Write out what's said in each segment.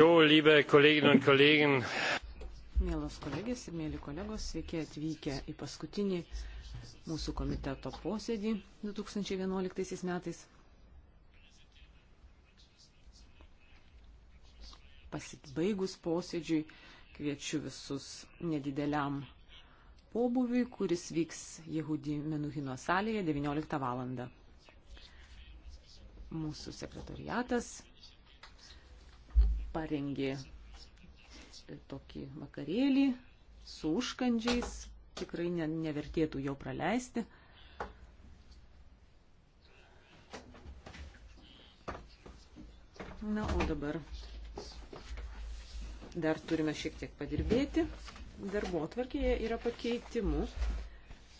So, liebe Kolleginnen und Kollegen. Mielos kolegės ir mėly kolegos, sveiki atvykę į paskutinį mūsų komiteto posėdį 2011 metais. Pasibaigus posėdžiui kviečiu visus nedideliam pobūviui, kuris vyks Jehudi Menuhino salėje 19 val. Mūsų sekretariatas parengė tokį vakarėlį su užkandžiais, tikrai ne, nevertėtų jo praleisti. Na, o dabar dar turime šiek tiek padirbėti. Darbo atvarkėje yra pakeitimų.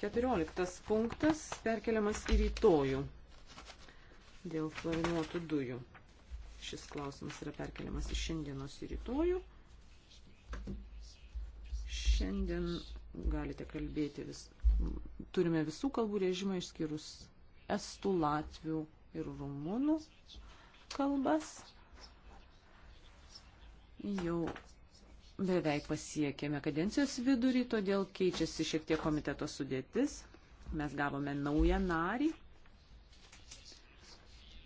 14 punktas perkeliamas į rytojų dėl florinuotų dujų. Šis klausimas yra perkeliamas iš šiandienos į rytojų. Šiandien galite kalbėti vis. Turime visų kalbų režimą išskyrus estų, latvių ir rumunų kalbas. Jau beveik pasiekėme kadencijos vidurį, todėl keičiasi šiek tiek komiteto sudėtis. Mes gavome naują narį.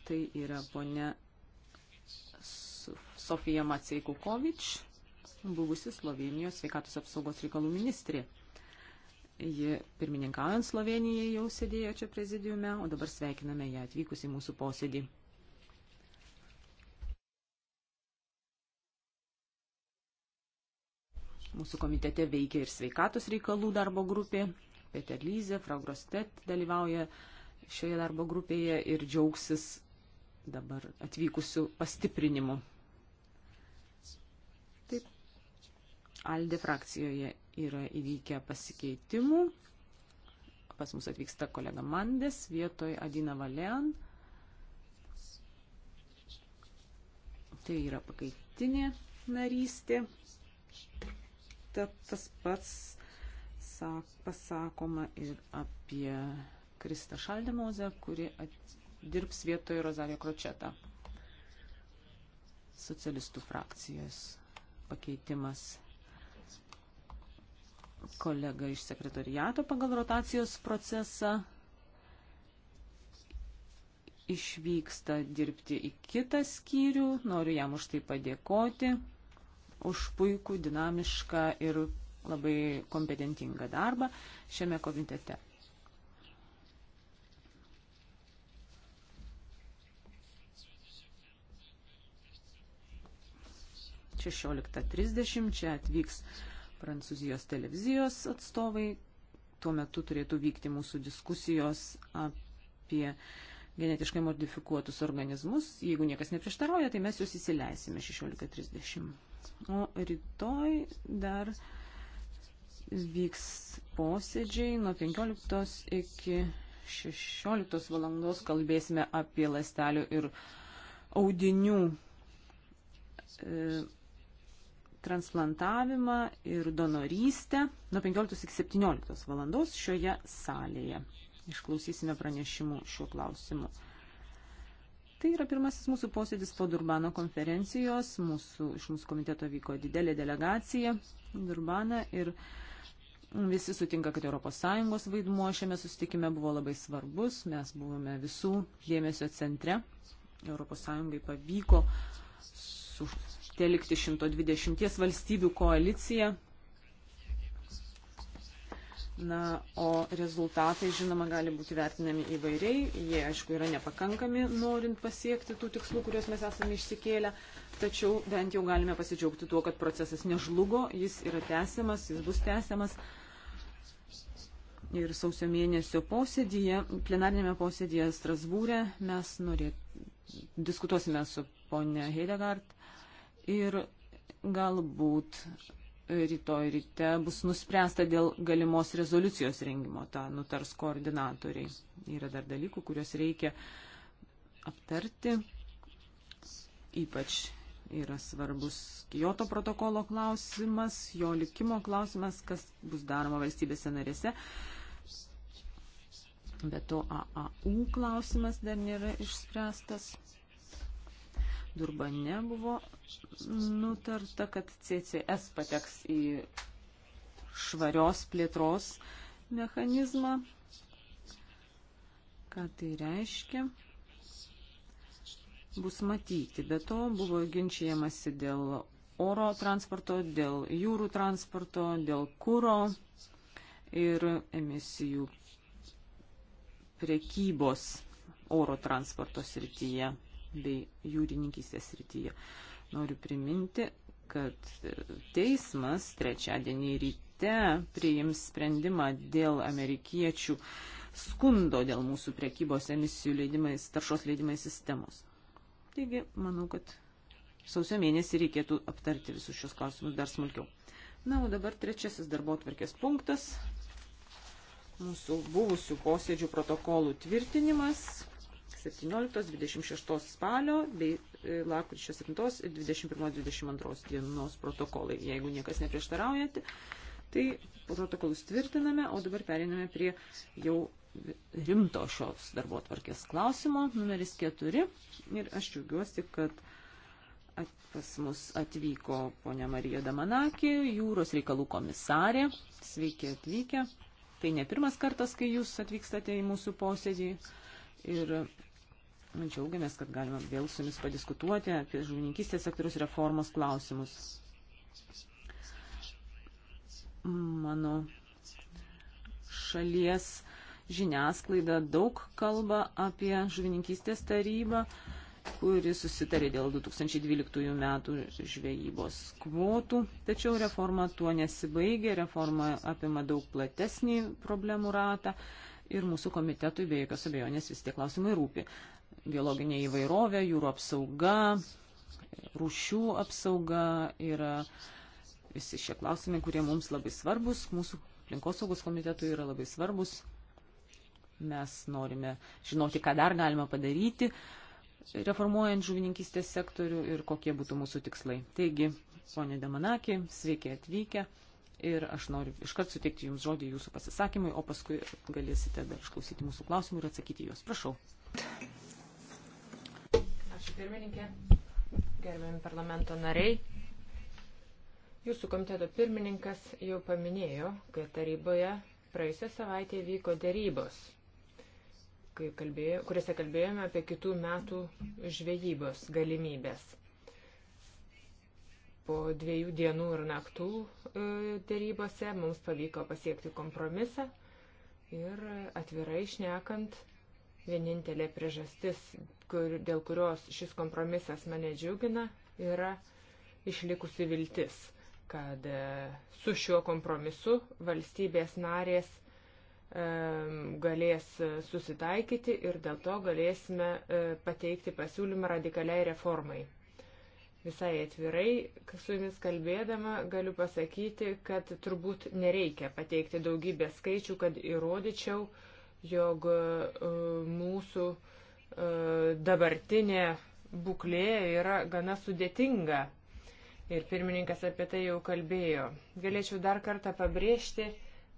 Tai yra ponia Sofija Macei Kukovič, buvusi Slovenijos sveikatos apsaugos reikalų ministrė. Ji pirmininkaujant Slovenijai jau sėdėjo čia prezidiume, o dabar sveikiname ją atvykus į mūsų posėdį. Mūsų komitete veikia ir sveikatos reikalų darbo grupė. Peter Lyze, Frau Grostet dalyvauja šioje darbo grupėje ir džiaugsis dabar atvykusių pastiprinimu Alde frakcijoje yra įvykę pasikeitimų. Pas mus atvyksta kolega Mandes vietoj Adina Valen. Tai yra pakaitinė narystė. Ta, tas pats sak, pasakoma ir apie Kristą Šaldemozę, kuri at, dirbs vietoj Rozario Kročetą. Socialistų frakcijos pakeitimas kolega iš sekretariato pagal rotacijos procesą išvyksta dirbti į kitą skyrių. Noriu jam už tai padėkoti, už puikų, dinamišką ir labai kompetentingą darbą šiame komitete. Šešioliktą trisdešimt čia atvyks Prancūzijos televizijos atstovai. Tuo metu turėtų vykti mūsų diskusijos apie genetiškai modifikuotus organizmus. Jeigu niekas neprieštarauja, tai mes jūs įsileisime 16.30. O rytoj dar vyks posėdžiai nuo 15 iki 16 valandos kalbėsime apie lastelių ir audinių e, transplantavimą ir donorystę nuo 15 iki 17 valandos šioje salėje. Išklausysime pranešimų šiuo klausimu. Tai yra pirmasis mūsų posėdis po Durbano konferencijos. Mūsų, iš mūsų komiteto vyko didelė delegacija Durbaną ir visi sutinka, kad ES vaidmuo šiame susitikime buvo labai svarbus. Mes buvome visų dėmesio centre. ES pavyko su, telkti 120 valstybių koaliciją. Na, o rezultatai, žinoma, gali būti vertinami įvairiai. Jie, aišku, yra nepakankami, norint pasiekti tų tikslų, kuriuos mes esame išsikėlę. Tačiau bent jau galime pasidžiaugti tuo, kad procesas nežlugo, jis yra tęsiamas, jis bus tęsiamas. Ir sausio mėnesio posėdėje, plenarinėme posėdėje Strasbūrė mes norėt, diskutuosime su ponia Heidegard ir galbūt rytoj ryte bus nuspręsta dėl galimos rezoliucijos rengimo, tą nutars koordinatoriai. Yra dar dalykų, kuriuos reikia aptarti. Ypač yra svarbus Kyoto protokolo klausimas, jo likimo klausimas, kas bus daroma valstybėse narėse. Bet to AAU klausimas dar nėra išspręstas. Durbane buvo nutarta, kad CCS pateks į švarios plėtros mechanizmą. Ką tai reiškia? Bus matyti. Be to buvo ginčiamasi dėl oro transporto, dėl jūrų transporto, dėl kūro ir emisijų prekybos oro transporto srityje bei jūrininkystės rytyje. Noriu priminti, kad teismas trečiadienį ryte priims sprendimą dėl amerikiečių skundo dėl mūsų prekybos emisijų leidimais, taršos leidimais sistemos. Taigi, manau, kad sausio mėnesį reikėtų aptarti visus šios klausimus dar smulkiau. Na, o dabar trečiasis darbo atvarkės punktas. Mūsų buvusių posėdžių protokolų tvirtinimas. 17-26 spalio bei e, lakryčio 7 ir 21-22 dienos protokolai. Jeigu niekas neprieštaraujate, tai protokolus tvirtiname, o dabar pereiname prie jau rimto šios darbo tvarkės klausimo, numeris 4. Ir aš džiaugiuosi, kad at, pas mus atvyko ponia Marija Damanakė, jūros reikalų komisarė. Sveiki atvykę. Tai ne pirmas kartas, kai jūs atvykstate į mūsų posėdį. Ir Nu, džiaugiamės, kad galime vėl su jumis padiskutuoti apie žuvininkystės sektorius reformos klausimus. Mano šalies žiniasklaida daug kalba apie žuvininkystės tarybą, kuri susitarė dėl 2012 metų žvejybos kvotų, tačiau reforma tuo nesibaigė, reforma apima daug platesnį problemų ratą ir mūsų komitetui be jokios abejonės vis tie klausimai rūpi biologinė įvairovė, jūrų apsauga, rūšių apsauga yra visi šie klausimai, kurie mums labai svarbus, mūsų aplinkosaugos komitetui yra labai svarbus. Mes norime žinoti, ką dar galima padaryti, reformuojant žuvininkystės sektorių ir kokie būtų mūsų tikslai. Taigi, ponė Damanakė, sveiki atvykę ir aš noriu iškart suteikti Jums žodį Jūsų pasisakymui, o paskui galėsite dar išklausyti mūsų klausimų ir atsakyti juos. Prašau. Ačiū pirmininkė, gerbiami parlamento nariai. Jūsų komiteto pirmininkas jau paminėjo, kad taryboje praėjusią savaitę vyko dėrybos, kalbėjo, kuriuose kalbėjome apie kitų metų žvejybos galimybės. Po dviejų dienų ir naktų e, dėrybose mums pavyko pasiekti kompromisą ir atvirai išnekant Vienintelė priežastis, kur, dėl kurios šis kompromisas mane džiugina, yra išlikusi viltis, kad e, su šiuo kompromisu valstybės narės galės e, susitaikyti ir dėl to galėsime e, pateikti pasiūlymą radikaliai reformai. Visai atvirai, su jumis kalbėdama, galiu pasakyti, kad turbūt nereikia pateikti daugybę skaičių, kad įrodyčiau, uh, jog e, mūsų e, dabartinė būklė yra gana sudėtinga. Ir pirmininkas apie tai jau kalbėjo. Galėčiau dar kartą pabrėžti,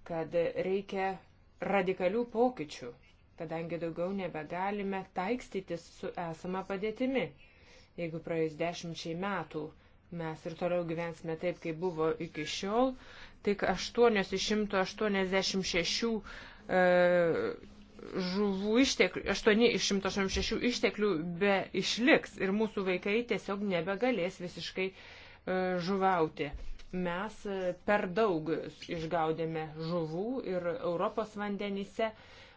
kad reikia radikalių pokyčių, kadangi daugiau nebegalime taikstytis su esama padėtimi. Jeigu praėjus dešimčiai metų mes ir toliau gyvensime taip, kaip buvo iki šiol, tik 886 E, žuvų išteklių, 8 iš 186 išteklių be išliks ir mūsų vaikai tiesiog nebegalės visiškai e, žuvauti. Mes e, per daug išgaudėme žuvų ir Europos vandenyse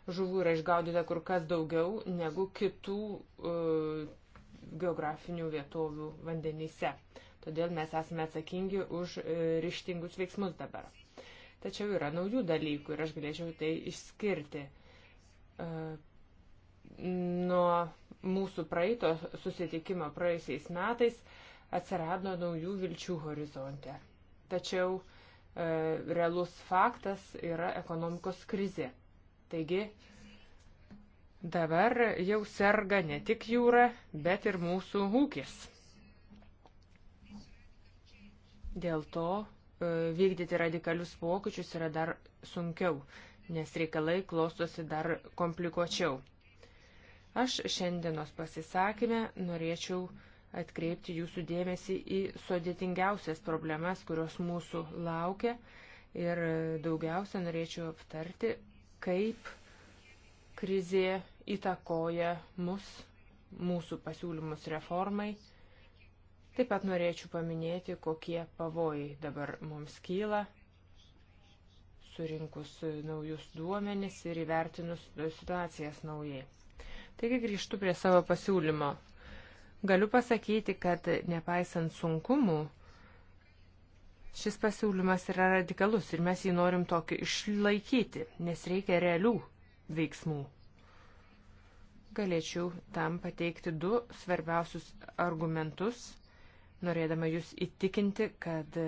žuvų yra išgaudyta kur kas daugiau negu kitų geografinių vietovių vandenyse. Todėl mes esame atsakingi už ryštingus veiksmus dabar. Tačiau yra naujų dalykų ir aš galėčiau tai išskirti. E, nuo mūsų praeito susitikimo praėjusiais metais atsirado naujų vilčių horizonte. Tačiau e, realus faktas yra ekonomikos krizė. Taigi dabar jau serga ne tik jūra, bet ir mūsų ūkis. Dėl to E, vykdyti radikalius pokyčius yra dar sunkiau, nes reikalai klostosi dar komplikuočiau. Aš šiandienos pasisakymę norėčiau atkreipti jūsų dėmesį į sudėtingiausias problemas, kurios mūsų laukia ir daugiausia norėčiau aptarti, kaip krizė įtakoja mus, mūsų pasiūlymus reformai Taip pat norėčiau paminėti, kokie pavojai dabar mums kyla, surinkus naujus duomenis ir įvertinus situacijas naujai. Taigi grįžtu prie savo pasiūlymo. Galiu pasakyti, kad nepaisant sunkumų, šis pasiūlymas yra radikalus ir mes jį norim tokį išlaikyti, nes reikia realių veiksmų galėčiau tam pateikti du svarbiausius argumentus, norėdama jūs įtikinti, kad e,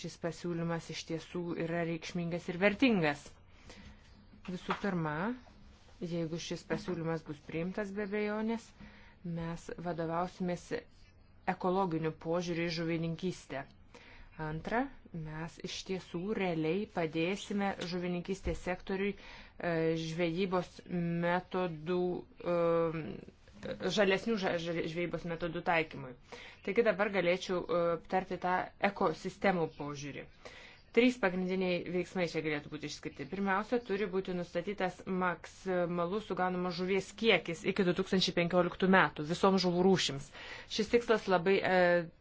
šis pasiūlymas iš tiesų yra reikšmingas ir vertingas. Visų pirma, jeigu šis pasiūlymas bus priimtas be bejonės, mes vadovausimės ekologiniu požiūriu į žuvininkystę. Antra, mes iš tiesų realiai padėsime žuvininkystės sektoriui e, žvejybos metodų e, žalesnių žvejybos metodų taikymui. Taigi dabar galėčiau e, aptarti tą ekosistemų požiūrį. Trys pagrindiniai veiksmai čia galėtų būti išskirti. Pirmiausia, turi būti nustatytas maksimalus sugaunamos žuvies kiekis iki 2015 metų visoms žuvų rūšims. Šis tikslas labai e,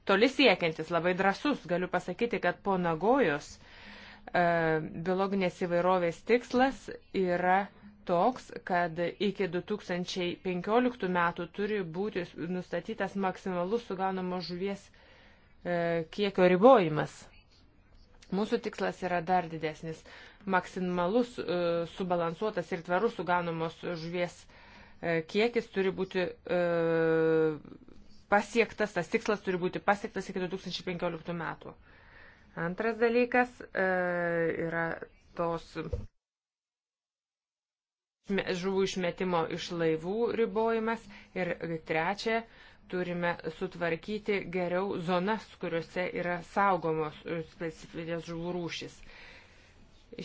toli siekiantis, labai drasus. Galiu pasakyti, kad po Nagojos e, biologinės įvairovės tikslas yra toks, kad iki 2015 metų turi būti nustatytas maksimalus sugaunamos žuvies e, kiekio ribojimas. Mūsų tikslas yra dar didesnis - maksimalus e, subalansuotas ir tvarus sugaunamos žuvies e, kiekis turi būti pasiektas, tas tikslas turi būti pasiektas iki 2015 metų. Antras dalykas yra tos žuvų išmetimo iš laivų ribojimas ir trečia, turime sutvarkyti geriau zonas, kuriuose yra saugomos specifinės žuvų rūšis.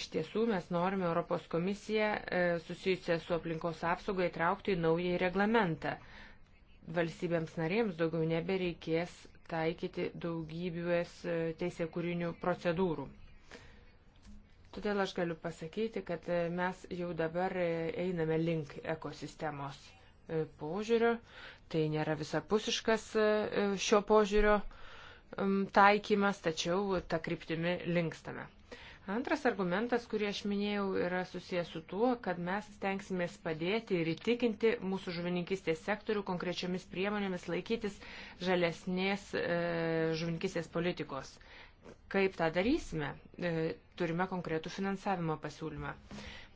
Iš tiesų mes norime Europos komisiją e, susijusią su aplinkos apsauga įtraukti į naują reglamentą. Valstybėms narėms daugiau nebereikės taikyti daugybės e, teisėkūrinių procedūrų. Todėl aš galiu pasakyti, kad e, mes jau dabar e, einame link ekosistemos e, požiūrio. Tai nėra visapusiškas šio požiūrio taikymas, tačiau tą kryptimį linkstame. Antras argumentas, kurį aš minėjau, yra susijęs su tuo, kad mes stengsimės padėti ir įtikinti mūsų žuvininkistės sektorių konkrečiomis priemonėmis laikytis žalesnės e, žuvininkistės politikos. E, Kaip tą darysime? E, turime konkretų finansavimo pasiūlymą.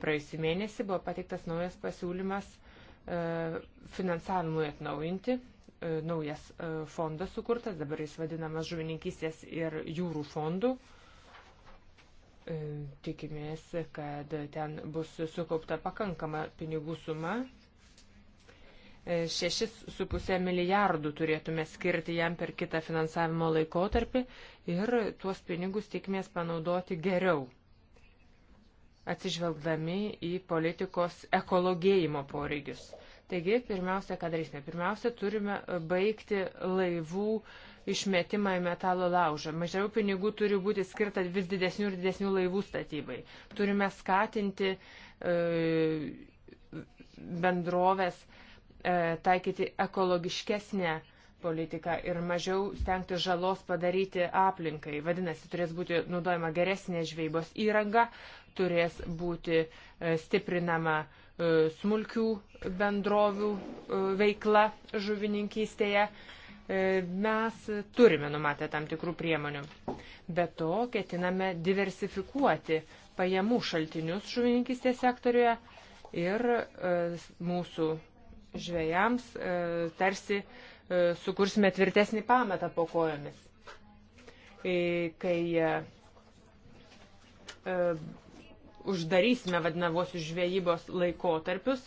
Praėjusį mėnesį buvo pateiktas naujas pasiūlymas e, finansavimui atnaujinti, e, naujas fondas sukurtas, dabar jis vadinamas žuvininkystės ir jūrų fondų. Tikimės, kad ten bus sukaupta pakankama pinigų suma 6,5 milijardų turėtume skirti jam per kitą finansavimo laikotarpį ir tuos pinigus tikimės panaudoti geriau, atsižvelgdami į politikos ekologėjimo poreigius. Taigi, pirmiausia, ką darysime? Pirmiausia, turime baigti laivų išmetimą į metalo laužą. Mažiau pinigų turi būti skirta vis didesnių ir didesnių laivų statybai. Turime skatinti e, bendrovės e, E, taikyti ekologiškesnę politiką ir mažiau stengti žalos padaryti aplinkai. Vadinasi, turės būti naudojama geresnė žvejybos įranga, turės būti e, stiprinama e, smulkių bendrovių veikla žuvininkystėje. Mes turime numatę tam tikrų priemonių. Be to, ketiname diversifikuoti pajamų šaltinius žuvininkystės sektoriuje ir mūsų žvėjams e, tarsi e, sukursime tvirtesnį pamatą po kojomis. E, kai uždarysime vadinavosius žvėjybos laikotarpius,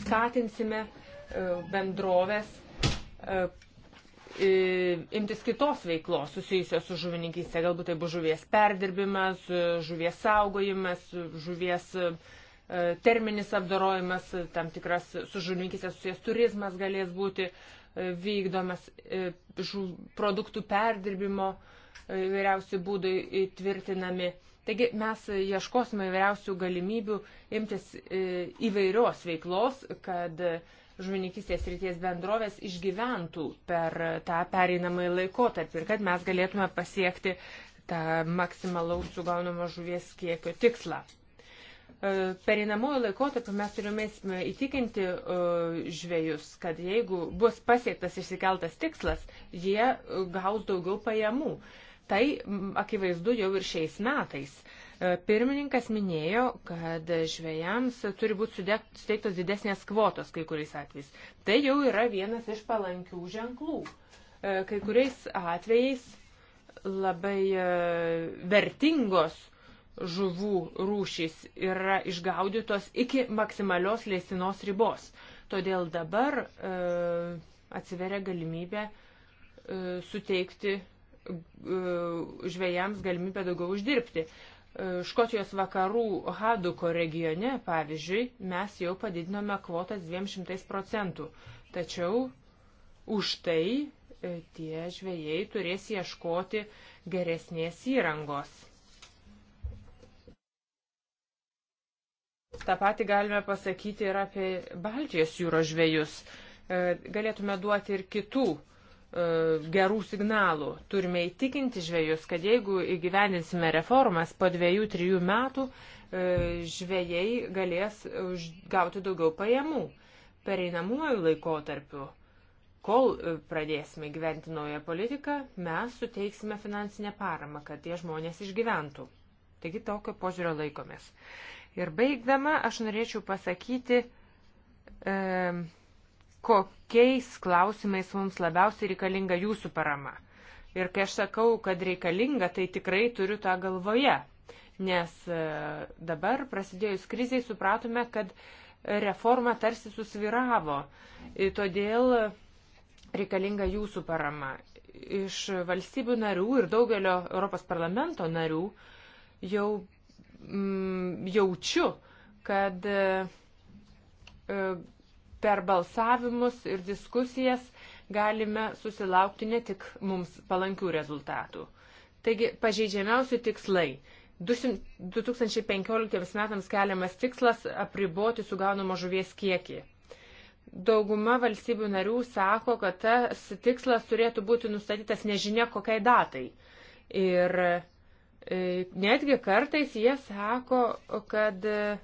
skatinsime bendrovės imtis kitos veiklos susijusios su žuvininkystė. Galbūt tai bus žuvies perdirbimas, žuvies saugojimas, žuvies uh, E, terminis apdorojimas, tam tikras su žuvininkystės susijęs turizmas galės būti e, vykdomas, e, produktų perdirbimo įvairiausi būdai įtvirtinami. Taigi mes ieškosime įvairiausių galimybių imtis įvairios veiklos, kad žuvininkystės ryties bendrovės išgyventų per tą pereinamąjį laikotarpį ir kad mes galėtume pasiekti tą maksimalaus sugaunamo žuvies kiekio tikslą. E, Pereinamųjų laikotarpių mes turime e, įtikinti e, žvėjus, kad jeigu bus pasiektas išsikeltas tikslas, jie gaus daugiau pajamų. Tai akivaizdu jau ir šiais metais. Pirmininkas minėjo, kad žvėjams turi būti suteiktos didesnės kvotos kai kuriais atvejais. Tai jau yra vienas iš palankių ženklų. Kai kuriais atvejais labai vertingos žuvų rūšys yra išgaudytos iki maksimalios leisinos ribos. Todėl dabar e, atsiveria galimybė e, suteikti e, žvėjams galimybę daugiau uždirbti. E, Škotijos vakarų Haduko regione, pavyzdžiui, mes jau padidinome kvotas 200 procentų. Tačiau už tai e, tie žvėjai turės ieškoti geresnės įrangos Ta pati galime pasakyti ir apie Baltijos jūros žvėjus. E, galėtume duoti ir kitų e, gerų signalų. Turime įtikinti žvėjus, kad jeigu įgyvendinsime reformas po dviejų, trijų metų, e, žvėjai galės gauti daugiau pajamų pereinamuoju laikotarpiu. Kol pradėsime gyventi naują politiką, mes suteiksime finansinę paramą, kad tie žmonės išgyventų. Taigi tokio požiūrio laikomės. Ir baigdama, aš norėčiau pasakyti, e, kokiais klausimais mums labiausiai reikalinga jūsų parama. Ir kai aš sakau, kad reikalinga, tai tikrai turiu tą galvoje. Nes e, dabar prasidėjus kriziai supratome, kad reforma tarsi susviravo. Ir todėl reikalinga jūsų parama. Iš valstybių narių ir daugelio Europos parlamento narių jau mm, jaučiu, kad e, per balsavimus ir diskusijas galime susilaukti ne tik mums palankių rezultatų. Taigi pažeidžiamiausi tikslai. 2015 metams keliamas tikslas apriboti sugaunamo žuvies kiekį. Dauguma valstybių narių sako, kad tas tikslas turėtų būti nustatytas nežinia kokiai datai. Ir E, netgi kartais jie sako, kad e,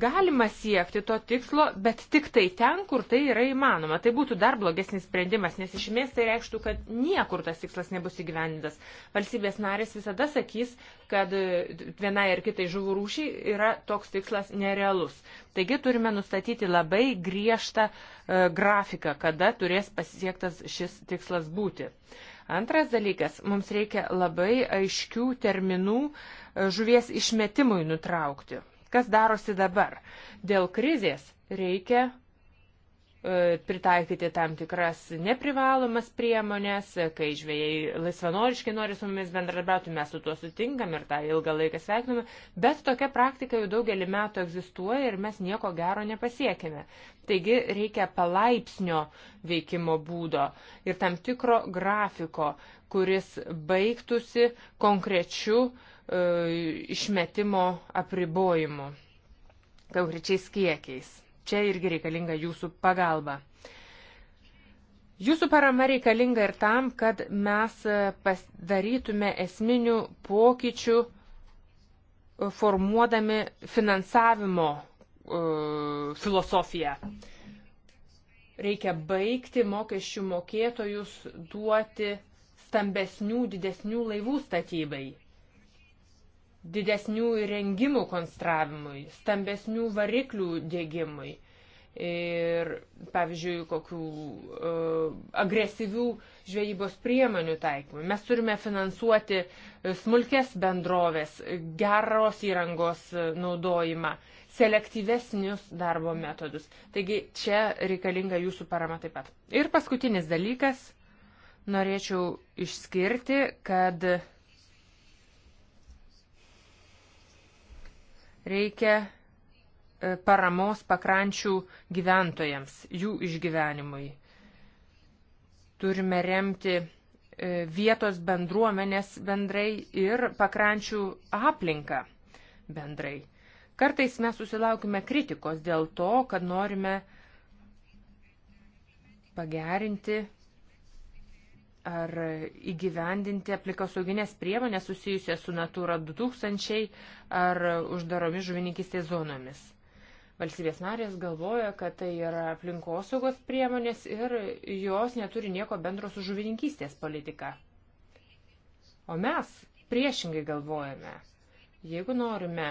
galima siekti to tikslo, bet tik tai ten, kur tai yra įmanoma. Tai būtų dar blogesnis sprendimas, nes išmės tai reikštų, kad niekur tas tikslas nebus įgyvendintas. Valstybės narės visada sakys, kad e, vienai ar kitai žuvų rūšiai yra toks tikslas nerealus. Taigi turime nustatyti labai griežtą e, grafiką, kada turės pasiektas šis tikslas būti. E, Antras dalykas, mums reikia labai aiškių terminų e, žuvies išmetimui nutraukti. Kas darosi dabar? Dėl krizės reikia E, pritaikyti tam tikras neprivalomas priemonės, kai žvėjai laisvanoriškai nori su mumis bendradarbiauti, mes su tuo sutinkam ir tą ilgą laiką sveikiname, bet tokia praktika jau daugelį metų egzistuoja ir mes nieko gero nepasiekime. Taigi reikia palaipsnio veikimo būdo ir tam tikro grafiko, kuris baigtųsi konkrečiu e, išmetimo apribojimu, konkrečiais kiekiais. Čia irgi reikalinga jūsų pagalba. Jūsų parama reikalinga ir tam, kad mes padarytume esminių pokyčių e, formuodami finansavimo uh, filosofiją reikia baigti mokesčių mokėtojus duoti stambesnių, didesnių laivų statybai didesnių įrengimų konstravimui, stambesnių variklių dėgymui ir, pavyzdžiui, kokių uh, agresyvių žvejybos priemonių taikymui. Mes turime finansuoti e, smulkės bendrovės, geros įrangos e, naudojimą, selektyvesnius darbo metodus. Taigi čia reikalinga jūsų parama taip pat. Ir paskutinis dalykas, norėčiau išskirti, kad Reikia e, paramos pakrančių gyventojams, jų išgyvenimui. Turime remti e, vietos bendruomenės bendrai ir pakrančių aplinką bendrai. Kartais mes susilaukime kritikos dėl to, kad norime pagerinti ar įgyvendinti aplikosauginės priemonės susijusias su Natūra 2000 ar uždaromis žuvininkistės zonomis. Valstybės narės galvoja, kad tai yra aplinkosaugos priemonės ir jos neturi nieko bendro su žuvininkystės politika. O mes priešingai galvojame, jeigu norime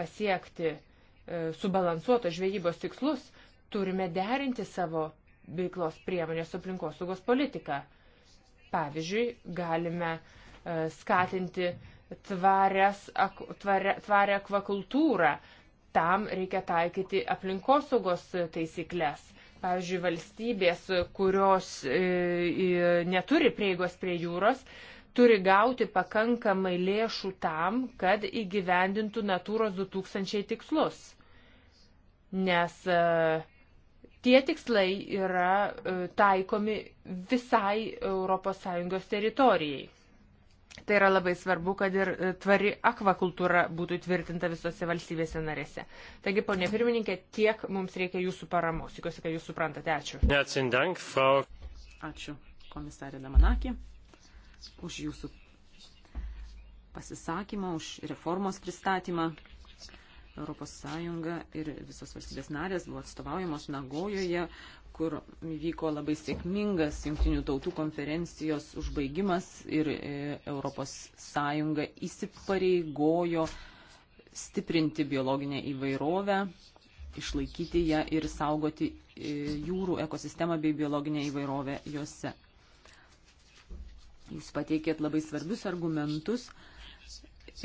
pasiekti e, subalansuotos žvejybos tikslus, turime derinti savo veiklos priemonės su aplinkosaugos politika. Pavyzdžiui, galime e, skatinti tvarias, tvarę, tvarę akvakultūrą. Tam reikia taikyti aplinkosaugos taisyklės. Pavyzdžiui, valstybės, kurios e, neturi prieigos prie jūros, turi gauti pakankamai lėšų tam, kad įgyvendintų Natūros 2000 tikslus. Nes e, Tie tikslai yra e, taikomi visai ES teritorijai. Tai yra labai svarbu, kad ir e, tvari akvakultūra būtų tvirtinta visose valstybėse narėse. Taigi, ponė pirmininkė, tiek mums reikia jūsų paramos. Tikiuosi, kad jūs suprantate. Ačiū. Ačiū, komisarė Damanakė, už jūsų pasisakymą, už reformos pristatymą. Europos Sąjunga ir visos valstybės narės buvo atstovaujamos Nagojoje, kur vyko labai sėkmingas Junktinių tautų konferencijos užbaigimas ir e, Europos Sąjunga įsipareigojo stiprinti biologinę įvairovę, išlaikyti ją ir saugoti e, jūrų ekosistemą bei biologinę įvairovę juose. Jūs pateikėt labai svarbius argumentus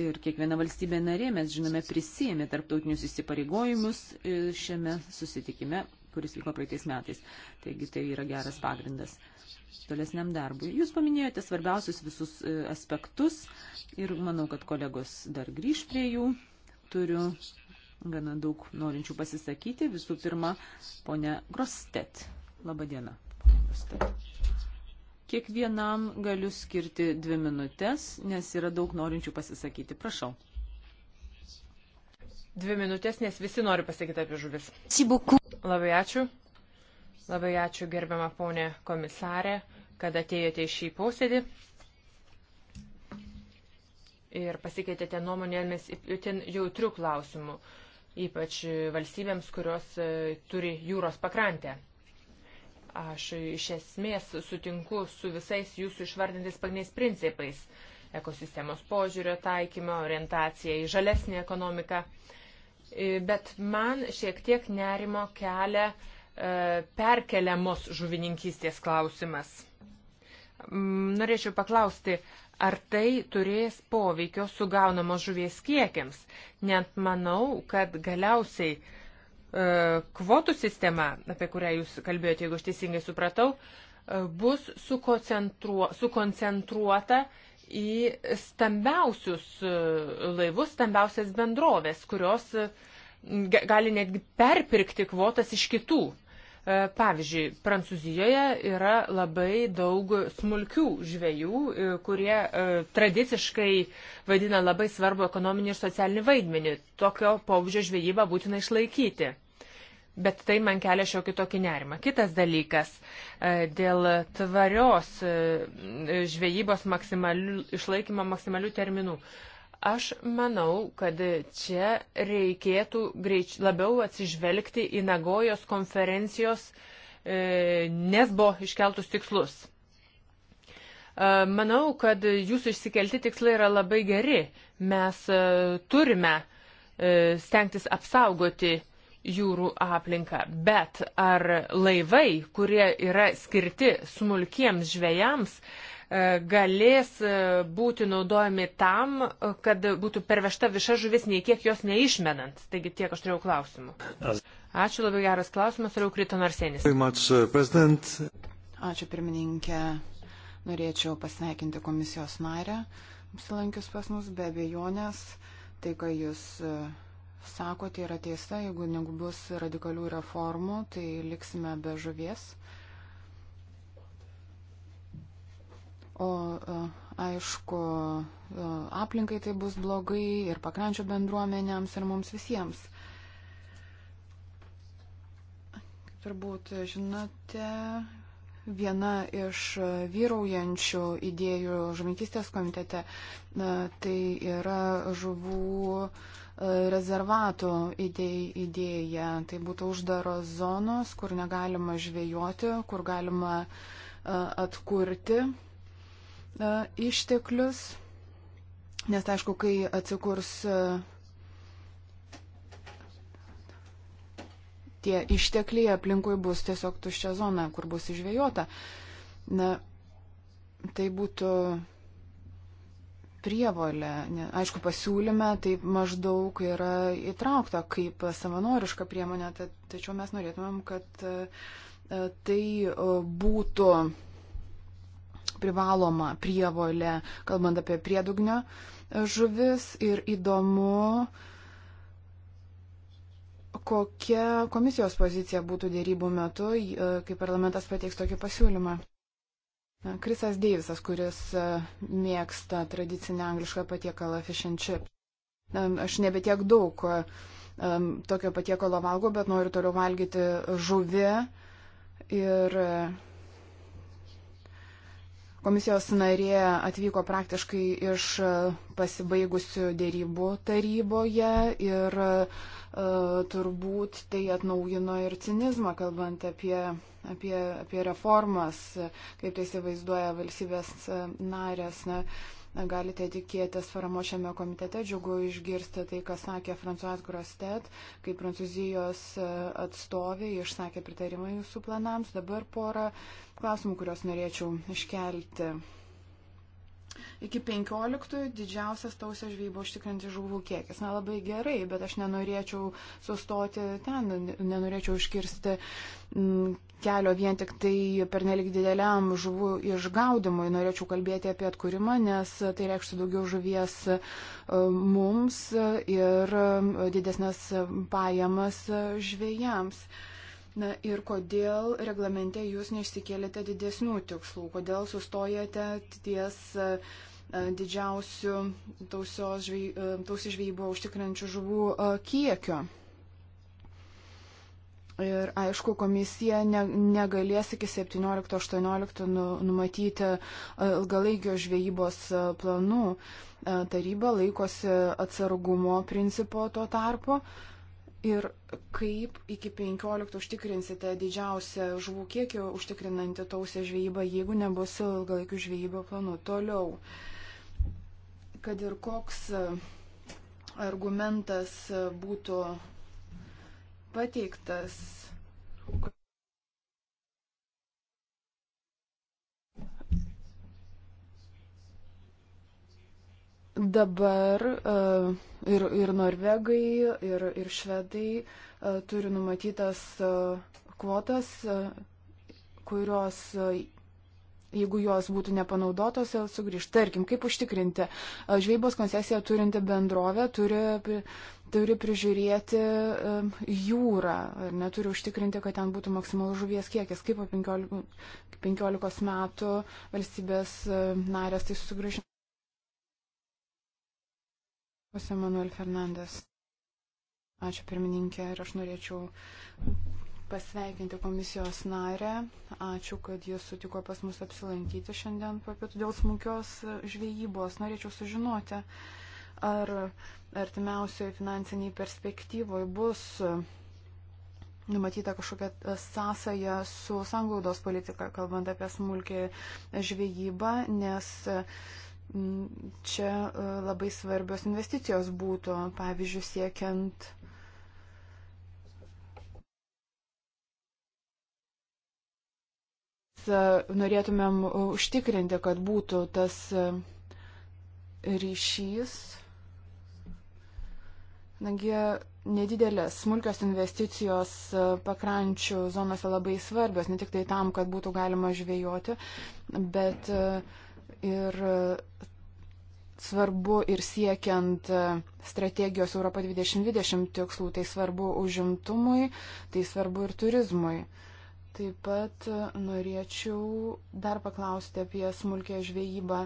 ir kiekviena valstybė narė, mes žinome, prisijėmė tarptautinius įsipareigojimus e, šiame susitikime, kuris vyko praeitais metais. Taigi tai yra geras pagrindas tolesniam darbui. Jūs paminėjote svarbiausius visus e, aspektus ir manau, kad kolegos dar grįž prie jų. Turiu gana daug norinčių pasisakyti. Visų pirma, ponia Grostet. Labadiena, ponia Grostet. Kiekvienam galiu skirti dvi minutės, nes yra daug norinčių pasisakyti. Prašau. Dvi minutės, nes visi nori pasakyti apie žuvis. Labai ačiū. Labai ačiū gerbiama ponė komisarė, kad atėjote į šį posėdį ir pasikeitėte nuomonėmis itin jautrių klausimų, ypač valstybėms, kurios e, turi jūros pakrantę. Aš iš esmės sutinku su visais jūsų išvardintais pagrindiniais principais - ekosistemos požiūrio taikymo, orientacija į žalesnį ekonomiką. E, bet man šiek tiek nerimo kelia e, perkeliamos žuvininkystės klausimas. Mm, norėčiau paklausti, ar tai turės poveikio sugaunamos žuvies kiekiams, net manau, kad galiausiai E, kvotų sistema, apie kurią jūs kalbėjote, jeigu aš teisingai supratau, e, bus sukoncentruota į stambiausius e, laivus, stambiausias bendrovės, kurios gali netgi perpirkti kvotas iš kitų. Pavyzdžiui, Prancūzijoje yra labai daug smulkių žvėjų, kurie tradiciškai vadina labai svarbu ekonominį ir socialinį vaidmenį. Tokio pobūdžio žvėjybą būtina išlaikyti bet tai man kelia šiokį tokį nerimą. Kitas dalykas e, - dėl tvarios e, žvejybos maksimalių, išlaikymo maksimalių terminų. Aš manau, kad čia reikėtų greič, labiau atsižvelgti į Nagojos konferencijos e, nesbo iškeltus tikslus. E, manau, kad jūsų išsikelti tikslai yra labai geri. Mes e, turime e, stengtis apsaugoti e, jūrų aplinką. Bet ar laivai, kurie yra skirti smulkiems žvėjams, e, galės e, būti naudojami tam, e, kad būtų pervežta visa žuvis, nei kiek jos neišmenant. Taigi tiek aš turėjau klausimų. Ačiū labai geras klausimas, turėjau Krito Narsenis. Uh, Ačiū pirmininkė. Norėčiau pasveikinti komisijos narę, apsilankius pas mus be abejonės. Tai, ką jūs uh, sakote, yra tiesa, jeigu nebus radikalių reformų, tai liksime be žuvies. O e, aišku, e, aplinkai tai bus blogai ir pakrančio bendruomenėms ir mums visiems. Turbūt žinote, viena iš vyraujančių idėjų žuvininkystės komitete e, tai yra žuvų rezervatų idėja. Tai būtų uždaros zonos, kur negalima žvejoti, kur galima e, atkurti e, išteklius. Nes tai, aišku, kai atsikurs e, tie ištekliai, aplinkui bus tiesiog tuščia zona, kur bus išvėjota. Na, tai būtų prievolė. Aišku, pasiūlyme taip maždaug yra įtraukta kaip savanoriška priemonė, tačiau mes norėtumėm, kad e, tai e, būtų privaloma prievolė, kalbant apie priedugnio e, žuvis ir įdomu, kokia komisijos pozicija būtų dėrybų metu, kai parlamentas pateiks tokį pasiūlymą. Krisas Deivisas, kuris e, mėgsta tradicinę anglišką patiekalą fish and chip. Aš nebe tiek daug e, tokio patiekalo valgau, bet noriu toliau valgyti žuvį. Ir e, komisijos narė atvyko praktiškai iš pasibaigusių dėrybų taryboje ir E, turbūt tai atnaujino ir cinizmą, kalbant apie, apie, apie reformas, kaip tai įsivaizduoja valstybės e, narės. Ne? Galite tikėtis paramo šiame komitete, džiugu išgirsti tai, ką sakė Fransuas Grostet, kai Prancūzijos e, atstovė išsakė pritarimą jūsų planams. Dabar porą klausimų, kuriuos norėčiau iškelti iki 15 didžiausias tausio žvybo užtikrinti žuvų kiekis. Na labai gerai, bet aš nenorėčiau sustoti ten, nenorėčiau iškirsti mm, kelio vien tik tai pernelik dideliam žuvų išgaudimui. Norėčiau kalbėti apie atkūrimą, nes tai reikštų daugiau žuvies e, mums ir e, didesnės pajamas žvėjams. Na ir kodėl reglamente jūs neišsikėlėte didesnių tikslų, kodėl sustojate ties e, e, didžiausių tausių e, žvejybų užtikrinančių žuvų kiekio. Ir aišku, komisija ne, negalės iki 17-18 nu, numatyti ilgalaikio žvejybos planų. Taryba laikosi atsargumo principo tuo tarpu. Uh, Ir kaip iki 15 užtikrinsite didžiausią žuvų kiekį užtikrinantį tausią žvejybą, jeigu nebus ilgalaikių žvejybą planų toliau. Kad ir koks e, argumentas būtų pateiktas, Dabar e, ir, ir norvegai, ir, ir švedai e, turi numatytas e, kvotas, kurios, jeigu jos būtų nepanaudotos, jau sugrįžtų. Tarkim, kaip užtikrinti, žvejybos koncesiją turinti bendrovė turi, turi prižiūrėti jūrą, ar neturi užtikrinti, kad ten būtų maksimalus žuvies kiekis, kaip po 15, 15 metų valstybės narės tai sugrįžtų. Jose Manuel Fernandes. Ačiū pirmininkė ir aš norėčiau pasveikinti komisijos narę. Ačiū, kad jis sutiko pas mus apsilankyti šiandien po pietų dėl smūkios žvejybos. Norėčiau sužinoti, ar artimiausioje finansiniai perspektyvoje bus numatyta kažkokia sąsaja su sanglaudos politika, kalbant apie smulkį žvejybą, nes čia e, labai svarbios investicijos būtų, pavyzdžiui, siekiant norėtumėm užtikrinti, kad būtų tas e, ryšys. Nagi nedidelės smulkios investicijos e, pakrančių zonose labai svarbios, ne tik tai tam, kad būtų galima žvejoti, bet uh, Ir e, svarbu ir siekiant e, strategijos Europą 2020 tikslų, tai svarbu užimtumui, tai svarbu ir turizmui. Taip pat e, norėčiau dar paklausti apie smulkę žvejybą.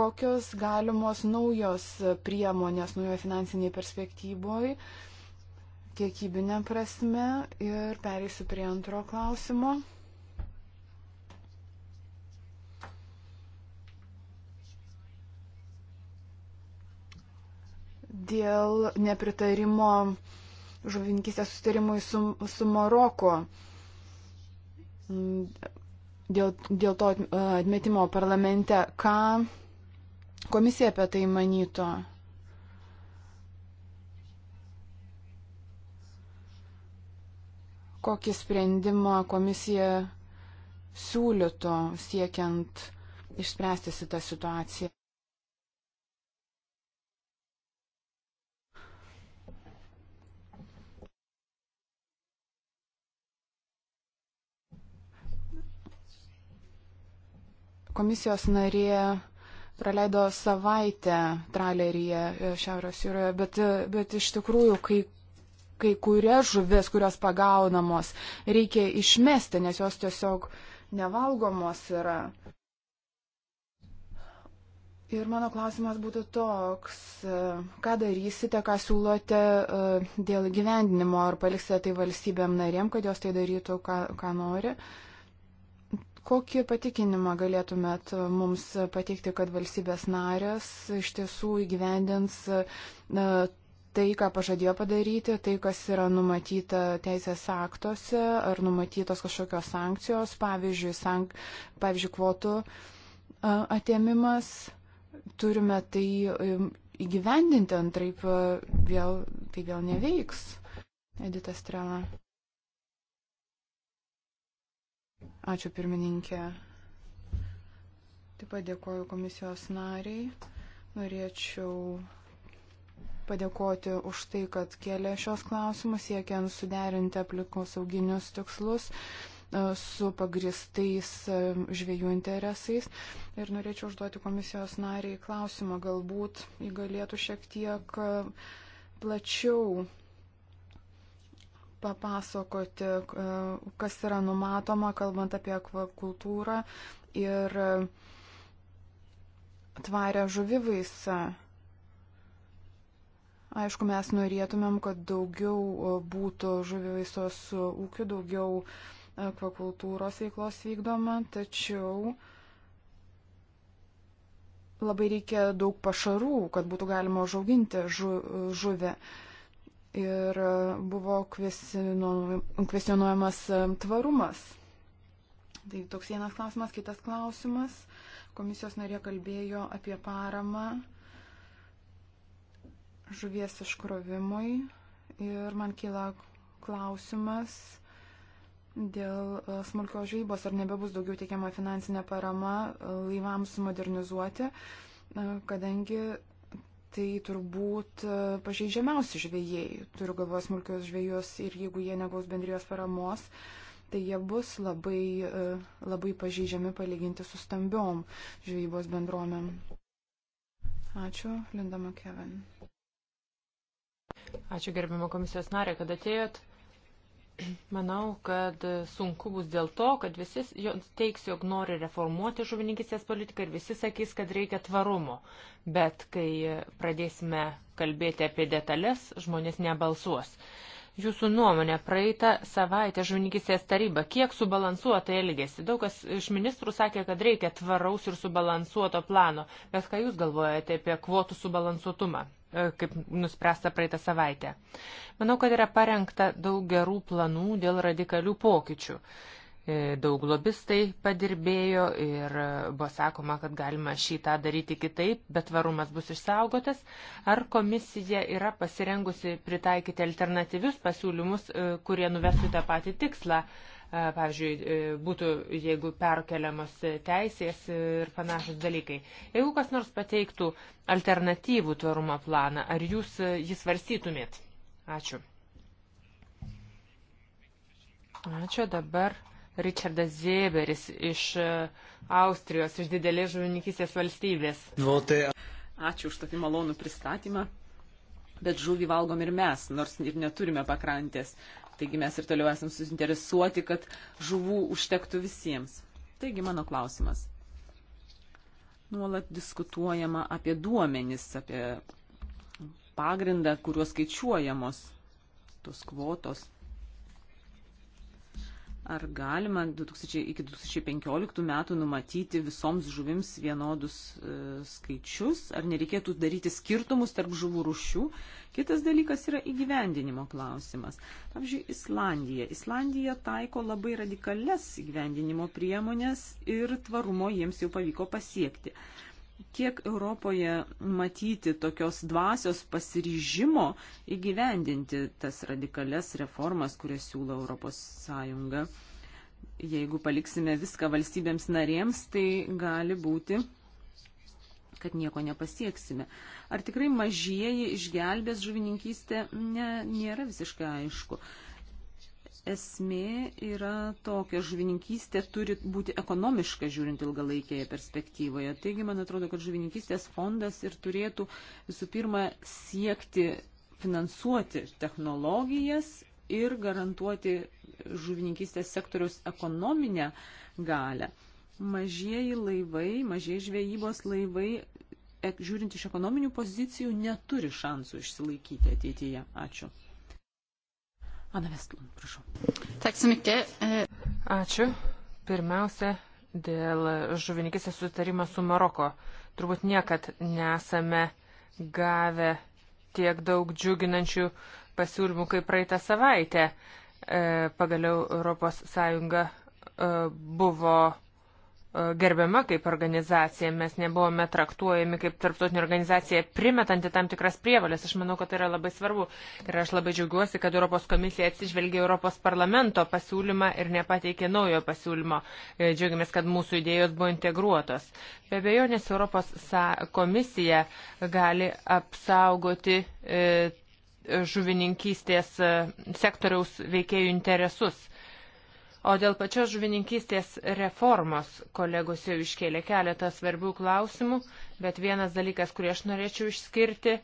Kokios galimos naujos priemonės naujoje finansinėje perspektyvoje, kiekybinė prasme ir pereisiu prie antro klausimo. dėl nepritarimo žuvininkystės sustarimui su, su Maroko. Dėl, dėl to atmetimo parlamente, ką komisija apie tai manytų? Kokį sprendimą komisija siūlytų siekiant išspręsti šitą situaciją? komisijos narė praleido savaitę traleryje e, Šiaurės jūroje, bet, e, bet iš tikrųjų, kai, kai kurias žuvis, kurios pagaunamos, reikia išmesti, nes jos tiesiog nevalgomos yra. Ir mano klausimas būtų toks, e, ką darysite, ką siūlote dėl gyvendinimo, ar paliksite tai valstybėm narėm, kad jos tai darytų, ką, ką nori. Uh, Kokį patikinimą galėtumėt mums pateikti, kad valstybės narės iš tiesų įgyvendins tai, ką pažadėjo padaryti, tai, kas yra numatyta teisės aktuose, ar numatytos kažkokios sankcijos, pavyzdžiui, sank, pavyzdžiui kvotų atėmimas, turime tai įgyvendinti, antraip vėl, tai vėl neveiks. Edita Strela. Ačiū pirmininkė. Taip pat dėkoju komisijos nariai. Norėčiau padėkoti už tai, kad kėlė šios klausimus, siekiant suderinti aplikos sauginius tikslus e, su pagristais e, žviejų interesais. Ir norėčiau užduoti komisijos nariai klausimą, galbūt jį galėtų šiek tiek e, plačiau papasakoti, e, kas yra numatoma, kalbant apie akvakultūrą ir tvarę žuvivaisą. Aišku, mes norėtumėm, kad daugiau e, būtų žuvivaisos ūkių, daugiau akvakultūros veiklos vykdoma, tačiau labai reikia daug pašarų, kad būtų galima užauginti žu, žuvę. Žu, ir e, buvo kvestionuojamas e, tvarumas. Tai toks vienas klausimas, kitas klausimas. Komisijos narė kalbėjo apie paramą žuvies iškrovimui ir man kyla klausimas dėl e, smulkio žvejybos, ar nebebus daugiau teikiama finansinė parama laivams modernizuoti, kadangi tai turbūt e, pažeidžiamiausi žvėjai, turiu galvoje smulkios žvėjus ir jeigu jie negaus bendrijos paramos, tai jie bus labai, e, labai pažeidžiami palyginti su stambiom žvejybos bendruomėm. Ačiū, Linda McKevin. Ačiū gerbimo komisijos narė, kad atėjot. Manau, kad sunku bus dėl to, kad visi teiks, jog nori reformuoti žuvininkistės politiką ir visi sakys, kad reikia tvarumo. Bet kai pradėsime kalbėti apie detalės, žmonės nebalsuos. Jūsų nuomonė, praeitą savaitę žuvininkistės taryba, kiek subalansuotai elgėsi? Daug kas iš ministrų sakė, kad reikia tvaraus ir subalansuoto plano. Bet ką jūs galvojate apie kvotų subalansuotumą? E, kaip nuspręsta praeitą savaitę. Manau, kad yra parengta daug gerų planų dėl radikalių pokyčių. E, daug lobistai padirbėjo ir e, buvo sakoma, kad galima šitą daryti kitaip, bet varumas bus išsaugotas. Ar komisija yra pasirengusi pritaikyti alternatyvius pasiūlymus, kurie nuvestų tą patį tikslą? pavyzdžiui, e, būtų, jeigu perkeliamos teisės ir panašus dalykai. Jeigu kas nors pateiktų alternatyvų tvarumo planą, ar jūs e, jį svarstytumėt? Ačiū. Ačiū dabar. Richardas Zėberis iš e, Austrijos, iš didelės žuvininkystės valstybės. Ačiū už tokį malonų pristatymą. Bet žuvį valgom ir mes, nors ir neturime pakrantės. Taigi mes ir toliau esam susinteresuoti, kad žuvų užtektų visiems. Taigi mano klausimas. Nuolat diskutuojama apie duomenis, apie pagrindą, kuriuo skaičiuojamos tos kvotos. Ar galima 2000, iki 2015 metų numatyti visoms žuvims vienodus e, skaičius, ar nereikėtų daryti skirtumus tarp žuvų rušių? Kitas dalykas yra įgyvendinimo klausimas. Pavyzdžiui, Islandija. Islandija taiko labai radikales įgyvendinimo priemonės ir tvarumo jiems jau pavyko pasiekti. E, Kiek Europoje matyti tokios dvasios pasiryžimo įgyvendinti tas radikales reformas, kurias siūlo ES? Jeigu paliksime viską valstybėms narėms, tai gali būti kad nieko nepasieksime. Ar tikrai mažieji išgelbės žuvininkystę, ne, nėra visiškai aišku. Uh, esmė yra tokia, žuvininkystė turi būti ekonomiška žiūrint ilgalaikėje perspektyvoje. Taigi, man atrodo, kad žuvininkystės fondas ir turėtų visų pirma siekti finansuoti technologijas ir garantuoti žuvininkystės sektoriaus ekonominę galę. Mažieji laivai, mažieji žvejybos laivai, žiūrint iš ekonominių pozicijų, neturi šansų išsilaikyti ateityje. Ačiū. Ana Vestlund, prašau. Eh, Ačiū. Pirmiausia, dėl žuvininkistės sutarimo su Maroko. Turbūt niekad nesame gavę tiek daug džiuginančių pasiūlymų kaip praeitą savaitę. E, pagaliau ES e, buvo E, gerbiama kaip organizacija, mes nebuvome traktuojami kaip tarptautinė organizacija, primetanti tam tikras prievalės. Aš manau, kad tai yra labai svarbu. Ir aš labai džiaugiuosi, kad Europos komisija atsižvelgė Europos parlamento pasiūlymą ir nepateikė naujo pasiūlymo. E, džiaugiamės, kad mūsų idėjos buvo integruotos. Be abejonės, Europos komisija gali apsaugoti e, žuvininkystės sektoriaus veikėjų interesus O dėl pačios žuvininkystės reformos kolegos jau iškėlė keletą svarbių klausimų, bet vienas dalykas, kurį aš norėčiau išskirti,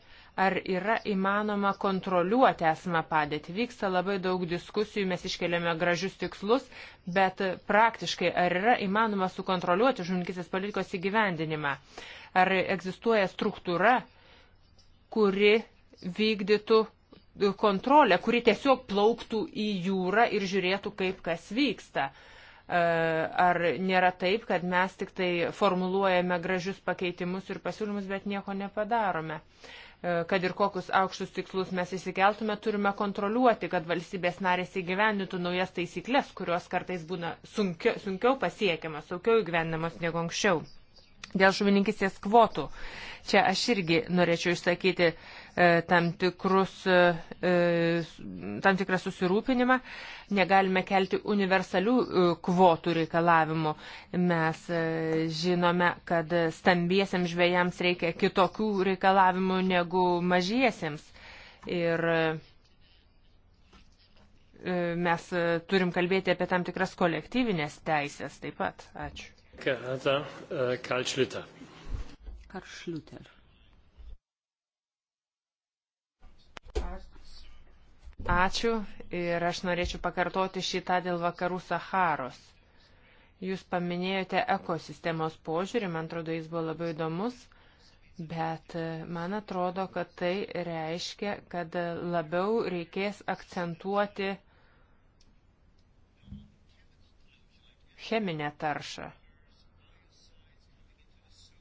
ar yra įmanoma kontroliuoti esamą padėtį. Vyksta labai daug diskusijų, mes iškeliame gražius tikslus, bet praktiškai ar yra įmanoma sukontroliuoti žuvininkystės politikos įgyvendinimą? Ar egzistuoja struktūra, kuri vykdytų kontrolę, kuri tiesiog plauktų į jūrą ir žiūrėtų, kaip kas vyksta. E, ar nėra taip, kad mes tik tai formuluojame gražius pakeitimus ir pasiūlymus, bet nieko nepadarome? E, kad ir kokius aukštus tikslus mes įsikeltume, turime kontroliuoti, kad valstybės narės įgyvendintų naujas taisyklės, kurios kartais būna sunkio, sunkiau pasiekiamas, sunkiau įgyvendinamos negu anksčiau. Dėl žuvininkistės kvotų. Čia aš irgi norėčiau išsakyti uh, E, tam, tikrus, e, e, tam tikrą susirūpinimą, negalime kelti universalių kvotų reikalavimų. Mes žinome, kad stambiesiams žvėjams reikia kitokių reikalavimų negu mažiesiems. Ir mes turim kalbėti apie tam tikras kolektyvinės teisės taip pat. Ačiū. Karl Schlüter. Karl Schlüter. Ačiū ir aš norėčiau pakartoti šitą dėl vakarų Saharos. Jūs paminėjote ekosistemos požiūrį, man atrodo, jis buvo labai įdomus, bet e, man atrodo, kad tai reiškia, kad labiau reikės akcentuoti cheminę taršą.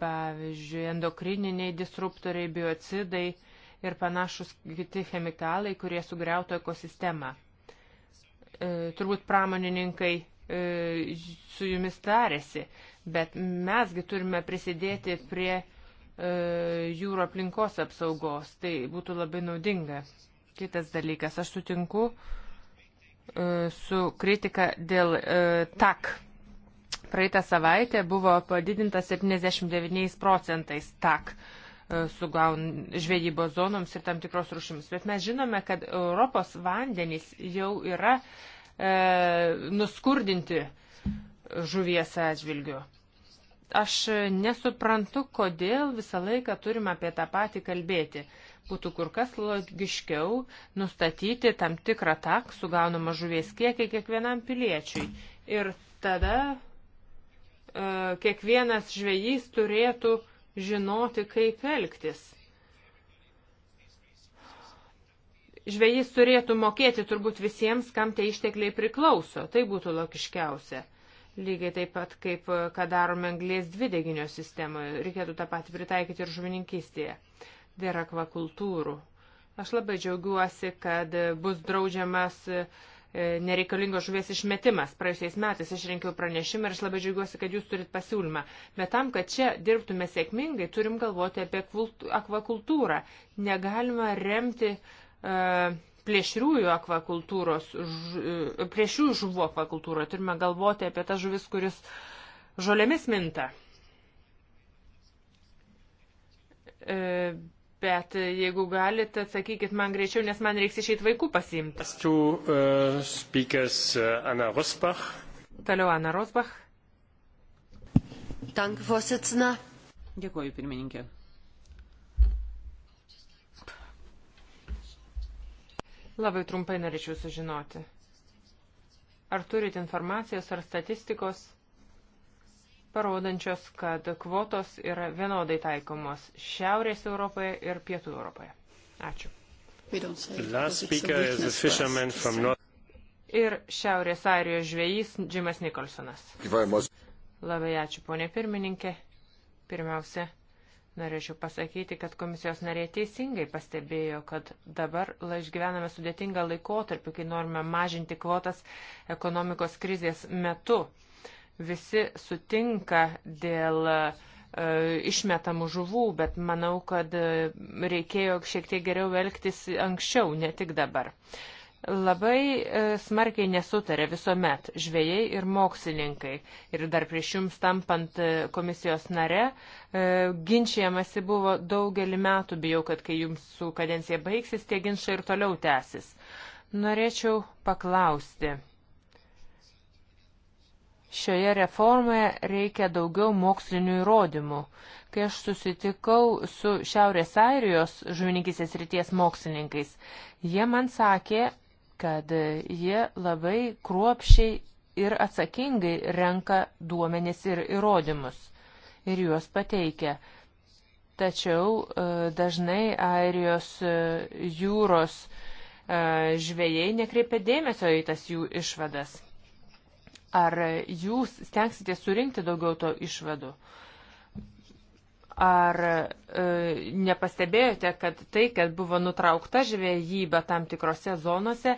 Pavyzdžiui, endokrininiai disruptoriai, biocidai ir panašus kiti chemikalai, kurie sugriauto ekosistemą. E, turbūt pramonininkai e, su jumis tarėsi, bet mesgi turime prisidėti prie e, jūro aplinkos apsaugos. Tai būtų labai naudinga. Kitas dalykas, aš sutinku e, su kritika dėl e, TAK praeitą savaitę buvo padidinta 79 procentais tak E, sugaun, žvejybos zonoms ir tam tikros rušims. Bet mes žinome, kad Europos vandenys jau yra e, nuskurdinti žuvies atžvilgiu. Aš nesuprantu, kodėl visą laiką turim apie tą patį kalbėti. Būtų kur kas logiškiau nustatyti tam tikrą tak sugaunamą žuvies kiekį kiekvienam piliečiui. Ir tada e, kiekvienas žvejys turėtų e, žinoti, kaip elgtis. Žvėjys turėtų mokėti turbūt visiems, kam tie ištekliai priklauso. Tai būtų logiškiausia. Lygiai taip pat, kaip ką darome anglės dvideginio sistemoje, reikėtų tą patį pritaikyti ir žuvininkystėje. Dėl akvakultūrų. Aš labai džiaugiuosi, kad bus draudžiamas uh, E, nereikalingos žuvies išmetimas. Praėjusiais metais aš renkiau pranešimą ir aš labai džiaugiuosi, kad jūs turit pasiūlymą. Bet tam, kad čia dirbtume sėkmingai, turim galvoti apie akvakultūrą. Negalima remti. Uh, plėšriųjų akvakultūros, ž, e, plėšriųjų žuvų akvakultūroje. Turime galvoti apie tas žuvis, kuris žolėmis minta. E, Bet jeigu galit, atsakykit man greičiau, nes man reiks išeiti vaikų pasiimti. To, uh, speakers, uh, Anna Rosbach. Toliau Anna Rosbach. Danke, Vorsitzender. Dėkuoju, pirmininkė. Labai trumpai norėčiau sužinoti. Ar turite informacijos ar statistikos parodančios, kad kvotos yra vienodai taikomos Šiaurės Europoje ir Pietų Europoje. Ačiū. Ir Šiaurės Airijos žvėjys Džimas Nikolsonas. Labai ačiū, ponė pirmininkė. Pirmiausia, norėčiau pasakyti, kad komisijos narė teisingai pastebėjo, kad dabar išgyvename sudėtingą laikotarpį, kai norime mažinti kvotas ekonomikos krizės metu visi sutinka dėl e, išmetamų žuvų, bet manau, kad e, reikėjo šiek tiek geriau elgtis anksčiau, ne tik dabar. Labai e, smarkiai nesutarė visuomet žvėjai ir mokslininkai. Ir dar prieš jums tampant komisijos nare, ginčiamasi buvo daugelį metų, bijau, kad kai jums su kadencija baigsis, tie ginčiai ir toliau tęsis. Norėčiau paklausti Šioje reformoje reikia daugiau mokslinių įrodymų. Kai aš susitikau su Šiaurės Airijos žuvininkysės ryties mokslininkais, jie man sakė, kad jie labai kruopšiai ir atsakingai renka duomenis ir įrodymus ir juos pateikia. Tačiau e, dažnai Airijos e, jūros e, žvėjai nekreipia dėmesio į tas jų išvadas. Ar jūs stengsite surinkti daugiau to išvadų? Ar e, nepastebėjote, kad tai, kad buvo nutraukta žvėjyba tam tikrose zonose,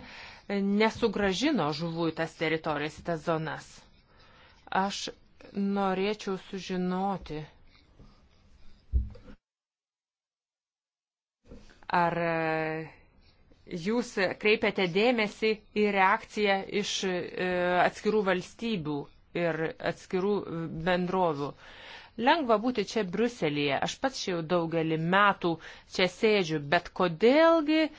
nesugražino žuvų į tas teritorijas, į tas zonas? Aš norėčiau sužinoti, ar. E, jūs kreipiate dėmesį į reakciją iš e, atskirų valstybių ir atskirų bendrovių. Lengva būti čia Bruselėje, aš pats jau daugelį metų čia sėdžiu, bet kodėlgi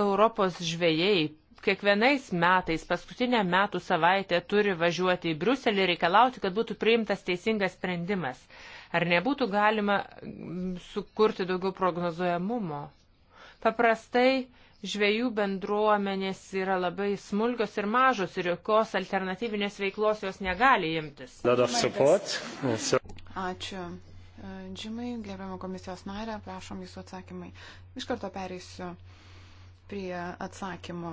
Europos žvėjai kiekvienais metais, paskutinę metų savaitę turi važiuoti į Bruselį ir reikalauti, kad būtų priimtas teisingas sprendimas. Ar nebūtų galima sukurti daugiau prognozuojamumo? Paprastai žvėjų bendruomenės yra labai smulkios ir mažos ir jokios alternatyvinės veiklos jos negali imtis. Ačiū. E, Džimai, gerbiamo komisijos narė, prašom jūsų atsakymai. Iš karto pereisiu prie atsakymo.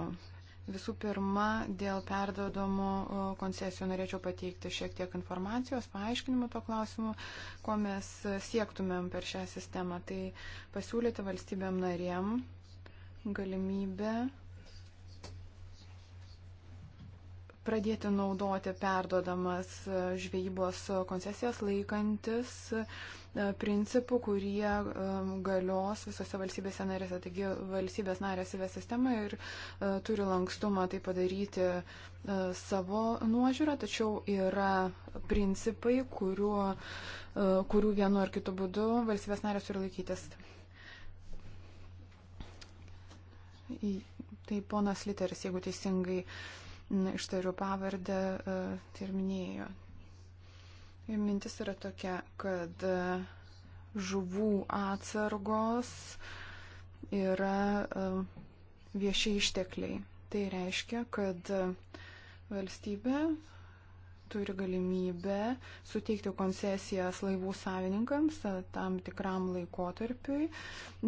Visų pirma, dėl perdodamų e, koncesijų norėčiau pateikti šiek tiek informacijos, paaiškinimų to klausimu, ko mes siektumėm per šią sistemą. Tai pasiūlyti valstybėm narėm galimybę pradėti naudoti perdodamas žvejybos koncesijas laikantis e, principų, kurie e, galios visose valstybėse narėse. Taigi valstybės narės įves sistemą ir e, turi lankstumą tai padaryti savo nuožiūrą, tačiau yra principai, kuriuo, kurių vienu ar kitu būdu valstybės narės turi laikytis. Tai ponas Literis, jeigu teisingai ištariu pavardę, e, tai ir minėjo. Mintis yra tokia, kad e, žuvų atsargos yra e, vieši ištekliai. Tai reiškia, kad valstybė turi galimybę suteikti koncesijas laivų savininkams tam tikram laikotarpiui,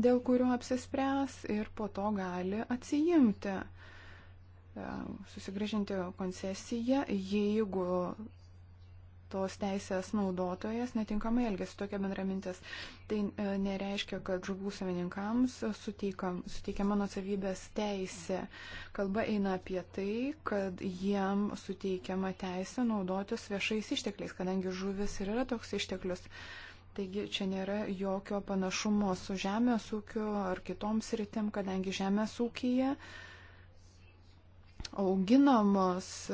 dėl kurio apsispręs ir po to gali atsijimti, susigražinti koncesiją, jeigu tos teisės naudotojas netinkamai elgesi tokia bendramintis. Tai e, nereiškia, kad žuvų savininkams suteikiama nuosavybės teisė. Kalba eina apie tai, kad jiem suteikiama teisė naudotis viešais ištekliais, kadangi žuvis ir yra toks išteklius. Taigi čia nėra jokio panašumo su žemės ūkiu ar kitoms rytim, kadangi žemės ūkija uh, auginamos e,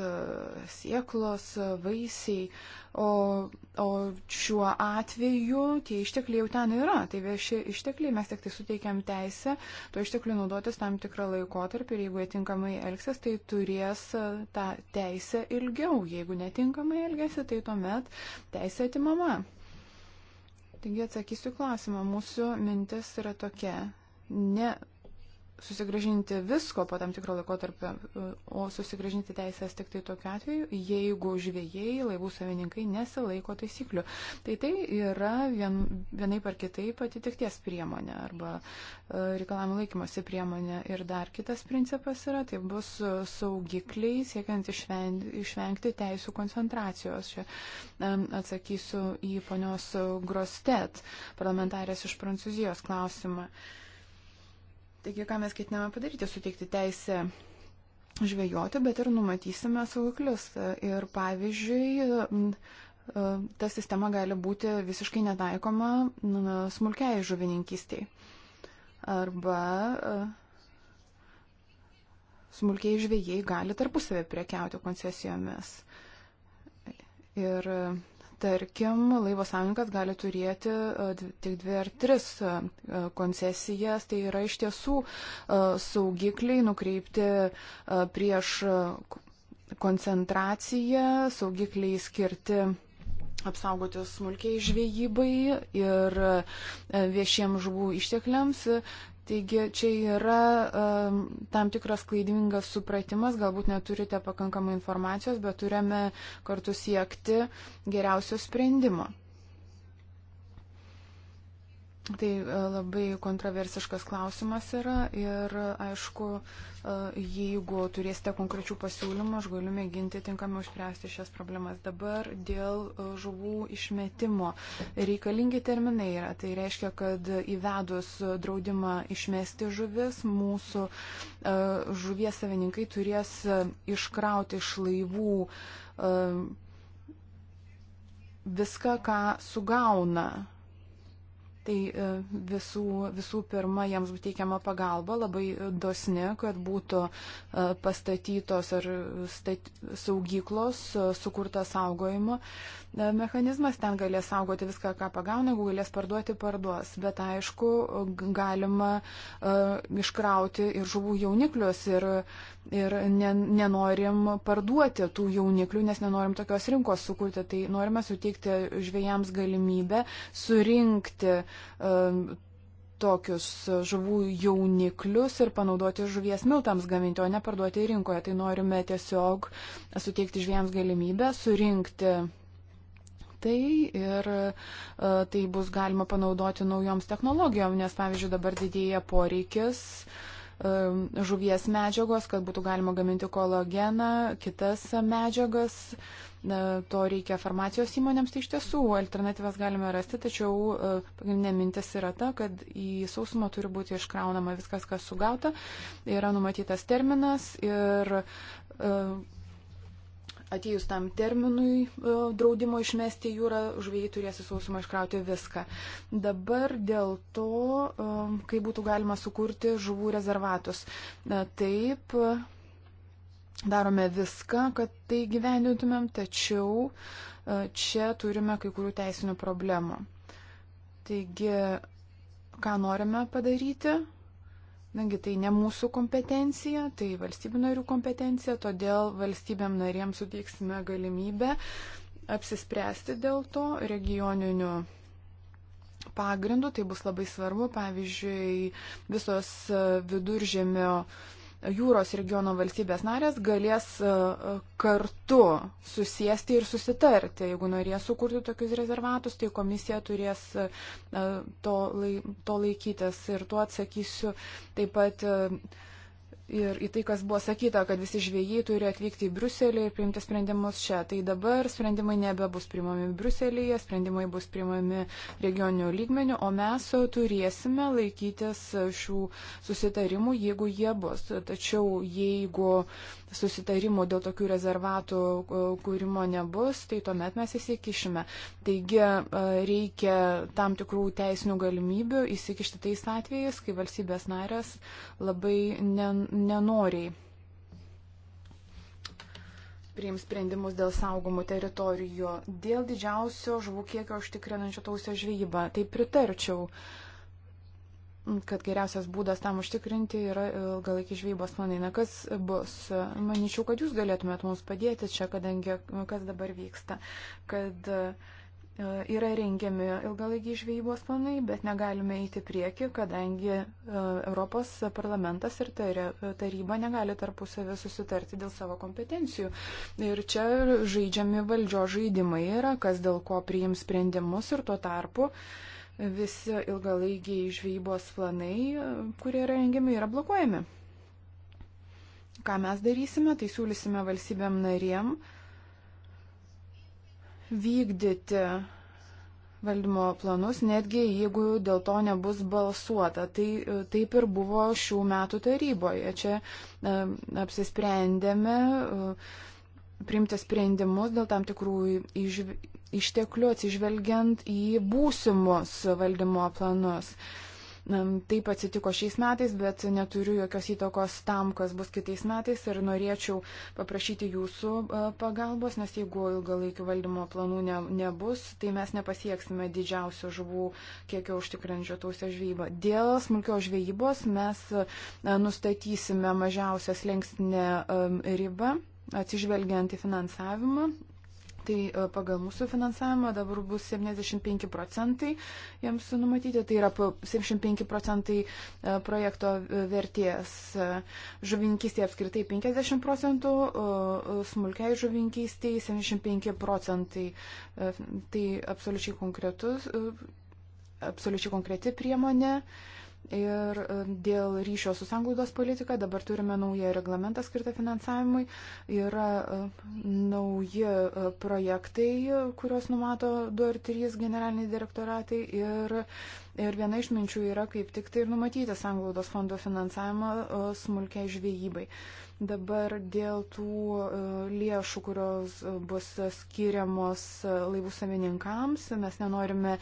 sieklos, e, vaisiai, o, o šiuo atveju tie ištekliai jau ten yra, tai vieši ištekliai, mes tik tai suteikiam teisę to išteklių naudotis tam tikrą laikotarpį ir jeigu jie tinkamai elgsis, tai turės e, tą teisę ilgiau, jeigu netinkamai elgesi, tai tuomet teisė atimama. Taigi atsakysiu klausimą, mūsų mintis yra tokia. Ne susigražinti visko po tam tikro laikotarpio, o susigražinti teisės tik tai tokiu atveju, jeigu žvėjai, laivų savininkai nesilaiko taisyklių. Tai tai yra vien, vienai par kitaip atitikties priemonė arba e, reikalavimų laikymosi priemonė. Ir dar kitas principas yra, tai bus saugikliai siekiant išvengti, išvengti teisų koncentracijos. Čia e, atsakysiu į ponios Grostet parlamentarės iš Prancūzijos klausimą. Uh, Taigi, ką mes ketiname padaryti, suteikti teisę žvejoti, bet ir numatysime saugiklius. Ir pavyzdžiui, e, ta sistema gali būti visiškai netaikoma nu, smulkiai žuvininkystiai. Arba e, smulkiai žvėjai gali tarpusavį priekiauti koncesijomis. Ir e, Tarkim, laivo savininkas gali turėti e, tik dvi ar tris e, koncesijas, tai yra iš tiesų e, saugikliai nukreipti prieš koncentraciją, saugikliai skirti apsaugoti smulkiai žvejybai ir viešiems žuvų ištekliams Taigi čia yra um, tam tikras klaidingas supratimas, galbūt neturite pakankamai informacijos, bet turime kartu siekti geriausio sprendimo. Tai e, labai kontroversiškas klausimas yra ir aišku, e, jeigu turėsite konkrečių pasiūlymų, aš galiu mėginti tinkamai užspręsti šias problemas. Dabar dėl e, žuvų išmetimo reikalingi terminai yra. Tai reiškia, kad įvedus draudimą išmesti žuvis, mūsų žuvies savininkai turės iškrauti iš laivų viską, ką sugauna Tai e, visų, visų pirma, jiems būtų teikiama pagalba labai e, dosni, kad būtų e, pastatytos ar stat, saugyklos, sukurtas saugojimo mechanizmas, ten galės saugoti viską, ką pagauna, jeigu galės parduoti, parduos. Bet aišku, galima iškrauti ir žuvų jauniklius ir ir ne, nenorim parduoti tų jauniklių, nes nenorim tokios rinkos sukurti. Tai norime suteikti žvėjams galimybę surinkti um, tokius žuvų jauniklius ir panaudoti žuvies miltams gaminti, o ne parduoti rinkoje. Tai norime tiesiog suteikti žvėjams galimybę surinkti tai ir e, tai bus galima panaudoti naujoms technologijom, nes pavyzdžiui dabar didėja poreikis uh, Um, žuvies medžiagos, kad būtų galima gaminti kolageną, kitas medžiagas. To reikia farmacijos įmonėms, tai iš tiesų alternatyvas galime rasti, tačiau uh, pagrindinė mintis yra ta, kad į sausumą turi būti iškraunama viskas, kas sugauta, yra numatytas terminas ir uh, atėjus tam terminui e, draudimo išmesti jūrą, žvėjai turės į sausumą iškrauti viską. Dabar dėl to, e, kaip būtų galima sukurti žuvų rezervatus. E, taip, darome viską, kad tai gyvendintumėm, tačiau čia turime kai kurių teisinių problemų. Taigi, ką norime padaryti? Nangi tai ne mūsų kompetencija, tai valstybių narių kompetencija, todėl valstybėm narėms suteiksime galimybę apsispręsti dėl to regioniniu pagrindu. Tai bus labai svarbu, pavyzdžiui, visos viduržėmio jūros regiono valstybės narės galės e, e, kartu susėsti ir susitarti. Jeigu norės sukurti tokius rezervatus, tai komisija turės e, to, to laikytis. Ir tuo atsakysiu taip pat ir į tai, kas buvo sakyta, kad visi žvėjai turi atvykti į Bruselį ir priimti sprendimus čia. Tai dabar sprendimai nebebus priimami Bruselėje, sprendimai bus priimami regioninių lygmenių, o mes turėsime laikytis šių susitarimų, jeigu jie bus. Tačiau jeigu susitarimų dėl tokių rezervatų e, kūrimo nebus, tai tuomet mes įsikišime. Taigi e, reikia tam tikrų teisinių galimybių įsikišti tais atvejais, kai valstybės narės labai nenoriai priims sprendimus dėl saugomų teritorijų, dėl didžiausio žuvų kiekio užtikrinančio tausio žvejybą. Tai pritarčiau uh, kad geriausias būdas tam užtikrinti yra ilgalaikį žvejybos planai. Na, kas bus? Manyčiau, kad jūs galėtumėt mums padėti čia, kadangi kas dabar vyksta. Kad e, yra rengiami ilgalaikiai žvejybos planai, bet negalime eiti prieki, kadangi e, Europos parlamentas ir taryba negali tarpusavį susitarti dėl savo kompetencijų. Ir čia žaidžiami valdžio žaidimai yra, kas dėl ko priims sprendimus ir tuo tarpu. Uh, visi ilgalaikiai žvejybos planai, kurie yra rengiami, yra blokuojami. Ką mes darysime, tai siūlysime valstybėm narėm vykdyti valdymo planus, netgi jeigu dėl to nebus balsuota. Tai taip ir buvo šių metų taryboje. Čia apsisprendėme. Uh, priimti sprendimus dėl tam tikrų iš, išteklių atsižvelgiant į būsimus valdymo planus. Taip atsitiko šiais metais, bet neturiu jokios įtakos tam, kas bus kitais metais ir norėčiau paprašyti jūsų e, pagalbos, nes jeigu ilgalaikių valdymo planų ne, nebus, tai mes nepasieksime didžiausio žuvų kiekio užtikrinčio tausia žvejyba. Dėl smulkio žvejybos mes e, nustatysime mažiausias lengstinę e, ribą atsižvelgiant į finansavimą. Tai e, pagal mūsų finansavimą dabar bus 75 procentai jiems numatyti, tai yra 75 procentai e, projekto e, vertės žuvinkystėje apskritai 50 procentų, smulkiai žuvinkystėje 75 procentai. Tai absoliučiai konkretus, absoliučiai konkreti priemonė. Uh, Ir e, dėl ryšio su sanglaidos politika dabar turime naują reglamentą skirtą finansavimui. Yra e, nauji e, projektai, kuriuos numato 2 ar 3 generaliniai direktoratai. Ir, ir viena iš minčių yra kaip tik tai ir numatyti sanglaudos fondo finansavimą smulkiai žvejybai. Uh, Dabar dėl tų e, lėšų, kurios e, bus skiriamos e, laivų savininkams, mes nenorime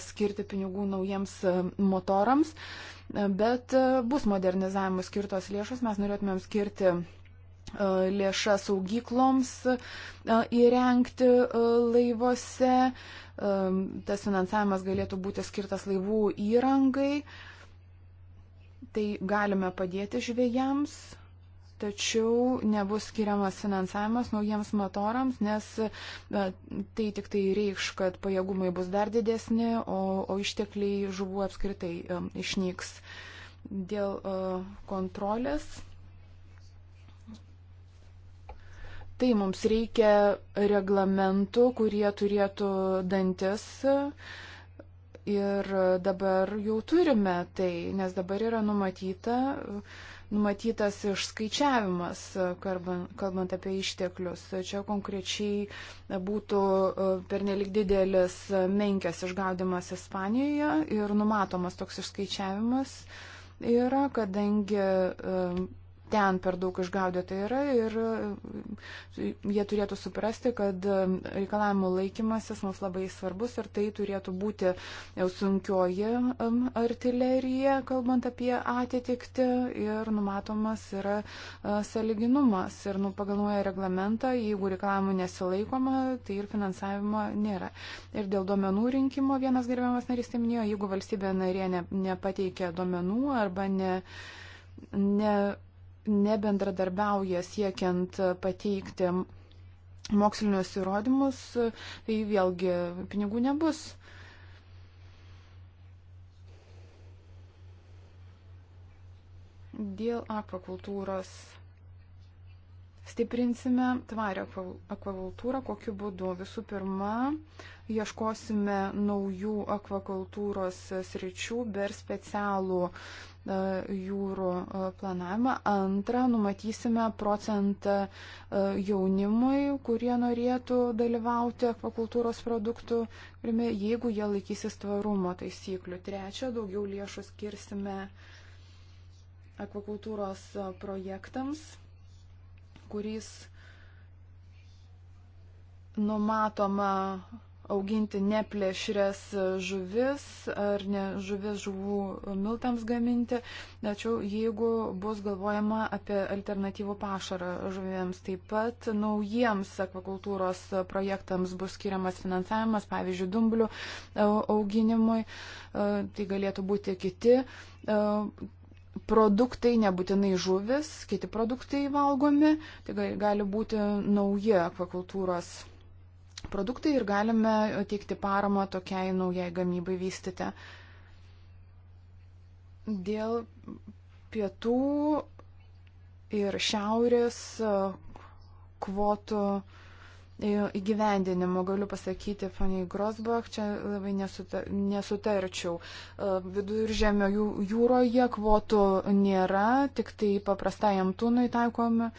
skirti pinigų naujiems motorams, bet bus modernizavimui skirtos lėšos, mes norėtumėm skirti lėšas saugykloms įrengti laivuose, tas finansavimas galėtų būti skirtas laivų įrangai, tai galime padėti žvėjams tačiau nebus skiriamas finansavimas naujiems motorams, nes e, tai tik tai reikš, kad pajėgumai bus dar didesni, o, o ištekliai žuvų apskritai e, išnyks. Dėl e, kontrolės. Tai mums reikia reglamentų, kurie turėtų dantis ir dabar jau turime tai, nes dabar yra numatyta uh, numatytas išskaičiavimas, kalbant apie išteklius. Čia konkrečiai būtų e, pernelik didelis menkės išgaudimas Ispanijoje ir numatomas toks išskaičiavimas yra, kadangi e, ten per daug išgaudyta yra ir e, jie turėtų suprasti, kad e, reikalavimų laikymasis mums labai svarbus ir tai turėtų būti jau sunkioji artilerija, kalbant apie atitikti ir numatomas yra e, saliginumas ir nu, pagal naują reglamentą, jeigu reikalavimų nesilaikoma, tai ir finansavimo nėra. Ir dėl duomenų rinkimo vienas gerbiamas narys tai minėjo, jeigu valstybė narė ne, nepateikia duomenų arba ne, ne nebendradarbiauja siekiant pateikti mokslinius įrodymus, tai vėlgi pinigų nebus. Dėl akvakultūros stiprinsime tvarią akvakultūrą, kokiu būdu. Visų pirma, ieškosime naujų akvakultūros sričių per specialų uh, E, jūrų e, planavimą. Antra, numatysime procentą e, jaunimui, kurie norėtų dalyvauti akvakultūros produktų, jeigu jie laikysis tvarumo taisyklių. Trečia, daugiau lėšų skirsime akvakultūros projektams, kuriais numatoma auginti neplėšrės žuvis ar ne žuvis žuvų miltams gaminti, tačiau jeigu bus galvojama apie alternatyvų pašarą žuvėms, taip pat naujiems akvakultūros projektams bus skiriamas finansavimas, pavyzdžiui, dumblių auginimui, tai galėtų būti kiti produktai, nebūtinai žuvis, kiti produktai valgomi, tai gali būti nauji akvakultūros projektai produktai ir galime teikti paramą tokiai naujai gamybai vystyti. Dėl pietų ir šiaurės kvotų įgyvendinimo. Galiu pasakyti, paniai Grosbach, čia labai nesuta, nesutarčiau. E, Viduržėmio jūroje kvotų nėra, tik tai paprastajam tūnui taikomi,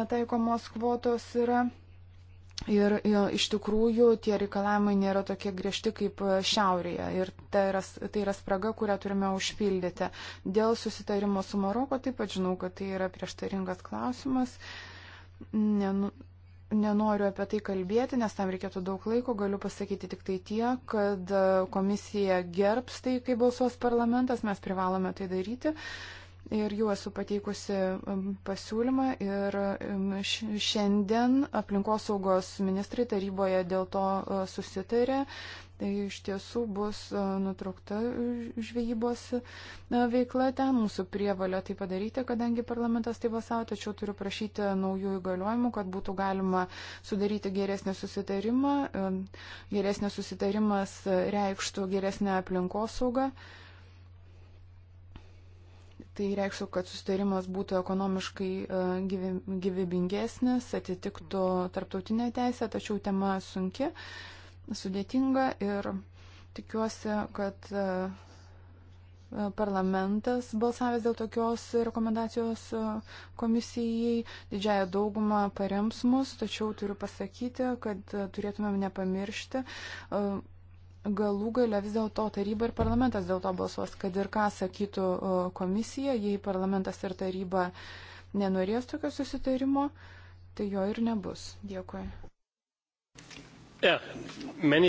netaikomos kvotos yra. Ir iš tikrųjų tie reikalavimai nėra tokie griežti kaip šiaurėje. Ir tai yra, tai yra spraga, kurią turime užpildyti. Dėl susitarimo su Maroko taip pat žinau, kad tai yra prieštaringas klausimas. Nenu, nenoriu apie tai kalbėti, nes tam reikėtų daug laiko. Galiu pasakyti tik tai tie, kad e, komisija gerbs tai, kaip balsuos parlamentas. Mes privalome tai daryti. Uh, ir jau esu pateikusi um, pasiūlymą ir um, šiandien aplinkosaugos ministrai taryboje dėl to uh, susitarė. Tai iš tiesų bus uh, nutraukta žvejybos uh, veikla ten, mūsų prievalė tai padaryti, kadangi parlamentas tai balsavo, tačiau turiu prašyti naujų įgaliojimų, kad būtų galima sudaryti geresnį susitarimą. Um, Geresnis susitarimas reikštų geresnę aplinkosaugą. saugą Tai reikštų, kad susitarimas būtų ekonomiškai e, gyvybingesnis, atitiktų tarptautinę teisę, tačiau tema sunki, sudėtinga ir tikiuosi, kad e, e, parlamentas balsavęs dėl tokios rekomendacijos komisijai didžiąją daugumą parems mus, tačiau turiu pasakyti, kad turėtumėm nepamiršti galų gale vis dėlto taryba ir parlamentas dėl to balsuos, kad ir ką sakytų komisija, jei parlamentas ir taryba nenorės tokio susitarimo, tai jo ir nebus. Dėkui. Yeah.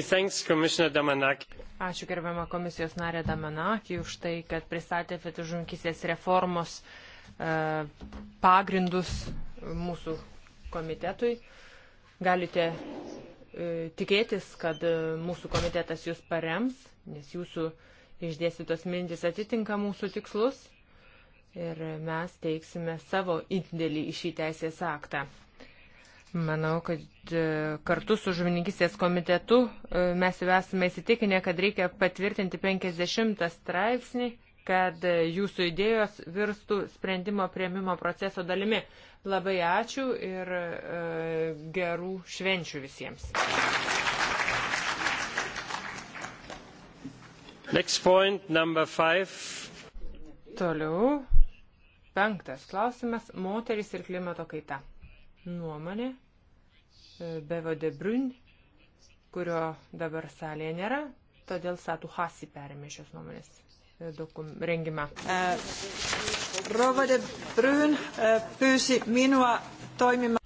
Thanks, Ačiū gerbiamą komisijos narę Damanakį už tai, kad pristatė fetužunkysės reformos e, pagrindus mūsų komitetui. Galite E, tikėtis, kad e, mūsų komitetas jūs parems, nes jūsų išdėstytos mintis atitinka mūsų tikslus ir mes teiksime savo indėlį į šį teisės aktą. Manau, kad e, kartu su žuvininkistės komitetu mes jau esame įsitikinę, kad reikia patvirtinti 50 straipsnį, kad jūsų idėjos virstų sprendimo prieimimo proceso dalimi. Labai ačiū ir e, gerų švenčių visiems. Next point, number five. Toliau. Penktas klausimas - moteris ir klimato kaita. Nuomonė e, Bevo de Brun, kurio dabar salėje nėra, todėl Satu Hasi perėmė šios nuomonės e, dokum, rengimą. Uh. Rova de Brun pyysi minua toimimaan.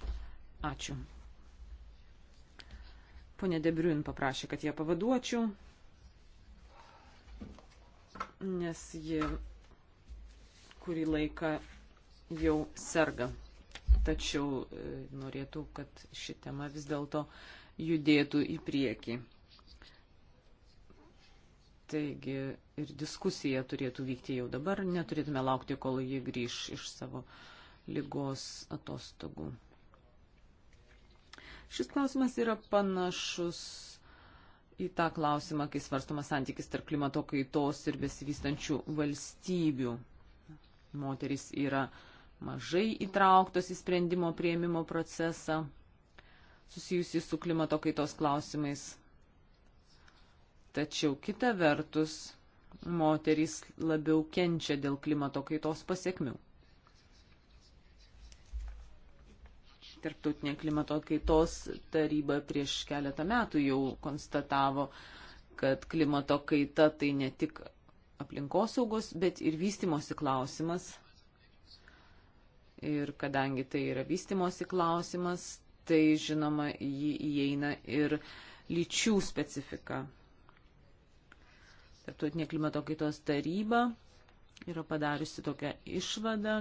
Ačiū. Pone Debriun paprašė, kad ją pavaduočiau, nes ji kurį laiką jau serga. Tačiau e, norėtų, kad ši tema vis dėlto judėtų į priekį. Taigi ir diskusija turėtų vykti jau dabar, neturėtume laukti, kol jie grįž iš savo lygos atostogų. Šis klausimas yra panašus į tą klausimą, kai svarstomas santykis tarp klimato kaitos ir besivystančių valstybių. Moteris yra mažai įtrauktos į sprendimo prieimimo procesą susijusi su klimato kaitos klausimais. Tačiau kita vertus, moterys labiau kenčia dėl klimato kaitos pasiekmių. Tarptautinė klimato kaitos taryba prieš keletą metų jau konstatavo, kad klimato kaita tai ne tik aplinkosaugos, bet ir vystimosi klausimas. Ir kadangi tai yra vystimosi klausimas, tai žinoma, jį įeina ir lyčių specifika. Tarptautinė klimato kaitos taryba yra padariusi tokią išvadą,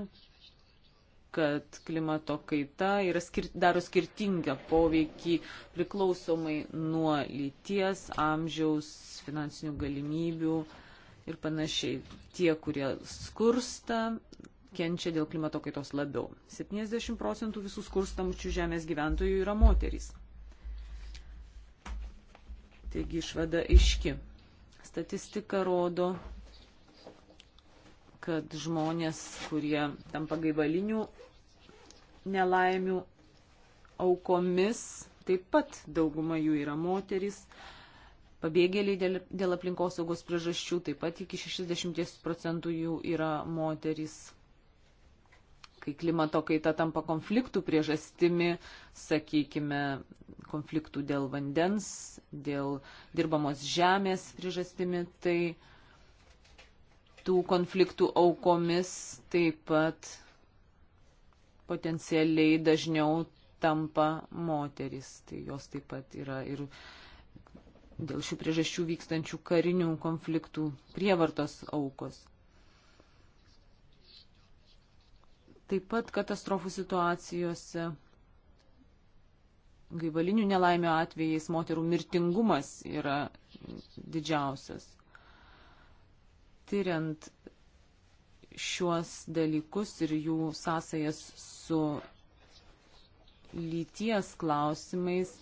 kad klimato kaita yra skir daro skirtingą poveikį priklausomai nuo lyties, amžiaus, finansinių galimybių ir panašiai. Tie, kurie skursta, kenčia dėl klimato kaitos labiau. 70 procentų visų skurstamučių žemės gyventojų yra moterys. Taigi išvada aiški. Statistika rodo, kad žmonės, kurie tampa gaivalinių nelaimių aukomis, taip pat dauguma jų yra moteris. Pabėgėliai dėl, dėl aplinkosaugos priežasčių taip pat iki 60 procentų jų yra moteris kai klimato kaita tampa konfliktų priežastimi, sakykime, konfliktų dėl vandens, dėl dirbamos žemės priežastimi, tai tų konfliktų aukomis taip pat potencialiai dažniau tampa moteris. Tai jos taip pat yra ir dėl šių priežasčių vykstančių karinių konfliktų prievartos aukos. Taip pat katastrofų situacijose, gaivalinių nelaimio atvejais moterų mirtingumas yra didžiausias. Tyriant šiuos dalykus ir jų sąsajas su lyties klausimais,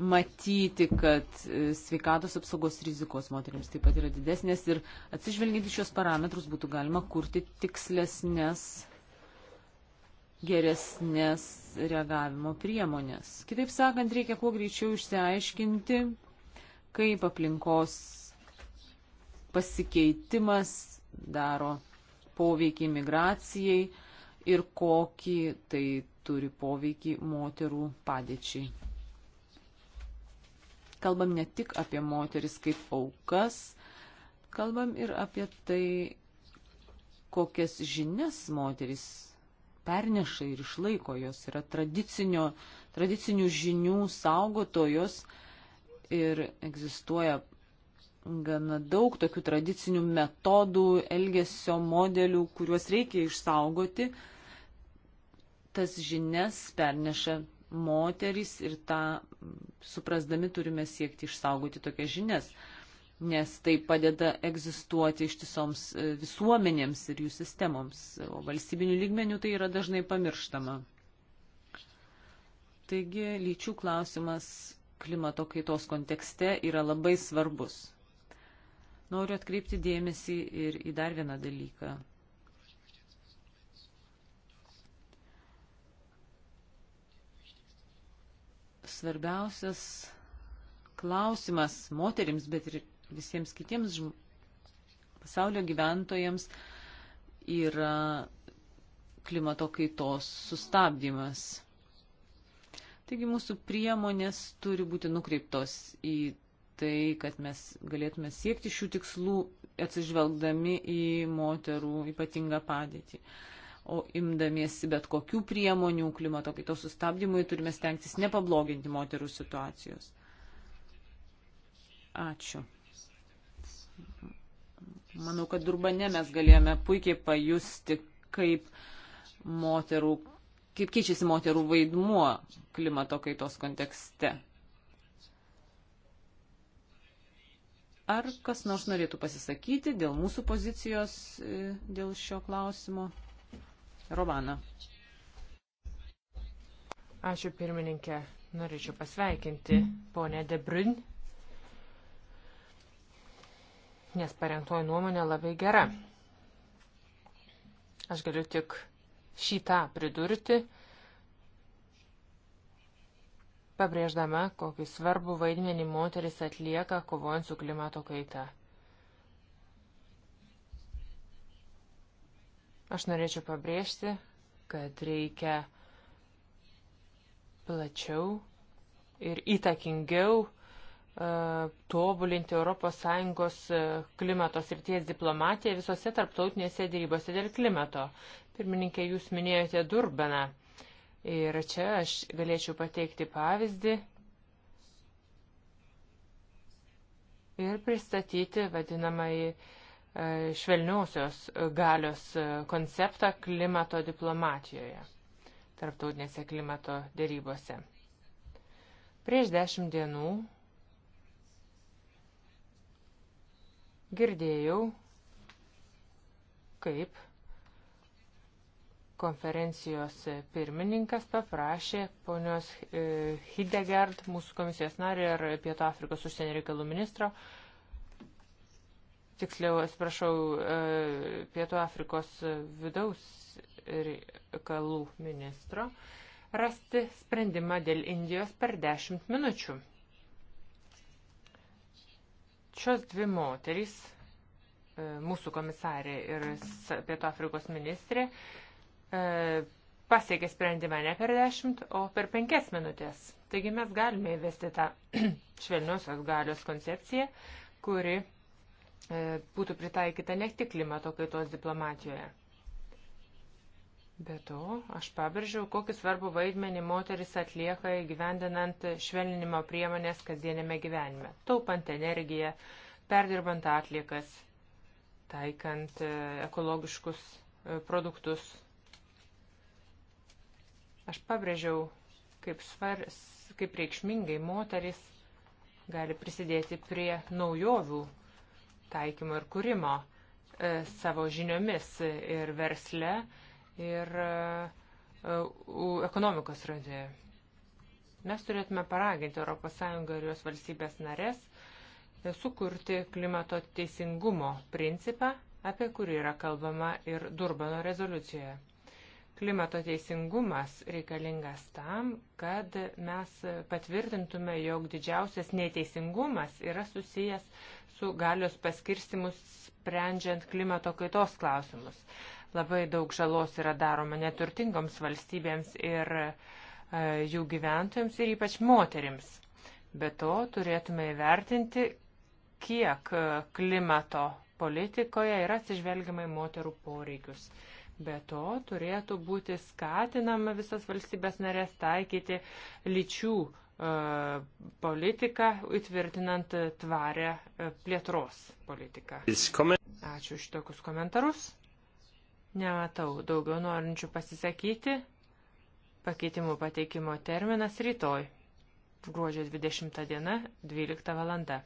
matyti, kad e, sveikatos apsaugos rizikos moteriams taip pat yra didesnės ir atsižvelgiant į šios parametrus būtų galima kurti tikslesnės, geresnės reagavimo priemonės. Kitaip sakant, reikia kuo greičiau išsiaiškinti, kaip aplinkos pasikeitimas daro poveikį migracijai ir kokį tai turi poveikį moterų padėčiai kalbam ne tik apie moteris kaip aukas, kalbam ir apie tai, kokias žinias moteris perneša ir išlaiko, jos yra tradicinių žinių saugotojos ir egzistuoja gana daug tokių tradicinių metodų, elgesio modelių, kuriuos reikia išsaugoti. Tas žinias perneša moterys ir tą suprasdami turime siekti išsaugoti tokias žinias, nes tai padeda egzistuoti ištisoms e, visuomenėms ir jų sistemoms, o valstybinių lygmenių tai yra dažnai pamirštama. Taigi lyčių klausimas klimato kaitos kontekste yra labai svarbus. Noriu atkreipti dėmesį ir į dar vieną dalyką, svarbiausias klausimas moterims, bet ir visiems kitiems žm... pasaulio gyventojams yra klimato kaitos sustabdymas. Taigi mūsų priemonės turi būti nukreiptos į tai, kad mes galėtume siekti šių tikslų atsižvelgdami į moterų ypatingą padėtį. Uh, O imdamiesi bet kokių priemonių klimato kaitos sustabdymui turime stengtis nepabloginti moterų situacijos. Ačiū. Manau, kad Durbane mes galėjome puikiai pajusti, kaip, moterų, kaip keičiasi moterų vaidmuo klimato kaitos kontekste. Ar kas nors norėtų pasisakyti dėl mūsų pozicijos, e, dėl šio klausimo? Romana. Ačiū pirmininkė. Norėčiau pasveikinti ponę Debrun, nes parengtoji nuomonė labai gera. Aš galiu tik šitą pridurti, pabrėždama, kokį svarbų vaidmenį moteris atlieka kovojant su klimato kaita. Aš norėčiau pabrėžti, kad reikia plačiau ir įtakingiau e, tobulinti ES klimatos ir ties diplomatiją visose tarptautinėse dėrybose dėl klimato. Pirmininkė, jūs minėjote Durbaną. Ir čia aš galėčiau pateikti pavyzdį ir pristatyti vadinamąjį E, švelniosios galios konceptą klimato diplomatijoje, tarptautinėse klimato dėrybose. Prieš dešimt dienų girdėjau, kaip konferencijos pirmininkas paprašė ponios e, Hidegard, mūsų komisijos nario ir Pietų Afrikos užsienio reikalų ministro, tiksliau, atsiprašau, e, Pietų Afrikos vidaus reikalų ministro rasti sprendimą dėl Indijos per 10 minučių. Šios dvi moterys, e, mūsų komisarė ir Pietų Afrikos ministrė, e, pasiekė sprendimą ne per 10, o per 5 minutės. Taigi mes galime įvesti tą švelniosios galios koncepciją, kuri E, būtų pritaikyta ne tik klimato kaitos diplomatijoje. Be to, aš pabrėžiau, kokį svarbų vaidmenį moteris atlieka įgyvendinant švelninimo priemonės kasdienėme gyvenime, taupant energiją, perdirbant atliekas, taikant e, ekologiškus e, produktus. Aš pabrėžiau, kaip, svar, kaip reikšmingai moteris gali prisidėti prie naujovių taikymo ir kūrimo e, savo žiniomis ir versle ir e, e ekonomikos raidoje. Mes turėtume paraginti ES ir jos valstybės narės e, sukurti klimato teisingumo principą, apie kurį yra kalbama ir Durbano rezoliucijoje klimato teisingumas reikalingas tam, kad mes patvirtintume, jog didžiausias neteisingumas yra susijęs su galios paskirstimus sprendžiant klimato kaitos klausimus. Labai daug žalos yra daroma neturtingoms valstybėms ir e, jų gyventojams ir ypač moterims. Be to turėtume įvertinti, kiek e, klimato politikoje yra atsižvelgiama į moterų poreikius. Be to, turėtų būti skatinama visas valstybės narės taikyti lyčių e, politiką, įtvirtinant tvarę e, plėtros politiką. Ačiū iš tokius komentarus. Nematau daugiau norinčių pasisakyti. Pakeitimų pateikimo terminas rytoj, gruodžio 20 diena, 12 valanda.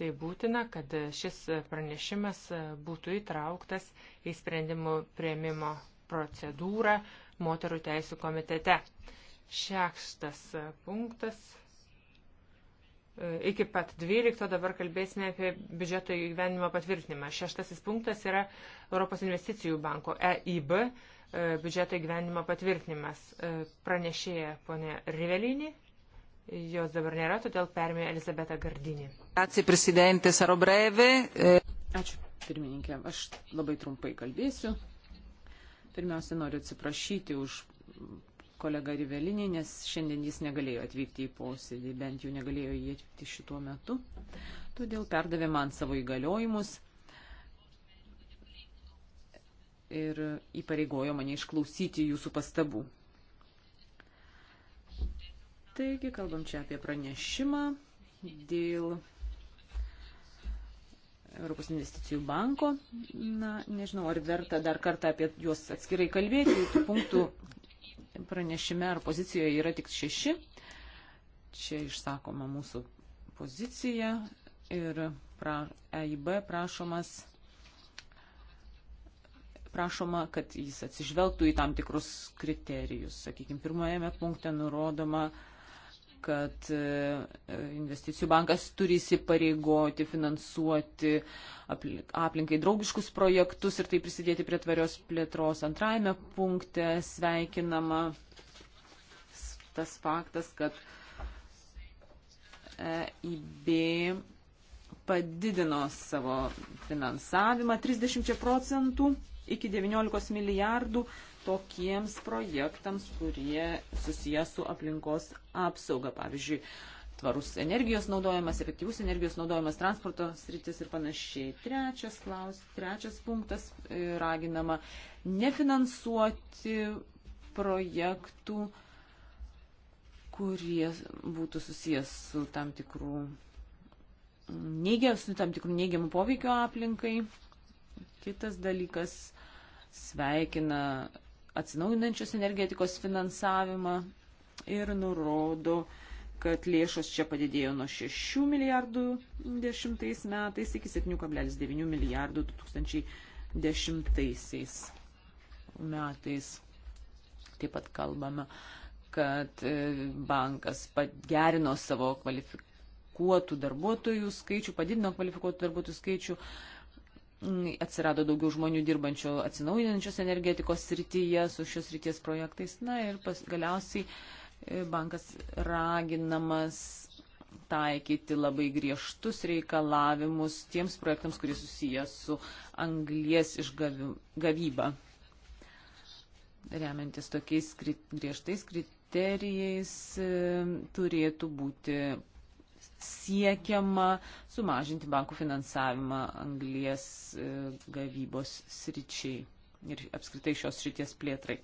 Tai būtina, kad šis pranešimas būtų įtrauktas į sprendimų prieimimo procedūrą moterų teisų komitete. Šeštas punktas. E, iki pat 12 dabar kalbėsime apie biudžeto įgyvenimo patvirtinimą. Šeštasis punktas yra Europos investicijų banko EIB e, biudžeto įgyvenimo patvirtinimas. E, pranešėja ponė Rivelinį Jos dabar nėra, todėl permė Elizabeta Gardinį. Ačiū, prezidentė, saro breve. Eh, Ačiū, pirmininkė. Aš labai trumpai kalbėsiu. Pirmiausia, noriu atsiprašyti už kolegą Rivelinį, nes šiandien jis negalėjo atvykti į posėdį, bent jau negalėjo jį atvykti šituo metu. Todėl perdavė man savo įgaliojimus ir įpareigojo mane išklausyti jūsų pastabų. Taigi, kalbam čia apie pranešimą dėl Europos investicijų banko. Na, nežinau, ar verta dar kartą apie juos atskirai kalbėti. Tų punktų pranešime ar pozicijoje yra tik šeši. Čia išsakoma mūsų pozicija ir pra, EIB prašomas prašoma, kad jis atsižvelgtų į tam tikrus kriterijus. Sakykime, pirmajame punkte nurodoma, kad e, investicijų bankas turi įsipareigoti finansuoti aplinkai draugiškus projektus ir tai prisidėti prie tvarios plėtros. Antrajame punkte sveikinama tas faktas, kad EIB padidino savo finansavimą 30 procentų iki 19 milijardų tokiems projektams, kurie susijęs su aplinkos apsauga. Pavyzdžiui, tvarus energijos naudojimas, efektyvus energijos naudojimas, transporto sritis ir panašiai. Trečias, klaus, trečias punktas e, raginama nefinansuoti projektų, kurie būtų susijęs su tam tikrų neigia, su tam tikrų neigiamų poveikio aplinkai. Kitas dalykas sveikina atsinaujinančios energetikos finansavimą ir nurodo, kad lėšos čia padidėjo nuo 6 milijardų 10 metais iki 7,9 milijardų 2010 metais. Taip pat kalbame, kad e, bankas pagerino savo kvalifikaciją kvalifikuotų darbuotojų skaičių, padidino kvalifikuotų darbuotojų skaičių, atsirado daugiau žmonių dirbančių atsinaujinančios energetikos srityje su šios ryties projektais. Na ir pas, galiausiai e, bankas raginamas taikyti labai griežtus reikalavimus tiems projektams, kurie susiję su anglies išgavyba. Remiantis tokiais kri griežtais kriterijais e, turėtų būti siekiama sumažinti bankų finansavimą anglijas e, gavybos sričiai ir apskritai šios srities plėtrai.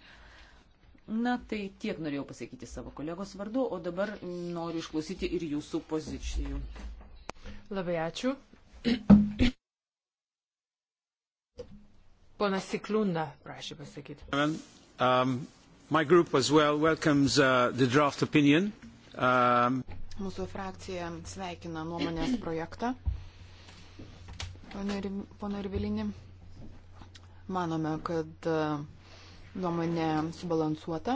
Na, tai tiek norėjau pasakyti savo kolegos vardu, o dabar noriu išklausyti ir jūsų pozicijų. Labai ačiū. Ponas Siklunda prašė pasakyti. Um, my group as well welcomes uh, the draft opinion. Um, Mūsų frakcija sveikina nuomonės projektą. Pana Irvilini, manome, kad e, nuomonė subalansuota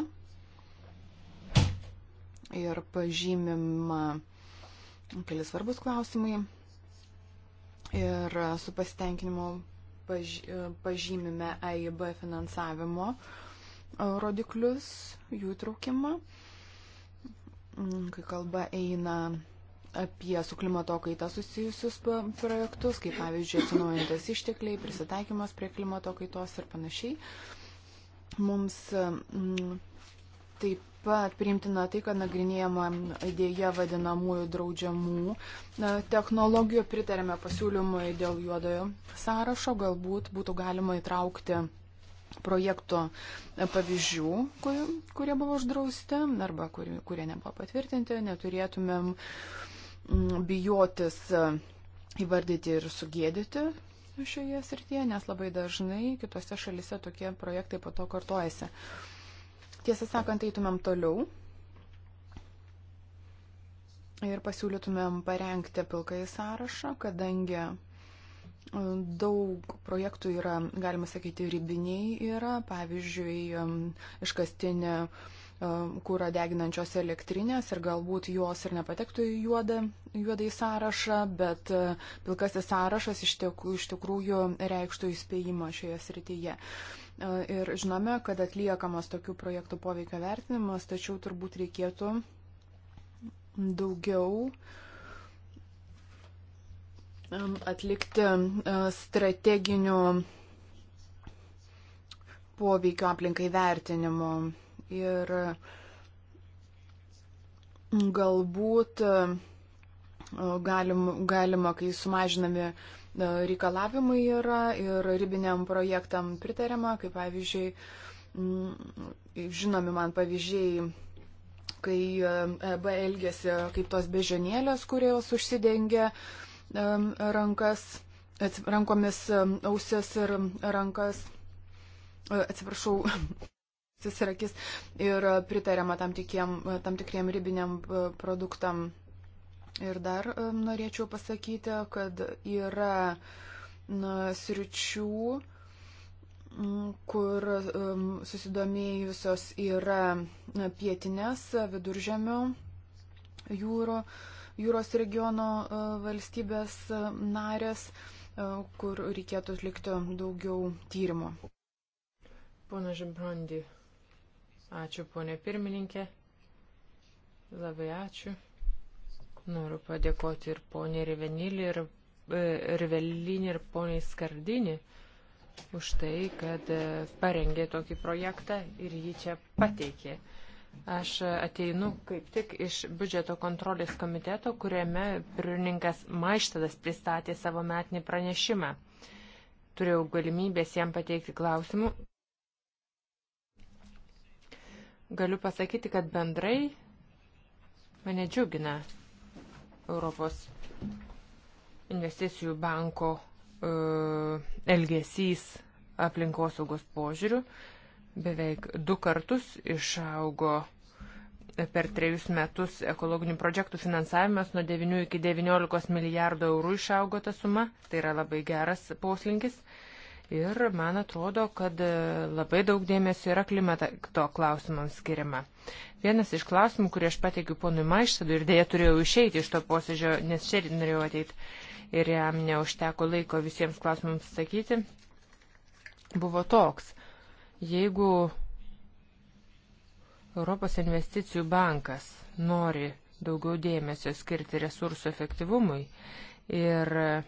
ir pažymima keli svarbus klausimai ir su pasitenkinimu paž, e, pažymime AIB finansavimo rodiklius, jų traukimą. Mm, kai kalba eina apie su klimato kaita susijusius projektus, kaip pavyzdžiui atsinaujantis ištekliai, prisitaikymas prie klimato kaitos ir panašiai. Mums mm, taip pat priimtina tai, kad nagrinėjama idėja vadinamųjų draudžiamų technologijų, pritarėme pasiūlymui dėl juodojo sąrašo, galbūt būtų galima įtraukti projekto pavyzdžių, kurie buvo uždrausti arba kurie nebuvo patvirtinti, neturėtumėm mm, bijotis e, įvardyti ir sugėdyti šioje srityje, nes labai dažnai kitose šalise tokie projektai po to kartojasi. Tiesą sakant, eitumėm toliau ir pasiūlytumėm parengti pilkai sąrašą, kadangi Daug projektų yra, galima sakyti, ribiniai yra, pavyzdžiui, iškastinė kūrą deginančios elektrinės ir galbūt jos ir nepatektų į juodą, juodą į sąrašą, bet e, pilkasis sąrašas iš, tiek, iš tikrųjų reikštų įspėjimą šioje srityje. E, ir žinome, kad atliekamas tokių projektų poveikio vertinimas, tačiau turbūt reikėtų daugiau uh, atlikti e, strateginių poveikio aplinkai vertinimo. Ir galbūt e, galim, galima, kai sumažinami e, reikalavimai yra ir ribiniam projektam pritariama, kaip pavyzdžiui, žinomi man pavyzdžiai kai EB elgėsi kaip tos bežionėlės, kurios užsidengia uh, rankas, rankomis ausis ir rankas, e, atsiprašau, ausis ir akis ir pritariama tam, tikėm, tam tikriem ribiniam e, produktam. Ir dar norėčiau pasakyti, kad yra na, sričių, kur um, susidomėjusios yra pietinės viduržemio jūro jūros regiono e, valstybės e, narės, e, kur reikėtų atlikti daugiau tyrimų. Pana Žembrandi, ačiū ponė pirmininkė, labai ačiū. Noriu padėkoti ir ponė Rivenilį, ir Rivelinį, ir poniai Skardinį už tai, kad parengė tokį projektą ir jį čia pateikė. Aš ateinu kaip tik iš biudžeto kontrolės komiteto, kuriame pirmininkas Maištadas pristatė savo metinį pranešimą. Turėjau galimybės jam pateikti klausimų. Galiu pasakyti, kad bendrai mane džiugina Europos investicijų banko uh, elgesys aplinkosaugos požiūrių. Uh, Beveik du kartus išaugo per trejus metus ekologinių projektų finansavimas nuo 9 iki 19 milijardų eurų išaugo ta suma. Tai yra labai geras poslinkis. Ir man atrodo, kad labai daug dėmesio yra klimato klausimams skiriama. Vienas iš klausimų, kurį aš pateikiu ponui Maištadu ir dėja turėjau išeiti iš to posėdžio, nes šiandien norėjau ateiti ir jam neužteko laiko visiems klausimams sakyti, buvo toks Jeigu Europos investicijų bankas nori daugiau dėmesio skirti resursų efektyvumui ir e,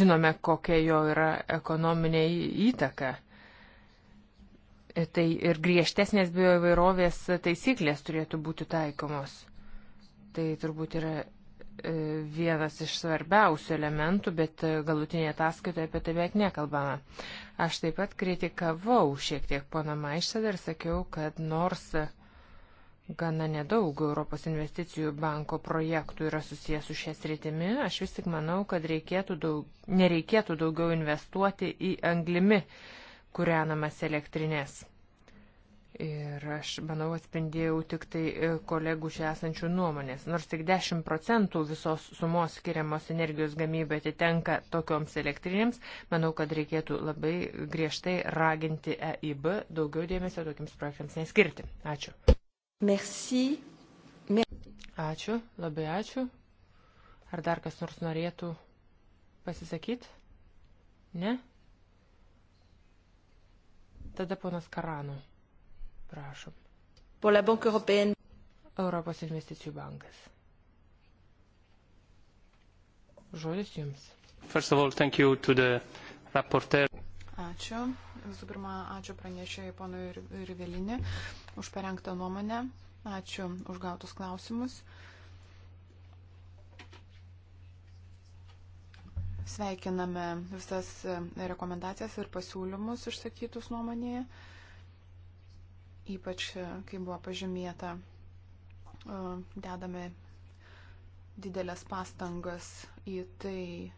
žinome, kokia jo yra ekonominė įtaka. Tai ir griežtesnės bioįvairovės taisyklės turėtų būti taikomos. Tai turbūt yra E, vienas iš svarbiausių elementų, bet galutinėje ataskaitoje apie tai beveik nekalbama. Aš taip pat kritikavau šiek tiek poną Maišsadą ir sakiau, kad nors gana nedaug Europos investicijų banko projektų yra susijęs su šias rytimi, aš vis tik manau, kad reikėtų daug, nereikėtų daugiau investuoti į anglimi kūrenamas elektrinės. Ir aš, manau, atspindėjau tik tai e, kolegų čia esančių nuomonės. Nors tik 10 procentų visos sumos skiriamos energijos gamybai atitenka tokioms elektrinėms, manau, kad reikėtų labai griežtai raginti EIB daugiau dėmesio tokiems projektams neskirti. Ačiū. Merci. Ačiū, labai ačiū. Ar dar kas nors norėtų pasisakyti? Ne? Tada ponas Karanu. Prašom. Pour la Banque européenne. Europos investicijų bankas. Žodis jums. First of all, thank you to the rapporteur. Ačiū. Visų pirma, ačiū pranešėjai ponui Rivelinį už parengtą nuomonę. Ačiū už gautus klausimus. Sveikiname visas rekomendacijas ir pasiūlymus išsakytus nuomonėje. Uh, ypač e, kai buvo pažymėta, e, dedame didelės pastangas į tai,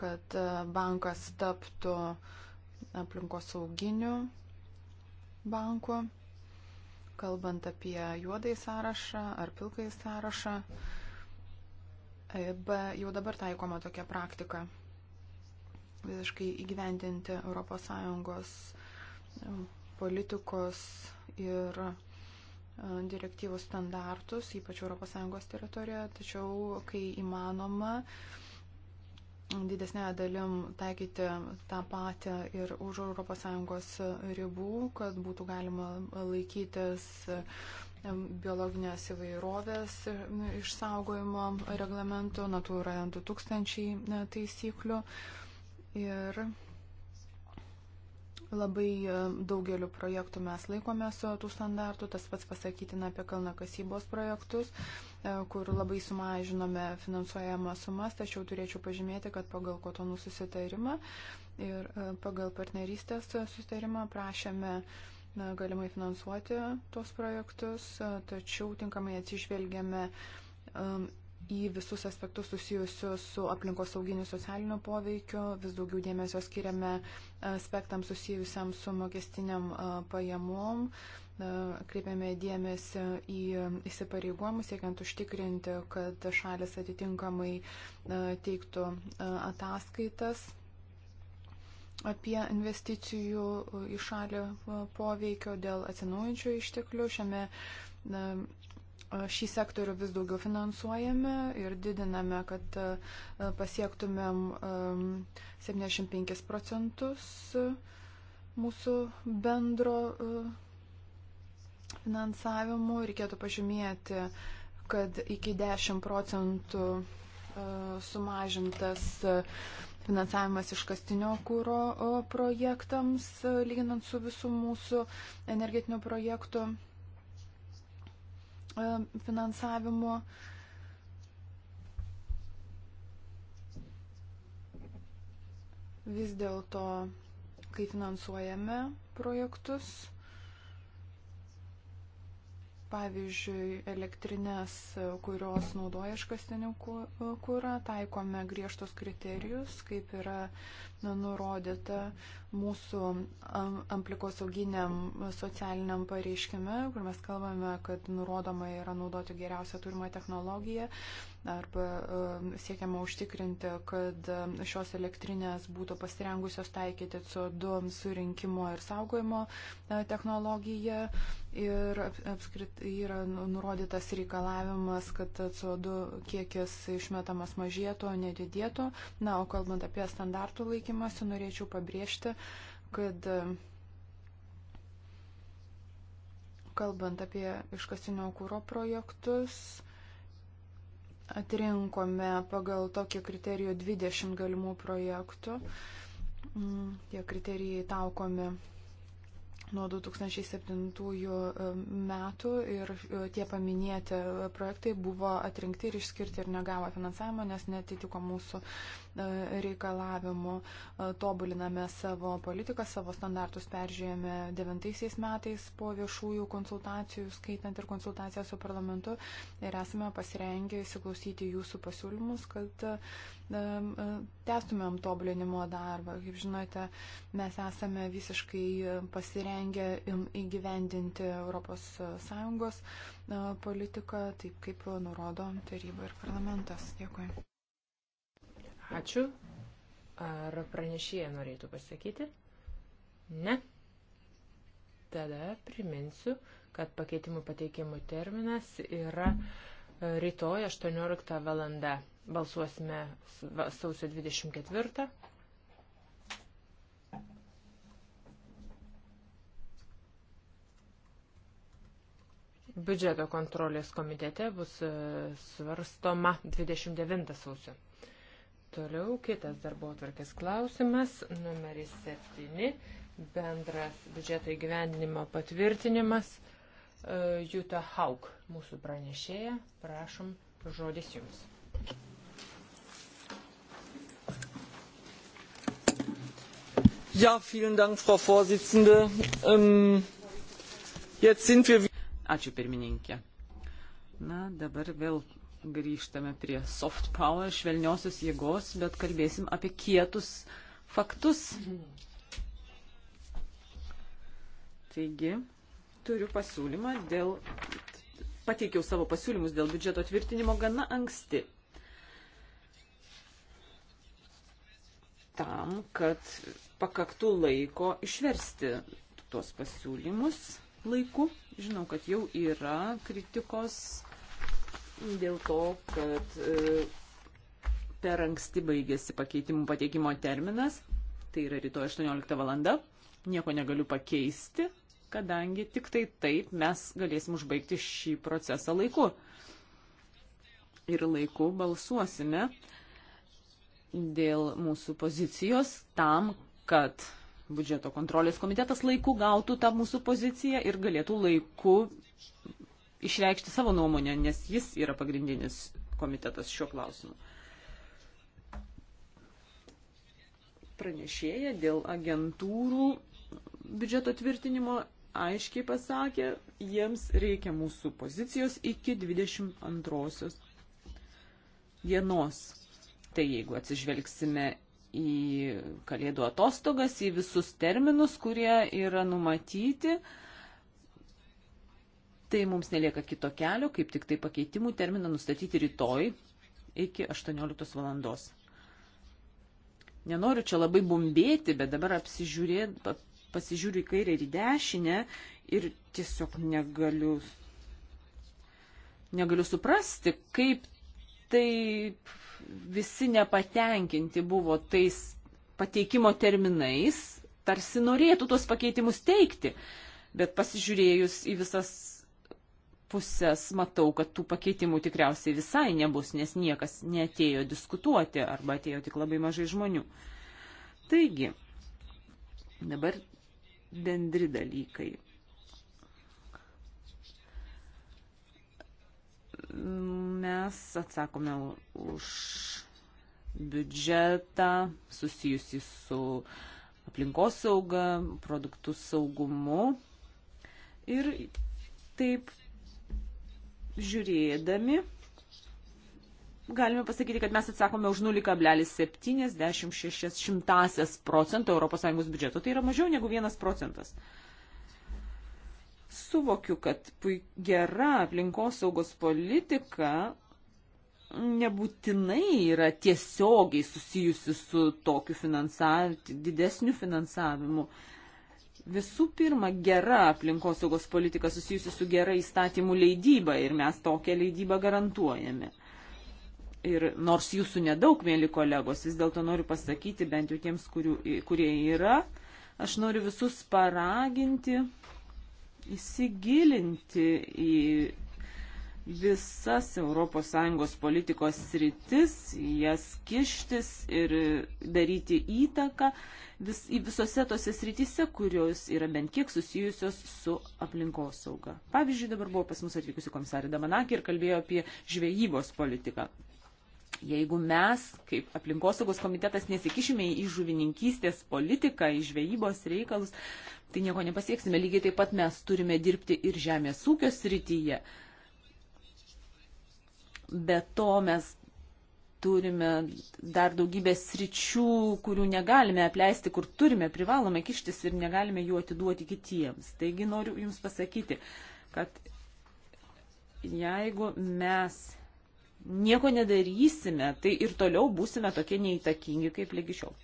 kad e, bankas taptų aplinkosauginiu banku, kalbant apie juodai sąrašą ar pilkai sąrašą. EIB jau dabar taikoma tokia praktika visiškai įgyvendinti ES politikos ir e, direktyvų standartus, ypač ES teritorijoje, tačiau, kai įmanoma, didesnė dalim taikyti tą patį ir už ES ribų, kad būtų galima laikytis e, biologinės įvairovės išsaugojimo reglamento, natūra 2000 e, taisyklių. Ir Labai e, daugeliu projektų mes laikomės e, tų standartų, tas pats pasakytina apie kalnakasybos projektus, e, kur labai sumažinome finansuojamą sumas, tačiau turėčiau pažymėti, kad pagal kotonų susitarimą ir pagal partnerystės susitarimą prašėme na, galimai finansuoti tuos projektus, tačiau tinkamai atsižvelgėme į visus aspektus susijusius su aplinkosauginiu socialiniu poveikiu, vis daugiau dėmesio skiriame aspektams susijusiam su mokestiniam pajamom, kreipiame dėmesį į įsipareigojimus, siekiant užtikrinti, kad šalis atitinkamai teiktų ataskaitas apie investicijų į šalį poveikio dėl atsinaujančių išteklių. Šiame šį sektorių vis daugiau finansuojame ir didiname, kad e, pasiektumėm 75 procentus e, mūsų bendro e, finansavimo. Reikėtų pažymėti, kad iki 10 procentų sumažintas finansavimas iškastinio kūro projektams, lyginant su visų mūsų energetinių projektų E, finansavimu. Vis dėlto, kai finansuojame projektus, pavyzdžiui, elektrinės, kurios naudoja iškastinį kūrą, taikome griežtus kriterijus, kaip yra nurodyta mūsų amplikosauginėm socialiniam pareiškime, kur mes kalbame, kad nurodoma yra naudoti geriausią turimą technologiją arba e, siekiama užtikrinti, kad e, šios elektrinės būtų pasirengusios taikyti CO2 surinkimo ir saugojimo e, technologiją. Ir apskritai yra nu-, nurodytas reikalavimas, kad CO2 kiekis išmetamas mažėtų, nedidėtų. Na, o kalbant apie standartų laikymą, tikimasi, norėčiau pabrėžti, kad e, kalbant apie iškasinio kūro projektus, atrinkome pagal tokį kriterijų 20 galimų projektų. Mm, tie kriterijai taukomi nuo 2007 e, metų ir e, tie paminėti projektai buvo atrinkti ir išskirti ir negavo finansavimo, nes netitiko mūsų E, reikalavimų, e, tobuliname savo politiką, savo standartus peržiūrėjome devintaisiais metais po viešųjų konsultacijų, skaitant ir konsultaciją su parlamentu ir esame pasirengę įsiklausyti jūsų pasiūlymus, kad e, tęstumėm tobulinimo darbą. Kaip žinote, mes esame visiškai pasirengę įgyvendinti ES politiką, taip kaip nurodo taryba ir parlamentas. Dėkui. Ačiū. Ar pranešėja norėtų pasakyti? Ne. Tada priminsiu, kad pakeitimų pateikimų terminas yra e, rytoj 18 valanda. Balsuosime sausio 24. biudžeto kontrolės komitete bus e, svarstoma 29 sausio. Toliau kitas darbo atvarkės klausimas, numeris 7, bendras biudžeto įgyvendinimo patvirtinimas. E, Juta Hauk, mūsų pranešėja, prašom, žodis jums. Ja, vielen Dank, Frau Vorsitzende. Ähm, jetzt sind wir. Ačiū pirmininkė. Na, dabar vėl grįžtame prie soft power, švelniosios jėgos, bet kalbėsim apie kietus faktus. Taigi, turiu pasiūlymą dėl, pateikiau savo pasiūlymus dėl biudžeto tvirtinimo gana anksti. Tam, kad pakaktų laiko išversti tuos pasiūlymus laiku. Žinau, kad jau yra kritikos dėl to, kad e, per anksti baigėsi pakeitimų pateikimo terminas, tai yra rytoj 18 valanda, nieko negaliu pakeisti, kadangi tik tai taip mes galėsim užbaigti šį procesą laiku. Ir laiku balsuosime dėl mūsų pozicijos tam, kad biudžeto kontrolės komitetas laiku gautų tą mūsų poziciją ir galėtų laiku išreikšti savo nuomonę, nes jis yra pagrindinis komitetas šiuo klausimu. Pranešėja dėl agentūrų biudžeto tvirtinimo aiškiai pasakė, jiems reikia mūsų pozicijos iki 22 dienos. Tai jeigu atsižvelgsime į kalėdų atostogas, į visus terminus, kurie yra numatyti, uh, tai mums nelieka kito kelio, kaip tik tai pakeitimų terminą nustatyti rytoj iki 18 valandos. Nenoriu čia labai bumbėti, bet dabar apsižiūrė, pasižiūriu į kairę ir į dešinę ir tiesiog negaliu, negaliu suprasti, kaip taip visi nepatenkinti buvo tais pateikimo terminais, tarsi norėtų tuos pakeitimus teikti. Bet pasižiūrėjus į visas pusės matau, kad tų pakeitimų tikriausiai visai nebus, nes niekas netėjo diskutuoti arba atėjo tik labai mažai žmonių. Taigi, dabar bendri dalykai. Mes atsakome už biudžetą susijusi su aplinkos sauga, produktų saugumu ir taip žiūrėdami, galime pasakyti, kad mes atsakome už 0,76 procento ES biudžeto. Tai yra mažiau negu 1 procentas. Suvokiu, kad gera aplinkosaugos politika nebūtinai yra tiesiogiai susijusi su tokiu finansavimu, didesniu finansavimu. Visų pirma, gera aplinkosaugos politika susijusi su gera įstatymų leidyba ir mes tokią leidybą garantuojame. Ir nors jūsų nedaug, mėly kolegos, vis dėlto noriu pasakyti, bent jau tiems, kurių, kurie yra, aš noriu visus paraginti įsigilinti į visas ES politikos sritis, jas kištis ir daryti įtaką vis, visose tose sritise, kurios yra bent kiek susijusios su aplinkosauga. Pavyzdžiui, dabar buvo pas mus atvykusi komisarė Damanakė ir kalbėjo apie žvejybos politiką. Jeigu mes, kaip aplinkosaugos komitetas, nesikišime į žuvininkystės politiką, į žvejybos reikalus, tai nieko nepasieksime. Lygiai taip pat mes turime dirbti ir žemės ūkio srityje. Uh, Be to mes turime dar daugybę sričių, kurių negalime apleisti, kur turime, privalome kištis ir negalime jų atiduoti kitiems. Taigi noriu Jums pasakyti, kad jeigu mes nieko nedarysime, tai ir toliau būsime tokie neįtakingi kaip lygi šiol.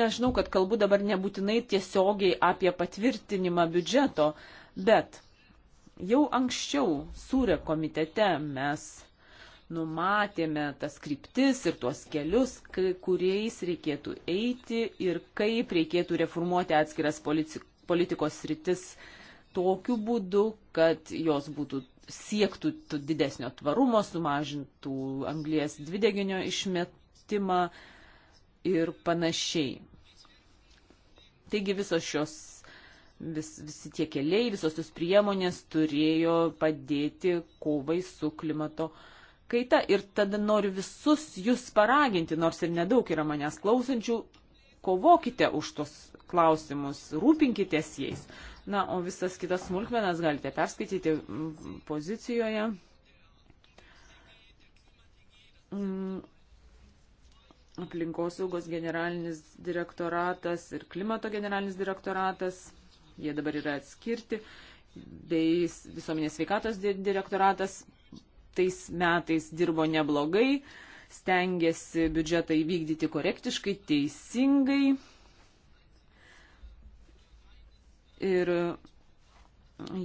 Nežinau, kad kalbu dabar nebūtinai tiesiogiai apie patvirtinimą biudžeto, bet Jau anksčiau sūrė komitete mes numatėme tas kryptis ir tuos kelius, kuriais reikėtų eiti ir kaip reikėtų reformuoti atskiras politikos sritis tokiu būdu, kad jos būtų siektų didesnio tvarumo, sumažintų anglės dvideginio išmetimą ir panašiai. Taigi visos šios vis, visi tie keliai, visos tos priemonės turėjo padėti kovai su klimato kaita. Ir tada noriu visus jūs paraginti, nors ir nedaug yra manęs klausančių, kovokite už tos klausimus, rūpinkitės jais. Na, o visas kitas smulkmenas galite perskaityti pozicijoje. Mm, aplinkosaugos generalinis direktoratas ir klimato generalinis direktoratas jie dabar yra atskirti, bei visuomenės sveikatos direktoratas tais metais dirbo neblogai, stengiasi biudžetą įvykdyti korektiškai, teisingai. Ir e,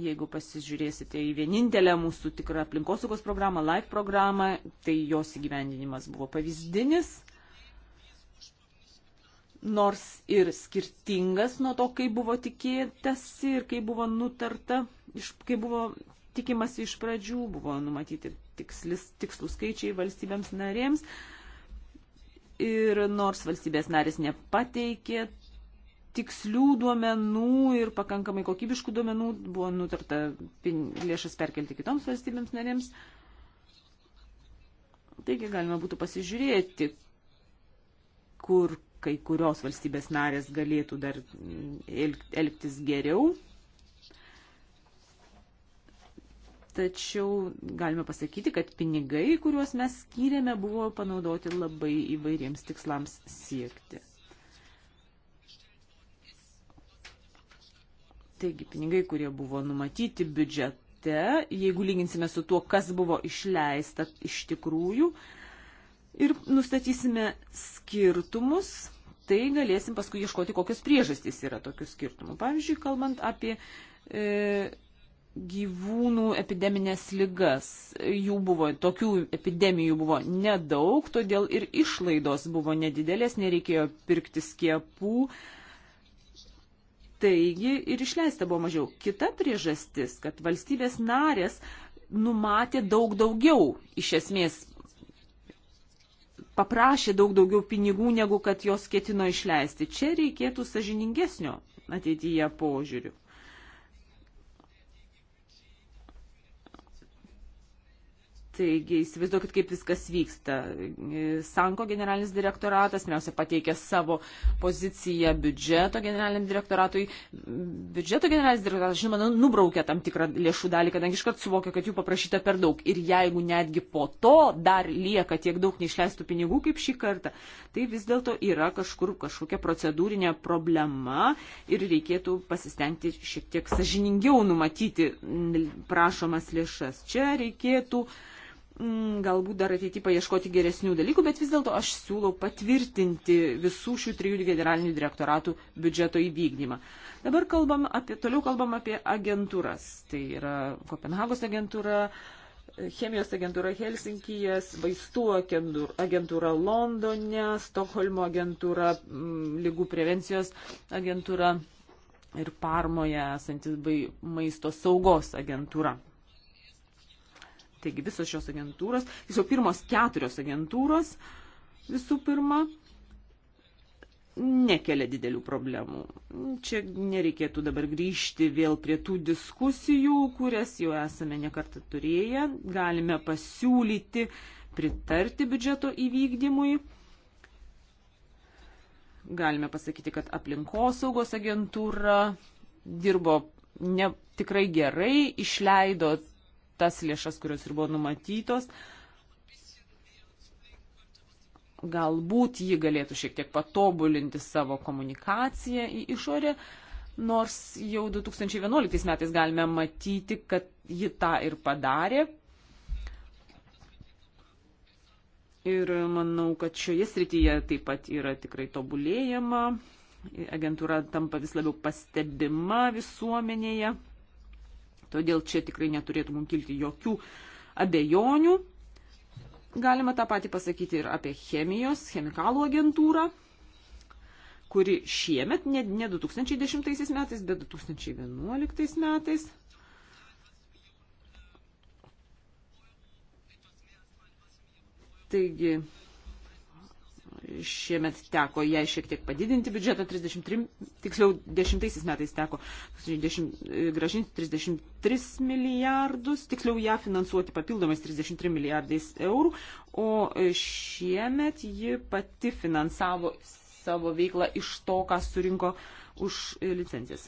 jeigu pasižiūrėsite į vienintelę mūsų tikrą aplinkosaugos programą, LIFE programą, tai jos įgyvendinimas buvo pavyzdinis nors ir skirtingas nuo to, kaip buvo tikėtasi ir kaip buvo nutarta, iš, kaip buvo tikimasi iš pradžių, buvo numatyti tikslis, tikslų skaičiai valstybėms narėms. Ir nors valstybės narės nepateikė tikslių duomenų ir pakankamai kokybiškų duomenų, buvo nutarta lėšas perkelti kitoms valstybėms narėms. Taigi galima būtų pasižiūrėti, kur kai kurios valstybės narės galėtų dar mm, elgtis geriau. Tačiau galime pasakyti, kad pinigai, kuriuos mes skyrėme, buvo panaudoti labai įvairiems tikslams siekti. Taigi pinigai, kurie buvo numatyti biudžete, jeigu lyginsime su tuo, kas buvo išleista iš tikrųjų, uh, ir nustatysime skirtumus, tai galėsim paskui ieškoti, kokios priežastys yra tokių skirtumų. Pavyzdžiui, kalbant apie e, gyvūnų epideminės ligas. Jų buvo, tokių epidemijų buvo nedaug, todėl ir išlaidos buvo nedidelės, nereikėjo pirkti skiepų. Taigi ir išleista buvo mažiau. Kita priežastis, kad valstybės narės numatė daug daugiau iš esmės paprašė daug daugiau pinigų, negu kad jos ketino išleisti. Čia reikėtų sažiningesnio ateityje požiūrių. Taigi įsivaizduokit, kaip viskas vyksta. Sanko generalinis direktoratas, pirmiausia, pateikė savo poziciją biudžeto generaliniam direktoratui. Biudžeto generalinis direktoratas, žinoma, nu, nubraukė tam tikrą lėšų dalį, kadangi iškart suvokė, kad jų paprašyta per daug. Ir jeigu netgi po to dar lieka tiek daug neišleistų pinigų kaip šį kartą, tai vis dėlto yra kažkur kažkokia procedūrinė problema ir reikėtų pasistengti šiek tiek sažiningiau numatyti prašomas lėšas. Čia reikėtų Mm, galbūt dar ateity paieškoti geresnių dalykų, bet vis dėlto aš siūlau patvirtinti visų šių trijų generalinių direktoratų biudžeto įvykdymą. Dabar kalbam apie, toliau kalbam apie agentūras. Tai yra Kopenhagos agentūra, chemijos agentūra Helsinkijas, vaistų agentūra Londone, Stokholmo agentūra, mm, lygų prevencijos agentūra ir Parmoje esantis maisto saugos agentūra. Taigi visos šios agentūros, tiesiog pirmos keturios agentūros visų pirma nekelia didelių problemų. Čia nereikėtų dabar grįžti vėl prie tų diskusijų, kurias jau esame nekartą turėję. Galime pasiūlyti pritarti biudžeto įvykdymui. Galime pasakyti, kad aplinkosaugos agentūra dirbo ne, tikrai gerai, išleido tas lėšas, kurios ir buvo numatytos. Galbūt ji galėtų šiek tiek patobulinti savo komunikaciją į išorę, nors jau 2011 metais galime matyti, kad ji tą ir padarė, Ir manau, kad šioje srityje taip pat yra tikrai tobulėjama, agentūra tampa vis labiau pastebima visuomenėje. Todėl čia tikrai neturėtų mums kilti jokių abejonių. Galima tą patį pasakyti ir apie chemijos, chemikalų agentūrą, kuri šiemet, ne, ne 2010 metais, bet 2011 metais. Taigi, šiemet teko jai šiek tiek padidinti biudžetą 33, tiksliau 10 metais teko 10, e, gražinti 33 milijardus, tiksliau ją finansuoti papildomais 33 milijardais eurų, o e, šiemet ji pati finansavo savo veiklą iš to, ką surinko už e, licencijas.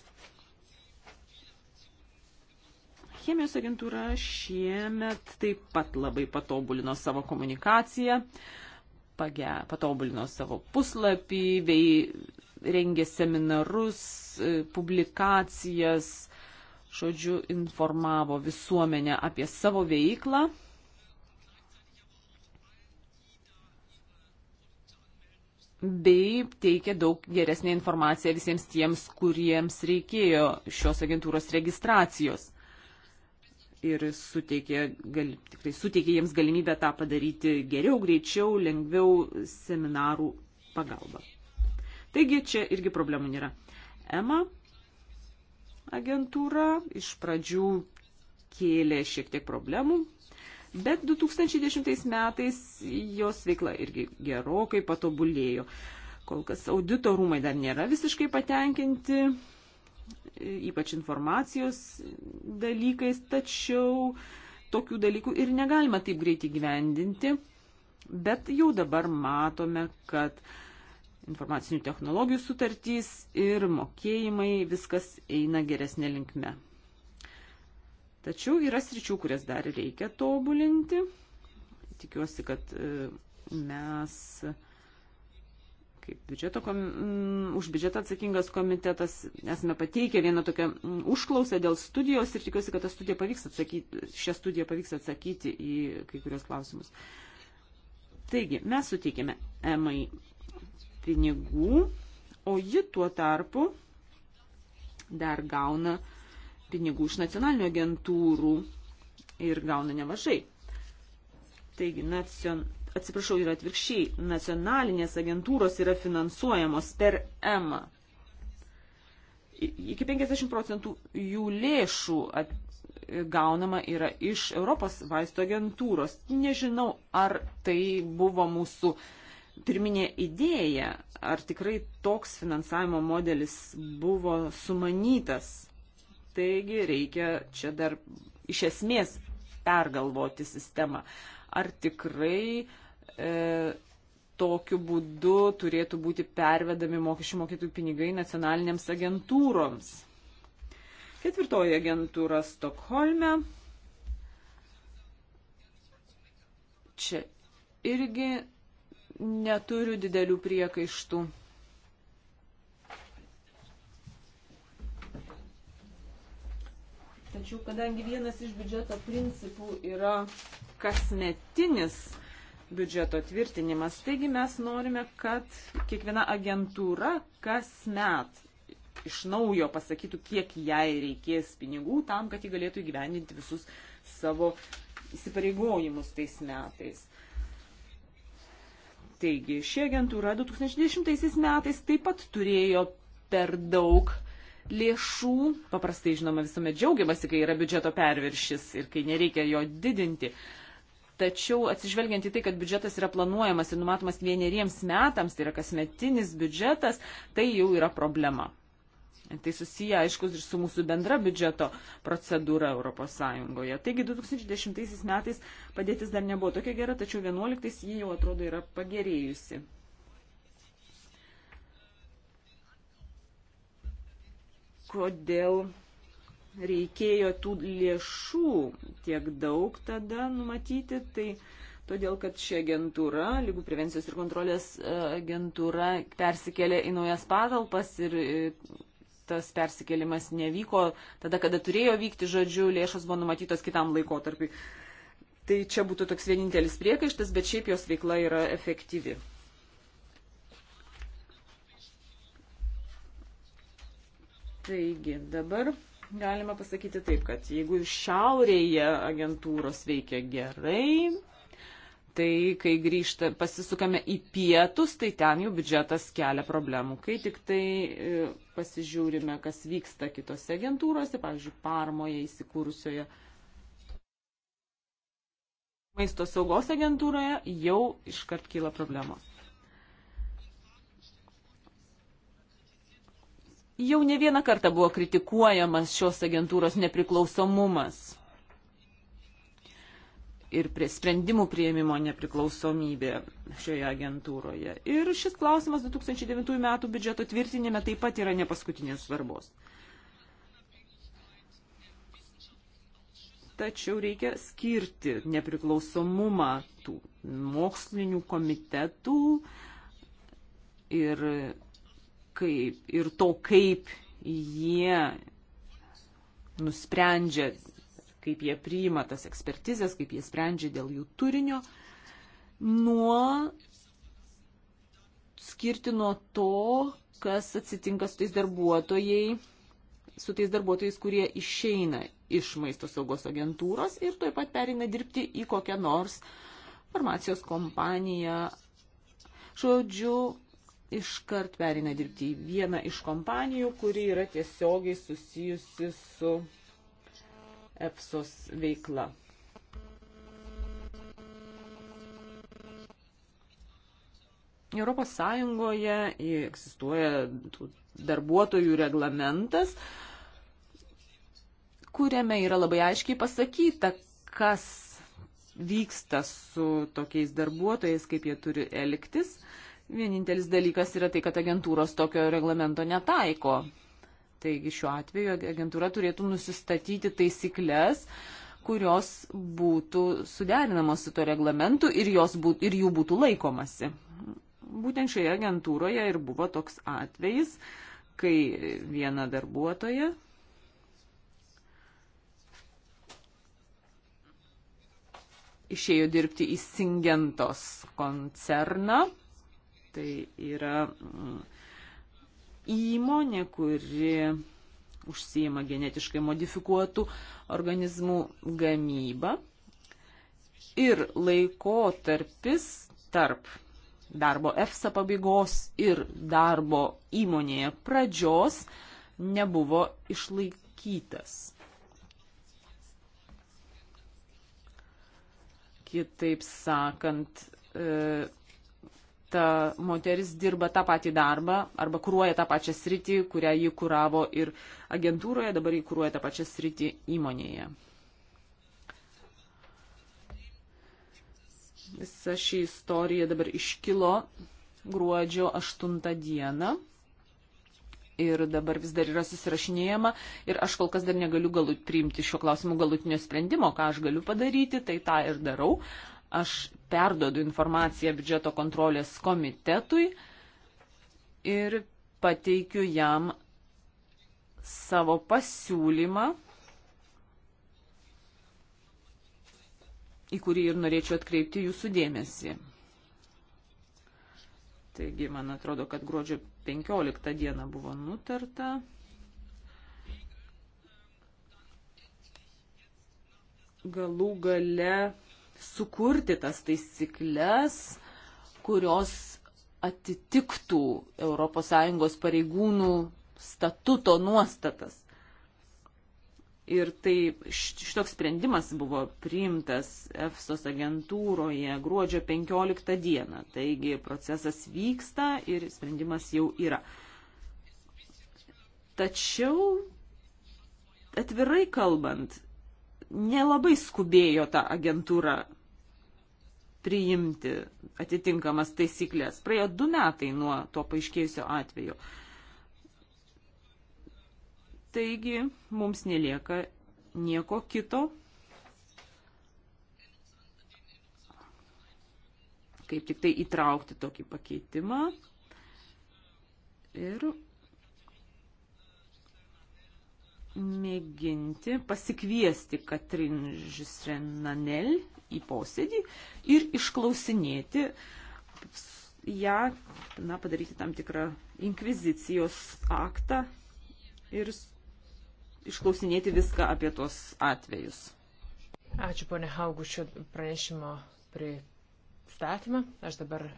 Chemijos agentūra šiemet taip pat labai patobulino savo komunikaciją. Uh, page, patobulino savo puslapį, bei rengė seminarus, e, publikacijas, žodžiu, informavo visuomenę apie savo veiklą. bei teikia daug geresnį informaciją visiems tiems, kuriems reikėjo šios agentūros registracijos ir suteikė, gal, tikrai suteikė jiems galimybę tą padaryti geriau, greičiau, lengviau seminarų pagalba. Taigi čia irgi problemų nėra. EMA agentūra iš pradžių kėlė šiek tiek problemų, bet 2010 metais jos veikla irgi gerokai patobulėjo. Kol kas audito rūmai dar nėra visiškai patenkinti ypač informacijos dalykais, tačiau tokių dalykų ir negalima taip greitai gyvendinti, bet jau dabar matome, kad informacinių technologijų sutartys ir mokėjimai viskas eina geresnė linkme. Tačiau yra sričių, kurias dar reikia tobulinti. Tikiuosi, kad e, mes kaip biudžeto kom... Mm, už biudžetą atsakingas komitetas esame pateikę vieną tokią mm, užklausą dėl studijos ir tikiuosi, kad studija pavyks atsakyti, šią studiją pavyks atsakyti į kai kurios klausimus. Taigi, mes suteikėme EMAI pinigų, o ji tuo tarpu dar gauna pinigų iš nacionalinių agentūrų ir gauna nemažai. Taigi, nacion atsiprašau, yra atvirkščiai, nacionalinės agentūros yra finansuojamos per EMA. Iki 50 procentų jų lėšų at, gaunama yra iš Europos vaisto agentūros. Nežinau, ar tai buvo mūsų pirminė idėja, ar tikrai toks finansavimo modelis buvo sumanytas. Taigi reikia čia dar iš esmės pergalvoti sistemą. Ar tikrai uh, e, tokiu būdu turėtų būti pervedami mokesčių mokėtojų pinigai nacionalinėms agentūroms. Ketvirtoji agentūra Stokholme. Čia irgi neturiu didelių priekaištų. Tačiau kadangi vienas iš biudžeto principų yra kasmetinis biudžeto tvirtinimas. Taigi mes norime, kad kiekviena agentūra kasmet iš naujo pasakytų, kiek jai reikės pinigų tam, kad ji galėtų įgyvendinti visus savo įsipareigojimus tais metais. Taigi, ši agentūra 2010 metais taip pat turėjo per daug lėšų. Paprastai, žinoma, visuomet džiaugiamasi, kai yra biudžeto perviršis ir kai nereikia jo didinti. Tačiau atsižvelgiant į tai, kad biudžetas yra planuojamas ir numatomas vieneriems metams, tai yra kasmetinis biudžetas, tai jau yra problema. Tai susiję, aiškus, ir su mūsų bendra biudžeto procedūra ES. Taigi 2010 metais padėtis dar nebuvo tokia gera, tačiau 2011 ji jau atrodo yra pagerėjusi. Kodėl reikėjo tų lėšų tiek daug tada numatyti, tai todėl, kad ši agentūra, lygų prevencijos ir kontrolės e, agentūra, persikėlė į naujas patalpas ir e, tas persikėlimas nevyko tada, kada turėjo vykti, žodžiu, lėšos buvo numatytos kitam laikotarpiui. Tai čia būtų toks vienintelis priekaištas, bet šiaip jos veikla yra efektyvi. Taigi, dabar galima pasakyti taip, kad jeigu šiaurėje agentūros veikia gerai, Tai kai grįžta, pasisukame į pietus, tai ten jau biudžetas kelia problemų. Kai tik tai e, pasižiūrime, kas vyksta kitose agentūrose, pavyzdžiui, Parmoje įsikūrusioje maisto saugos agentūroje, jau iškart kyla problemos. Jau ne vieną kartą buvo kritikuojamas šios agentūros nepriklausomumas ir prie sprendimų prieimimo nepriklausomybė šioje agentūroje. Ir šis klausimas 2009 metų biudžeto tvirtinime taip pat yra nepaskutinės svarbos. Tačiau reikia skirti nepriklausomumą tų mokslinių komitetų ir kaip, ir to, kaip jie nusprendžia, kaip jie priima tas ekspertizės, kaip jie sprendžia dėl jų turinio, nuo skirti nuo to, kas atsitinka su tais darbuotojai, su tais darbuotojais, kurie išeina iš maisto saugos agentūros ir tuoj pat pereina dirbti į kokią nors farmacijos kompaniją. Žodžiu, iškart perina dirbti į vieną iš kompanijų, kuri yra tiesiogiai susijusi su EPSOS veikla. Europos Sąjungoje egzistuoja darbuotojų reglamentas, kuriame yra labai aiškiai pasakyta, kas vyksta su tokiais darbuotojais, kaip jie turi elgtis. Uh, Vienintelis dalykas yra tai, kad agentūros tokio reglamento netaiko. Taigi šiuo atveju agentūra turėtų nusistatyti taisyklės, kurios būtų suderinamos su to reglamentu ir, būt, ir jų būtų laikomasi. Būtent šioje agentūroje ir buvo toks atvejis, kai viena darbuotoja išėjo dirbti į Singentos koncerną Tai yra mm, įmonė, kuri užsijima genetiškai modifikuotų organizmų gamybą. Ir laikotarpis tarp darbo EFSA pabaigos ir darbo įmonėje pradžios nebuvo išlaikytas. Kitaip sakant, e, moteris dirba tą patį darbą arba kūruoja tą pačią sritį, kurią jį kūravo ir agentūroje, dabar jį kūruoja tą pačią sritį įmonėje. Visa ši istorija dabar iškilo gruodžio 8 dieną ir dabar vis dar yra susirašinėjama ir aš kol kas dar negaliu galut priimti šio klausimo galutinio sprendimo, ką aš galiu padaryti, tai tą ir darau. Uh, Aš perdodu informaciją biudžeto kontrolės komitetui ir pateikiu jam savo pasiūlymą, į kurį ir norėčiau atkreipti jūsų dėmesį. Taigi, man atrodo, kad gruodžio 15 diena buvo nutarta. Galų gale sukurti tas taisyklės, kurios atitiktų ES pareigūnų statuto nuostatas. Ir tai šitoks sprendimas buvo priimtas EFSOS agentūroje gruodžio 15 dieną. Taigi procesas vyksta ir sprendimas jau yra. Tačiau atvirai kalbant, nelabai skubėjo ta agentūra priimti atitinkamas taisyklės. Praėjo du metai nuo to paaiškėjusio atveju. Taigi mums nelieka nieko kito, kaip tik tai įtraukti tokį pakeitimą ir mėginti pasikviesti Katrin Žisrenanel į posėdį ir išklausinėti ją, na, padaryti tam tikrą inkvizicijos aktą ir išklausinėti viską apie tos atvejus. Ačiū, ponė Haugu, šio pranešimo pristatymą. Aš dabar e,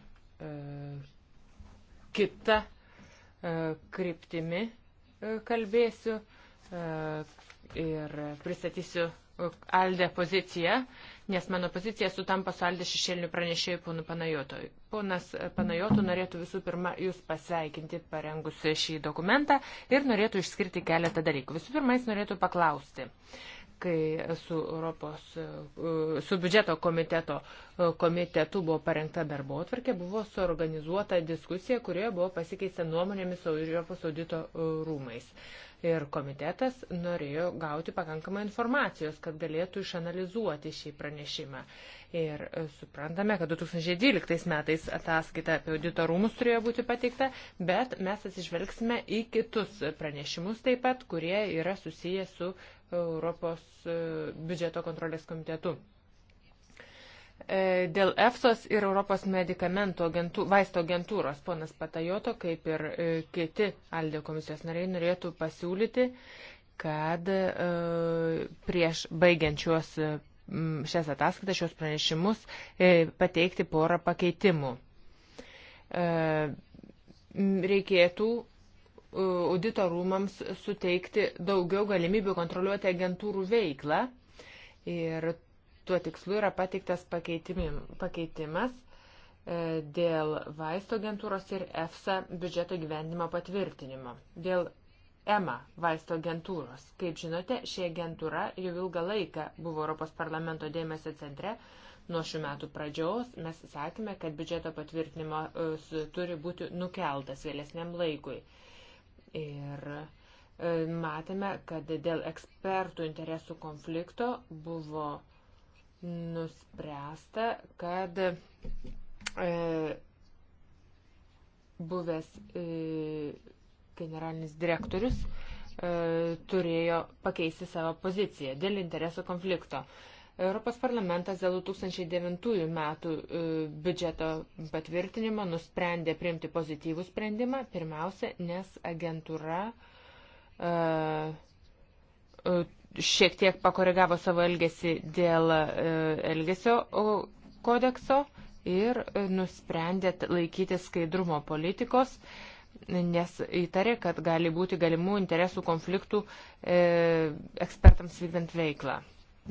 kitą e, kryptimi e, kalbėsiu. E, E, ir pristatysiu Aldę poziciją, nes mano pozicija sutampa su Aldė šešėliniu pranešėju ponu Panajotoj. Ponas Panajotų norėtų visų pirma jūs pasveikinti parengus šį dokumentą ir norėtų išskirti keletą dalykų. Visų pirma, jis norėtų paklausti kai su, Europos, e, su biudžeto komiteto e, komitetu buvo parengta darbo atvarkė, buvo suorganizuota diskusija, kurioje buvo pasikeista nuomonėmis su Europos audito rūmais. Ir komitetas norėjo gauti pakankamą informacijos, kad galėtų išanalizuoti šį pranešimą. Ir e, suprantame, kad 2012 metais ataskaita apie audito rūmus turėjo būti pateikta, bet mes atsižvelgsime į kitus pranešimus taip pat, kurie yra susiję su Europos e, biudžeto kontrolės komitetu. E, dėl EFSOS ir Europos medikamentų agentų, vaisto agentūros ponas Patajoto, kaip ir e, kiti Aldė komisijos nariai, norėtų pasiūlyti, kad e, prieš baigiančios šias ataskaitas, šios pranešimus pateikti porą pakeitimų. Reikėtų audito rūmams suteikti daugiau galimybių kontroliuoti agentūrų veiklą ir Tuo tikslu yra pateiktas pakeitimas e, dėl vaisto agentūros ir EFSA biudžeto gyvendimo patvirtinimo. Dėl EMA vaisto agentūros. Kaip žinote, ši agentūra jau ilgą laiką buvo Europos parlamento dėmesio centre. Nuo šių metų pradžios mes sakėme, kad biudžeto patvirtinimo e, turi būti nukeltas vėlesniam laikui. Ir e, matėme, kad dėl ekspertų interesų konflikto buvo nuspręsta, kad e, buvęs e, generalinis direktorius e, turėjo pakeisti savo poziciją dėl interesų konflikto. Europos parlamentas dėl 2009 metų e, biudžeto patvirtinimo nusprendė priimti pozityvų sprendimą, pirmiausia, nes agentūra e, e šiek tiek pakoregavo savo elgesį dėl e, elgesio kodekso ir e, nusprendė laikyti skaidrumo politikos, nes įtarė, kad gali būti galimų interesų konfliktų e, ekspertams vykdant veiklą.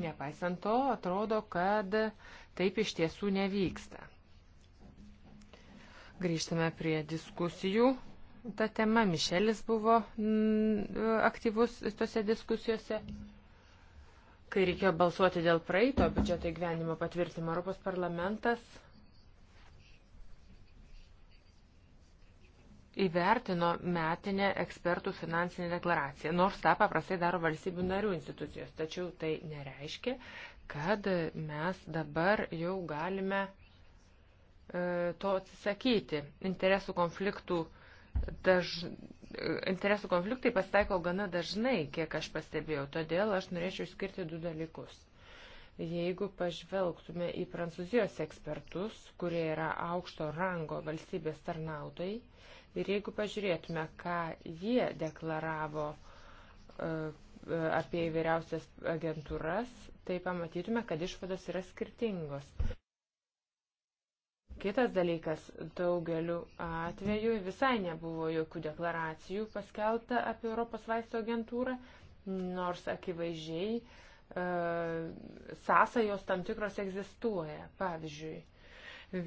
Nepaisant to, atrodo, kad taip iš tiesų nevyksta. Grįžtame prie diskusijų. Ta tema Mišelis buvo m, aktyvus tose diskusijose. Kai reikėjo balsuoti dėl praeito biudžeto įgyvenimo patvirtimo, Europos parlamentas įvertino metinę ekspertų finansinę deklaraciją, nors tą paprastai daro valstybių narių institucijos. Tačiau tai nereiškia, kad mes dabar jau galime e, to atsisakyti. Interesų konfliktų daž, interesų konfliktai pasitaiko gana dažnai, kiek aš pastebėjau, todėl aš norėčiau skirti du dalykus. Jeigu pažvelgtume į prancūzijos ekspertus, kurie yra aukšto rango valstybės tarnautojai, ir jeigu pažiūrėtume, ką jie deklaravo e, e, apie įvairiausias agentūras, tai pamatytume, kad išvados yra skirtingos. Kitas dalykas, daugeliu atveju visai nebuvo jokių deklaracijų paskelbta apie Europos vaisto agentūrą, nors akivaizdžiai e, sąsajos tam tikros egzistuoja. Pavyzdžiui,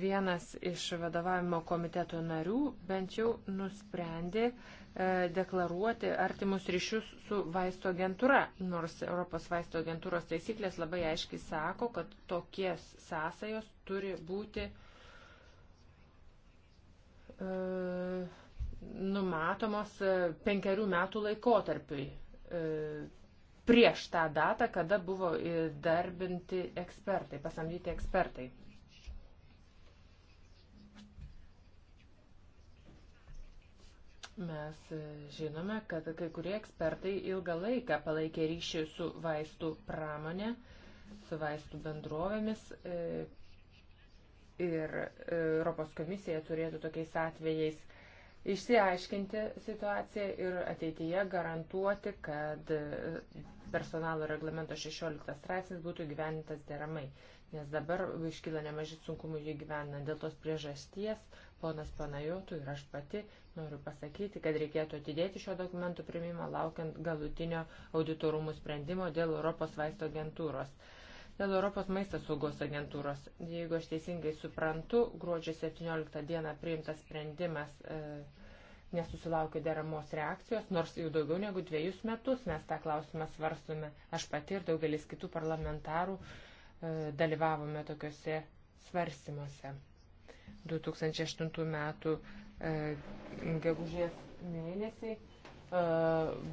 vienas iš vadovavimo komiteto narių bent jau nusprendė e, deklaruoti artimus ryšius su vaisto agentūra, nors Europos vaisto agentūros taisyklės labai aiškiai sako, kad tokies sąsajos turi būti E, numatomos e, penkerių metų laikotarpiui e, prieš tą datą, kada buvo darbinti ekspertai, pasamdyti ekspertai. Mes žinome, kad kai kurie ekspertai ilgą laiką palaikė ryšį su vaistų pramonė, su vaistų bendrovėmis, ir e, Europos komisija turėtų tokiais atvejais išsiaiškinti situaciją ir ateityje garantuoti, kad e, personalo reglamento 16 straipsnis būtų gyvenintas deramai, nes dabar iškyla nemažai sunkumų jį gyvenant. Dėl tos priežasties ponas Panajotų ir aš pati noriu pasakyti, kad reikėtų atidėti šio dokumento primimą, laukiant galutinio auditorumų sprendimo dėl Europos vaisto agentūros. Dėl Europos maisto saugos agentūros, jeigu aš teisingai suprantu, gruodžio 17 dieną priimtas sprendimas e, nesusilaukė deramos reakcijos, nors jau daugiau negu dviejus metus mes tą klausimą svarstume. Aš pati ir daugelis kitų parlamentarų e, dalyvavome tokiuose svarstymuose. 2008 metų e, gegužės mėnesiai E,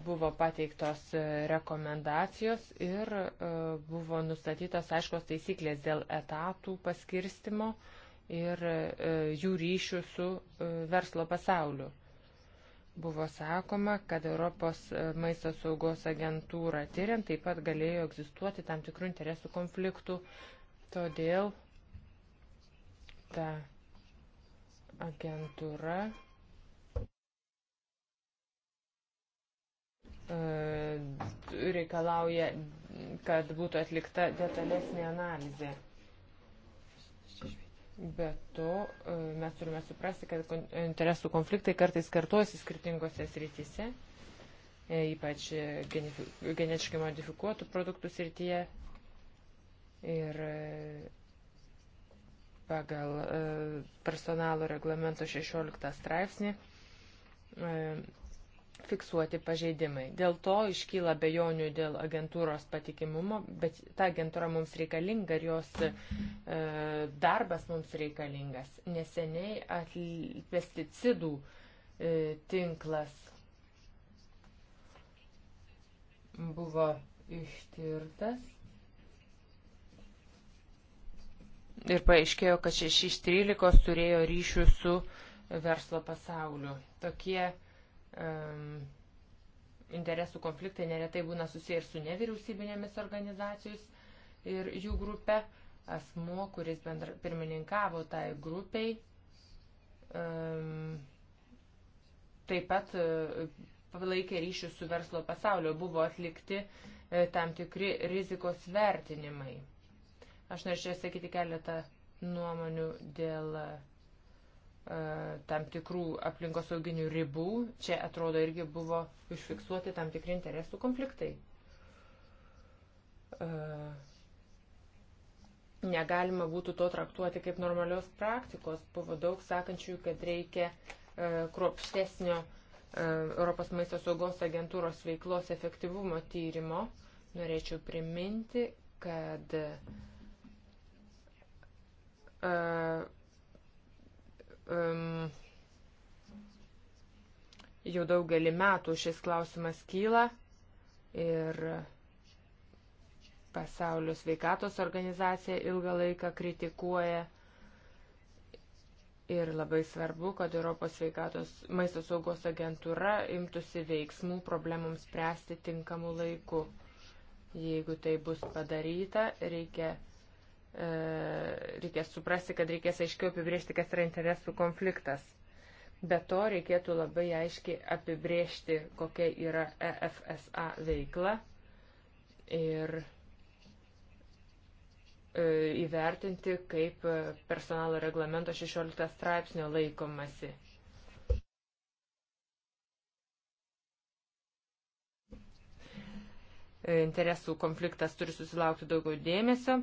buvo pateiktos rekomendacijos ir e, buvo nustatytos aiškos taisyklės dėl etatų paskirstimo ir e, jų ryšių su verslo pasauliu. Buvo sakoma, kad Europos maisto saugos agentūra tyriant taip pat galėjo egzistuoti tam tikrų interesų konfliktų, todėl ta agentūra E, reikalauja, kad būtų atlikta detalesnė analizė. Be to, e, mes turime suprasti, kad interesų konfliktai kartais kartuosi skirtingose srityse, e, ypač genetiškai modifikuotų produktų srityje. Ir pagal personalo reglamento 16 straipsnį fiksuoti pažeidimai. Dėl to iškyla bejonių dėl agentūros patikimumo, bet ta agentūra mums reikalinga ir jos e, darbas mums reikalingas. Neseniai atl... pesticidų e, tinklas buvo ištirtas. Ir paaiškėjo, kad 6 iš 13 turėjo ryšių su verslo pasauliu. Tokie um, interesų konfliktai neretai būna susiję ir su nevyriausybinėmis organizacijos ir jų grupė. Asmuo, kuris bendra, pirmininkavo tai grupiai, um, taip pat uh, palaikė ryšius su verslo pasaulio, buvo atlikti uh, tam tikri rizikos vertinimai. Aš norėčiau sakyti keletą nuomonių dėl uh, E, tam tikrų aplinkosauginių ribų, čia atrodo irgi buvo užfiksuoti tam tikri interesų konfliktai. E, negalima būtų to traktuoti kaip normalios praktikos. Buvo daug sakančių, kad reikia e, kruopštesnio Europos maisto saugos agentūros veiklos efektyvumo tyrimo. Norėčiau priminti, kad um, jau daugelį metų šis klausimas kyla ir pasaulio sveikatos organizacija ilgą laiką kritikuoja ir labai svarbu, kad Europos sveikatos maisto saugos agentūra imtųsi veiksmų problemams spręsti tinkamu laiku. Jeigu tai bus padaryta, reikia E, reikės suprasti, kad reikės aiškiau apibriežti, kas yra interesų konfliktas. Be to reikėtų labai aiškiai apibriežti, kokia yra EFSA veikla ir e, įvertinti, kaip personalo reglamento 16 straipsnio laikomasi. E, interesų konfliktas turi susilaukti daugiau dėmesio,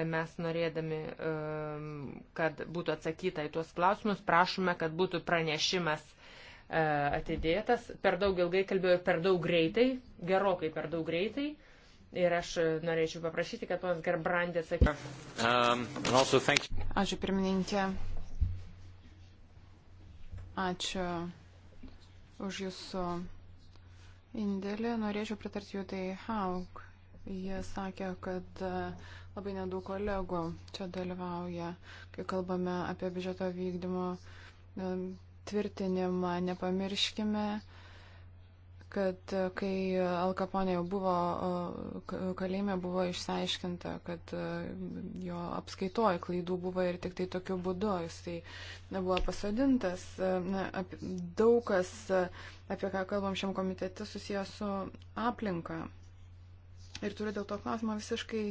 mes norėdami, um, kad būtų atsakyta į tuos klausimus, prašome, kad būtų pranešimas uh, atidėtas. Per daug ilgai kalbėjau, per daug greitai, gerokai per daug greitai. Ir aš uh, norėčiau paprašyti, kad ponas Gerbrandė atsakytų. Um, Ačiū pirmininkė. Ačiū už jūsų indėlį. Norėčiau pritarti jų tai Haug. Jie sakė, kad uh, Labai nedaug kolegų čia dalyvauja, kai kalbame apie biudžeto vykdymo e, tvirtinimą. Nepamirškime, kad e, kai Alkaponė jau buvo kalėjime, buvo išsiaiškinta, kad e, jo apskaitoje klaidų buvo ir tik tai tokiu būdu jisai buvo pasodintas. Na, daug kas, apie ką kalbam šiam komitete, susijęs su aplinka ir turiu dėl to klausimą visiškai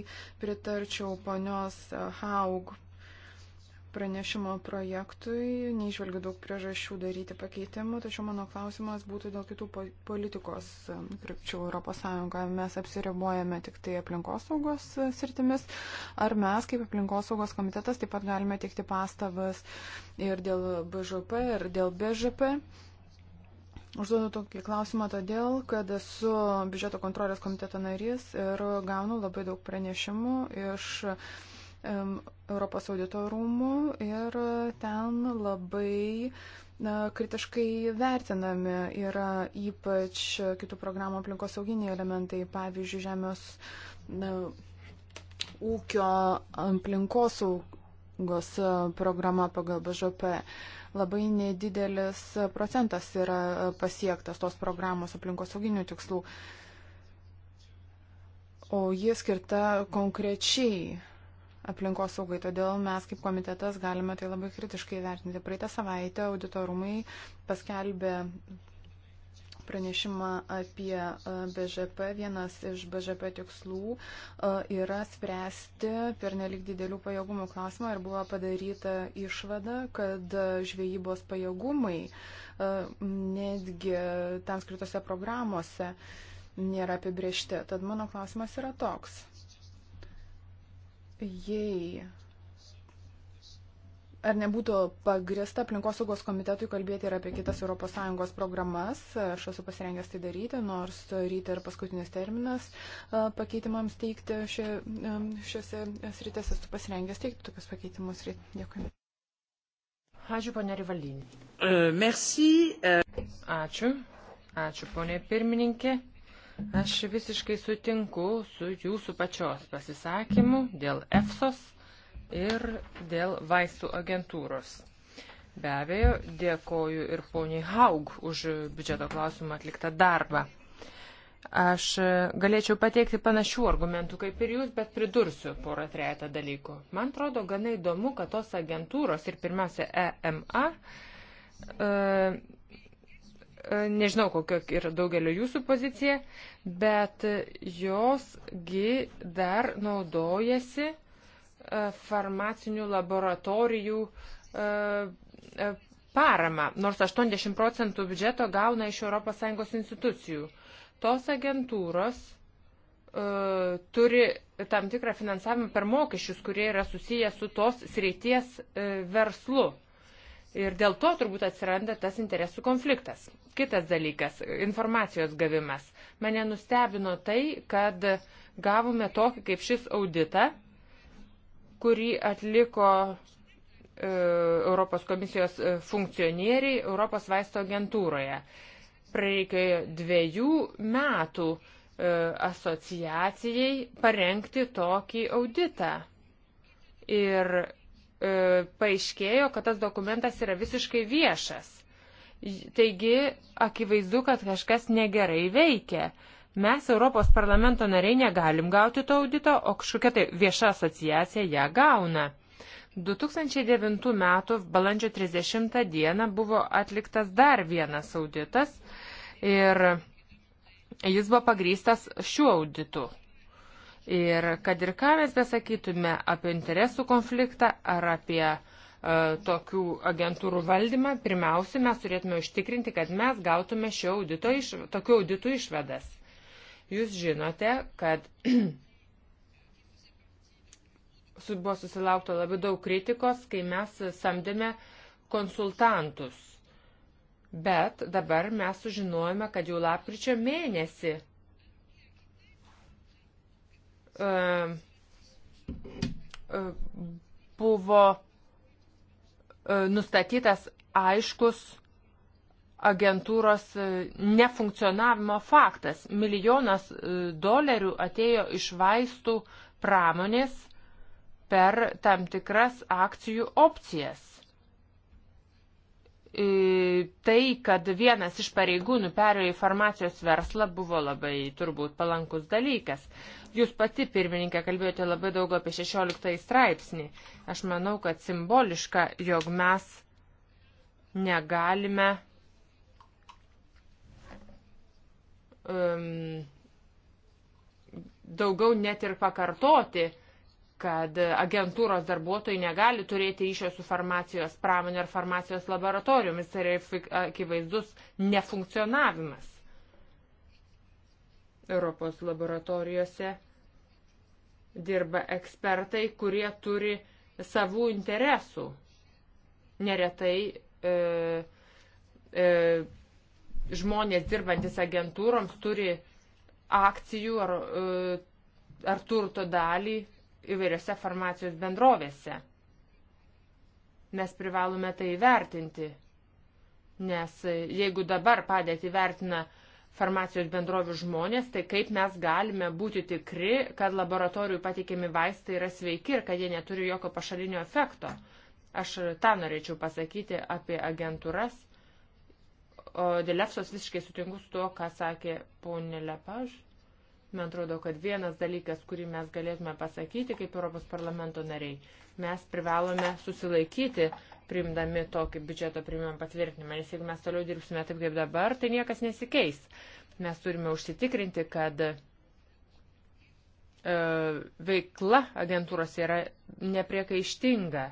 pritarčiau ponios Haug pranešimo projektui, neižvelgiu daug priežasčių daryti pakeitimų, tačiau mano klausimas būtų dėl kitų politikos um, krypčių ES. Mes apsiribuojame tik tai aplinkosaugos uh, sritimis, ar mes kaip aplinkosaugos komitetas taip pat galime teikti pastabas ir dėl BŽP, ir dėl BŽP. Užduodu tokį klausimą todėl, kad esu biudžeto kontrolės komiteto narys ir gaunu labai daug pranešimų iš um, Europos audito rūmų ir ten labai na, kritiškai vertinami yra ypač kitų programų aplinkosauginiai elementai, pavyzdžiui, žemės na, ūkio aplinkosaugos programa pagal BŽP. Uh, labai nedidelis procentas yra e, pasiektas tos programos aplinkosauginių tikslų, o ji skirta konkrečiai aplinkosaugai. Todėl mes kaip komitetas galime tai labai kritiškai vertinti. Praeitą savaitę auditorumai paskelbė pranešimą apie e, BŽP. Vienas iš BŽP tikslų e, yra spręsti per nelik didelių pajėgumų klausimą ir buvo padaryta išvada, kad žvejybos pajėgumai e, netgi tam skirtose programuose nėra apibriešti. Tad mano klausimas yra toks. Jei ar nebūtų pagrista aplinkosaugos komitetui kalbėti ir apie kitas ES programas. Aš esu pasirengęs tai daryti, nors ryte ir paskutinis terminas pakeitimams teikti šie, šiuose sritėse esu pasirengęs teikti tokius pakeitimus. Dėkui. Ačiū, ponė Rivalinė. E, merci. E. Ačiū. Ačiū, ponė pirmininkė. Aš visiškai sutinku su jūsų pačios pasisakymu dėl EFSOS ir dėl vaistų agentūros. Be abejo, dėkoju ir poniai Haug už biudžeto klausimą atliktą darbą. Aš galėčiau pateikti panašių argumentų kaip ir jūs, bet pridursiu porą trejata dalykų. Man atrodo gana įdomu, kad tos agentūros ir pirmiausia EMA, e, e, nežinau kokia yra daugelio jūsų pozicija, bet josgi dar naudojasi uh, E, farmacinių laboratorijų e, e, paramą, nors 80 procentų biudžeto gauna iš ES institucijų. Tos agentūros uh, turi tam tikrą finansavimą per mokesčius, kurie yra susiję su tos srities uh, verslu. Ir dėl to turbūt atsiranda tas interesų konfliktas. Kitas dalykas - informacijos gavimas. Mane nustebino tai, kad gavome tokį kaip šis auditą, uh, kurį atliko e, Europos komisijos e, funkcionieriai Europos vaisto agentūroje. Prireikėjo dviejų metų e, asociacijai parengti tokį auditą. Ir paaiškėjo, kad tas dokumentas yra visiškai viešas. Taigi, akivaizdu, kad kažkas negerai veikia. Mes, Europos parlamento nariai, negalim gauti to audito, o kažkokia tai vieša asociacija ją gauna. 2009 m. balandžio 30 d. buvo atliktas dar vienas auditas ir jis buvo pagrystas šiuo auditu. Ir kad ir ką mes besakytume apie interesų konfliktą ar apie e, tokių agentūrų valdymą, pirmiausia, mes turėtume užtikrinti, kad mes gautume šio audito, iš, tokių auditų išvedas. Jūs žinote, kad buvo susilaukta labai daug kritikos, kai mes samdėme konsultantus. Bet dabar mes sužinojome, kad jau lapkričio mėnesį uh, uh, buvo uh, nustatytas aiškus agentūros e, nefunkcionavimo faktas. Milijonas e, dolerių atėjo iš vaistų pramonės per tam tikras akcijų opcijas. E, tai, kad vienas iš pareigūnų perėjo į farmacijos verslą, buvo labai turbūt palankus dalykas. Jūs pati, pirmininkė, kalbėjote labai daug apie 16 straipsnį. Aš manau, kad simboliška, jog mes negalime um, daugiau net ir pakartoti, kad agentūros darbuotojai negali turėti ryšio su farmacijos pramonė ar farmacijos laboratorijomis. Tai yra akivaizdus nefunkcionavimas Europos laboratorijose. Dirba ekspertai, kurie turi savų interesų. Neretai e, e, žmonės dirbantis agentūroms turi akcijų ar, e, ar turto dalį įvairiose farmacijos bendrovėse. Mes privalome tai įvertinti, nes e, jeigu dabar padėti vertina farmacijos bendrovių žmonės, tai kaip mes galime būti tikri, kad laboratorijų pateikiami vaistai yra sveiki ir kad jie neturi jokio pašalinio efekto. Aš tą norėčiau pasakyti apie agentūras Dilefsos visiškai sutinku su tuo, ką sakė ponė Lepaž. Man atrodo, kad vienas dalykas, kurį mes galėtume pasakyti kaip Europos parlamento nariai, mes privalome susilaikyti priimdami tokį biudžeto priimimą patvirtinimą, nes jeigu mes toliau dirbsime taip kaip dabar, tai niekas nesikeis. Mes turime užsitikrinti, kad e, veikla agentūros yra nepriekaištinga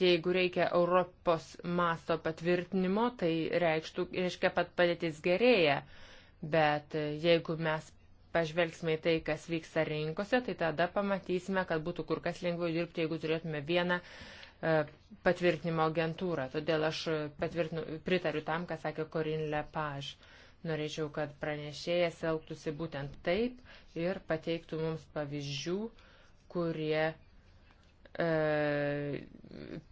Jeigu reikia Europos masto patvirtinimo, tai reikštų, reiškia, pat padėtis gerėja. Bet jeigu mes pažvelgsime į tai, kas vyksta rinkose, tai tada pamatysime, kad būtų kur kas lengviau dirbti, jeigu turėtume vieną e, patvirtinimo agentūrą. Todėl aš pritariu tam, ką sakė Corinne Lepage. Norėčiau, kad pranešėjas elgtųsi būtent taip ir pateiktų mums pavyzdžių, kurie E,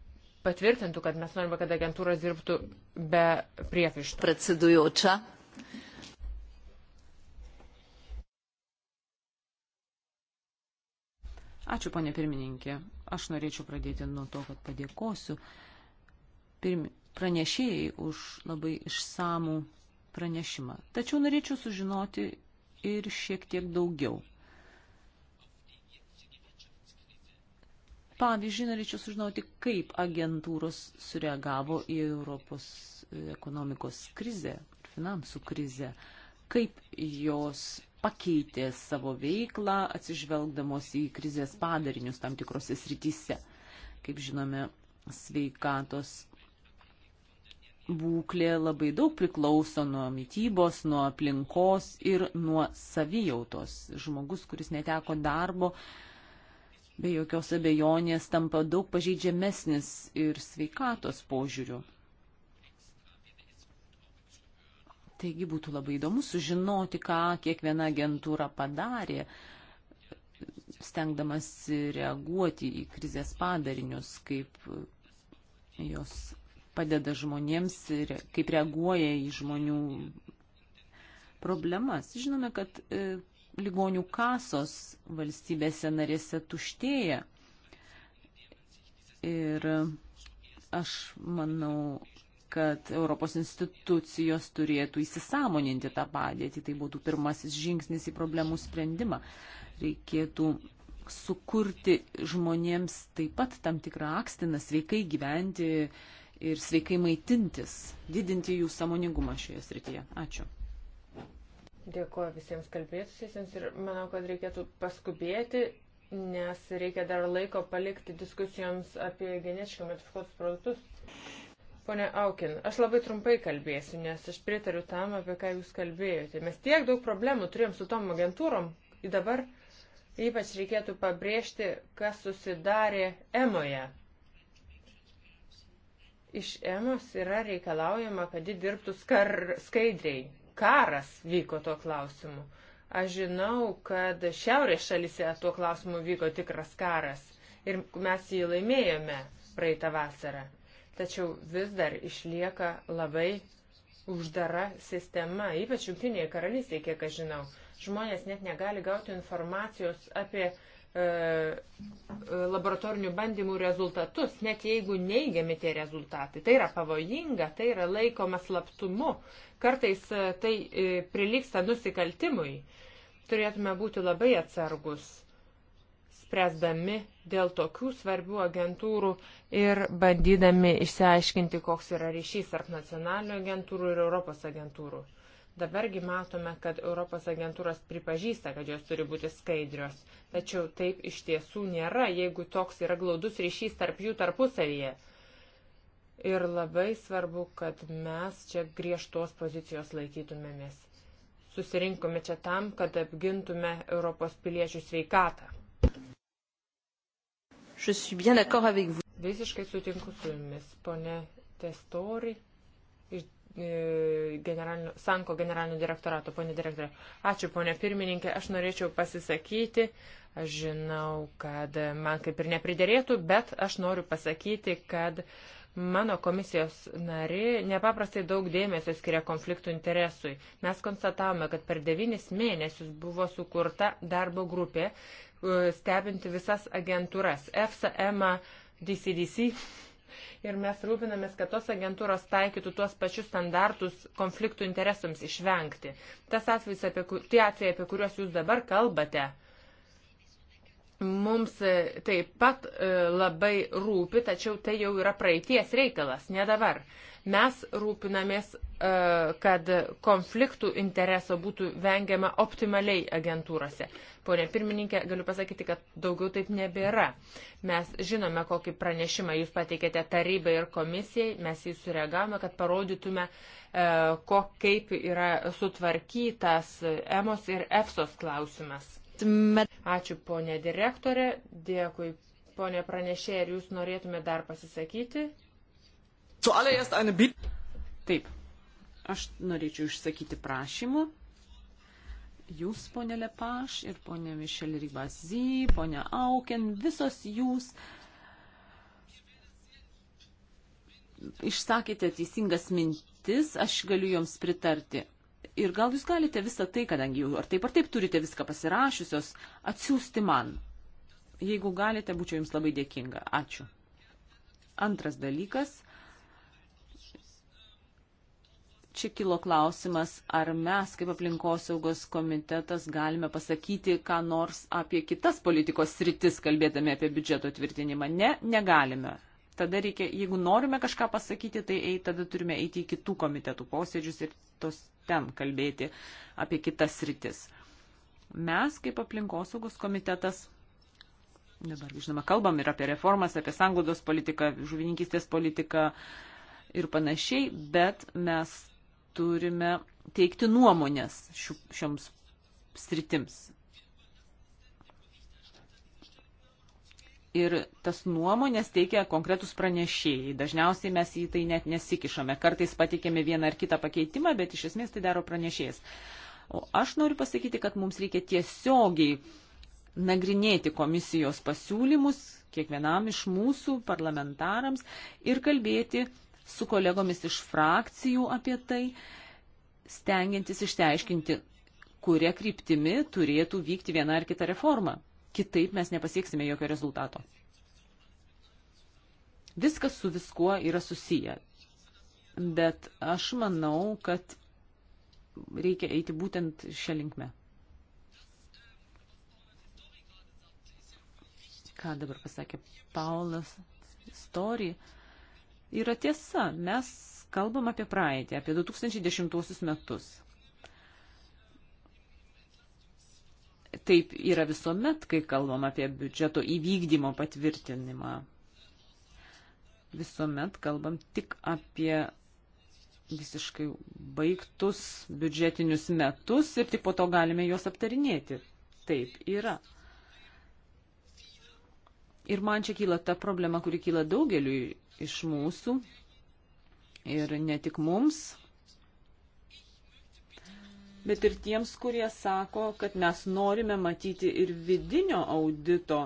patvirtintų, kad mes norime, kad agentūros dirbtų be priefištų. Pracidujočia. Ačiū, ponė pirmininkė. Aš norėčiau pradėti nuo to, kad padėkosiu pirmi, pranešėjai už labai išsamų pranešimą. Tačiau norėčiau sužinoti ir šiek tiek daugiau. Pavyzdžiui, norėčiau sužinoti, kaip agentūros sureagavo į Europos ekonomikos krizę, finansų krizę, kaip jos pakeitė savo veiklą, atsižvelgdamos į krizės padarinius tam tikrose srityse. Kaip žinome, sveikatos būklė labai daug priklauso nuo mytybos, nuo aplinkos ir nuo savijautos. Žmogus, kuris neteko darbo, uh, be jokios abejonės tampa daug pažeidžiamesnis ir sveikatos požiūriu. Taigi būtų labai įdomu sužinoti, ką kiekviena agentūra padarė, stengdamas reaguoti į krizės padarinius, kaip jos padeda žmonėms ir kaip reaguoja į žmonių problemas. Žinome, kad e, ligonių kasos valstybėse narėse tuštėja. Ir aš manau, kad Europos institucijos turėtų įsisamoninti tą padėtį. Tai būtų pirmasis žingsnis į problemų sprendimą. Reikėtų sukurti žmonėms taip pat tam tikrą akstiną sveikai gyventi ir sveikai maitintis, didinti jų samoningumą šioje srityje. Ačiū. Dėkuoju visiems kalbėtusiems ir manau, kad reikėtų paskubėti, nes reikia dar laiko palikti diskusijoms apie genetiškai modifikuotus produktus. Pone Aukin, aš labai trumpai kalbėsiu, nes aš pritariu tam, apie ką jūs kalbėjote. Mes tiek daug problemų turėjom su tom agentūrom, į dabar ypač reikėtų pabrėžti, kas susidarė emoje. Iš emos yra reikalaujama, kad ji dirbtų skar, skaidriai, karas vyko tuo klausimu. Aš žinau, kad šiaurės šalise tuo klausimu vyko tikras karas ir mes jį laimėjome praeitą vasarą. Tačiau vis dar išlieka labai uždara sistema, ypač Junktinėje karalystėje, kiek aš žinau. Žmonės net negali gauti informacijos apie uh, E, e, laboratorinių bandymų rezultatus, net jeigu neigiami tie rezultatai. Tai yra pavojinga, tai yra laikoma slaptumu, kartais e, tai priliksta nusikaltimui. Turėtume būti labai atsargus, spręsdami dėl tokių svarbių agentūrų ir bandydami išsiaiškinti, koks yra ryšys tarp nacionalinių agentūrų ir Europos agentūrų. Dabargi matome, kad Europos agentūros pripažįsta, kad jos turi būti skaidrios, tačiau taip iš tiesų nėra, jeigu toks yra glaudus ryšys tarp jų tarpusavyje. Ir labai svarbu, kad mes čia griežtos pozicijos laikytumėmės. Susirinkome čia tam, kad apgintume Europos piliečių sveikatą. Visiškai sutinku su jumis, ponė Testori E, generalinio, Sanko generalinio direktorato, ponė direktorė. Ačiū, ponė pirmininkė, aš norėčiau pasisakyti. Aš žinau, kad man kaip ir nepridėrėtų, bet aš noriu pasakyti, kad mano komisijos nari nepaprastai daug dėmesio skiria konfliktų interesui. Mes konstatavome, kad per devynis mėnesius buvo sukurta darbo grupė e, stebinti visas agentūras - EFSA, EMA, DCDC ir mes rūpinamės, kad tos agentūros taikytų tuos pačius standartus konfliktų interesams išvengti. Tas atvejs, apie, tie atvejai, apie kuriuos jūs dabar kalbate, mums e, taip pat e, labai rūpi, tačiau tai jau yra praeities reikalas, ne dabar. Mes rūpinamės, e, kad konfliktų intereso būtų vengiama optimaliai agentūrose. Pone pirmininkė, galiu pasakyti, kad daugiau taip nebėra. Mes žinome, kokį pranešimą jūs pateikėte tarybai ir komisijai, mes jį sureagavome, kad parodytume, e, ko, kaip yra sutvarkytas EMOS ir EFSOS klausimas. Ačiū, ponė direktorė, dėkui, ponė pranešė, ar jūs norėtumėte dar pasisakyti? Zuallererst eine Bitte. Taip, aš norėčiau išsakyti prašymų. Jūs, ponė Lepaš ir ponė Mišel Ribazy, ponė Auken, visos jūs išsakėte teisingas mintis, aš galiu joms pritarti. Ir gal jūs galite visą tai, kadangi jau ar taip ar taip turite viską pasirašiusios, atsiųsti man. Jeigu galite, būčiau jums labai dėkinga. Ačiū. Antras dalykas čia kilo klausimas, ar mes kaip aplinkosaugos komitetas galime pasakyti, ką nors apie kitas politikos sritis, kalbėdami apie biudžeto tvirtinimą. Ne, negalime. Tada reikia, jeigu norime kažką pasakyti, tai ei, tada turime eiti į kitų komitetų posėdžius ir tos ten kalbėti apie kitas sritis. Mes kaip aplinkosaugos komitetas. Dabar, žinoma, kalbam ir apie reformas, apie sanglaudos politiką, žuvininkystės politiką ir panašiai, bet mes turime teikti nuomonės šioms sritims. Ir tas nuomonės teikia konkretus pranešėjai. Dažniausiai mes į tai net nesikišame. Kartais pateikėme vieną ar kitą pakeitimą, bet iš esmės tai daro pranešėjas. O aš noriu pasakyti, kad mums reikia tiesiogiai nagrinėti komisijos pasiūlymus kiekvienam iš mūsų parlamentarams ir kalbėti su kolegomis iš frakcijų apie tai, stengiantis išteiškinti, kuria kryptimi turėtų vykti viena ar kita reforma. Kitaip mes nepasieksime jokio rezultato. Viskas su viskuo yra susiję. Bet aš manau, kad reikia eiti būtent šią linkmę. Ką dabar pasakė Paulas Story? yra tiesa. Mes kalbam apie praeitį, apie 2010 metus. Taip yra visuomet, kai kalbam apie biudžeto įvykdymo patvirtinimą. Visuomet kalbam tik apie visiškai baigtus biudžetinius metus ir tik po to galime juos aptarinėti. Taip yra. Ir man čia kyla ta problema, kuri kyla daugeliui iš mūsų ir ne tik mums, bet ir tiems, kurie sako, kad mes norime matyti ir vidinio audito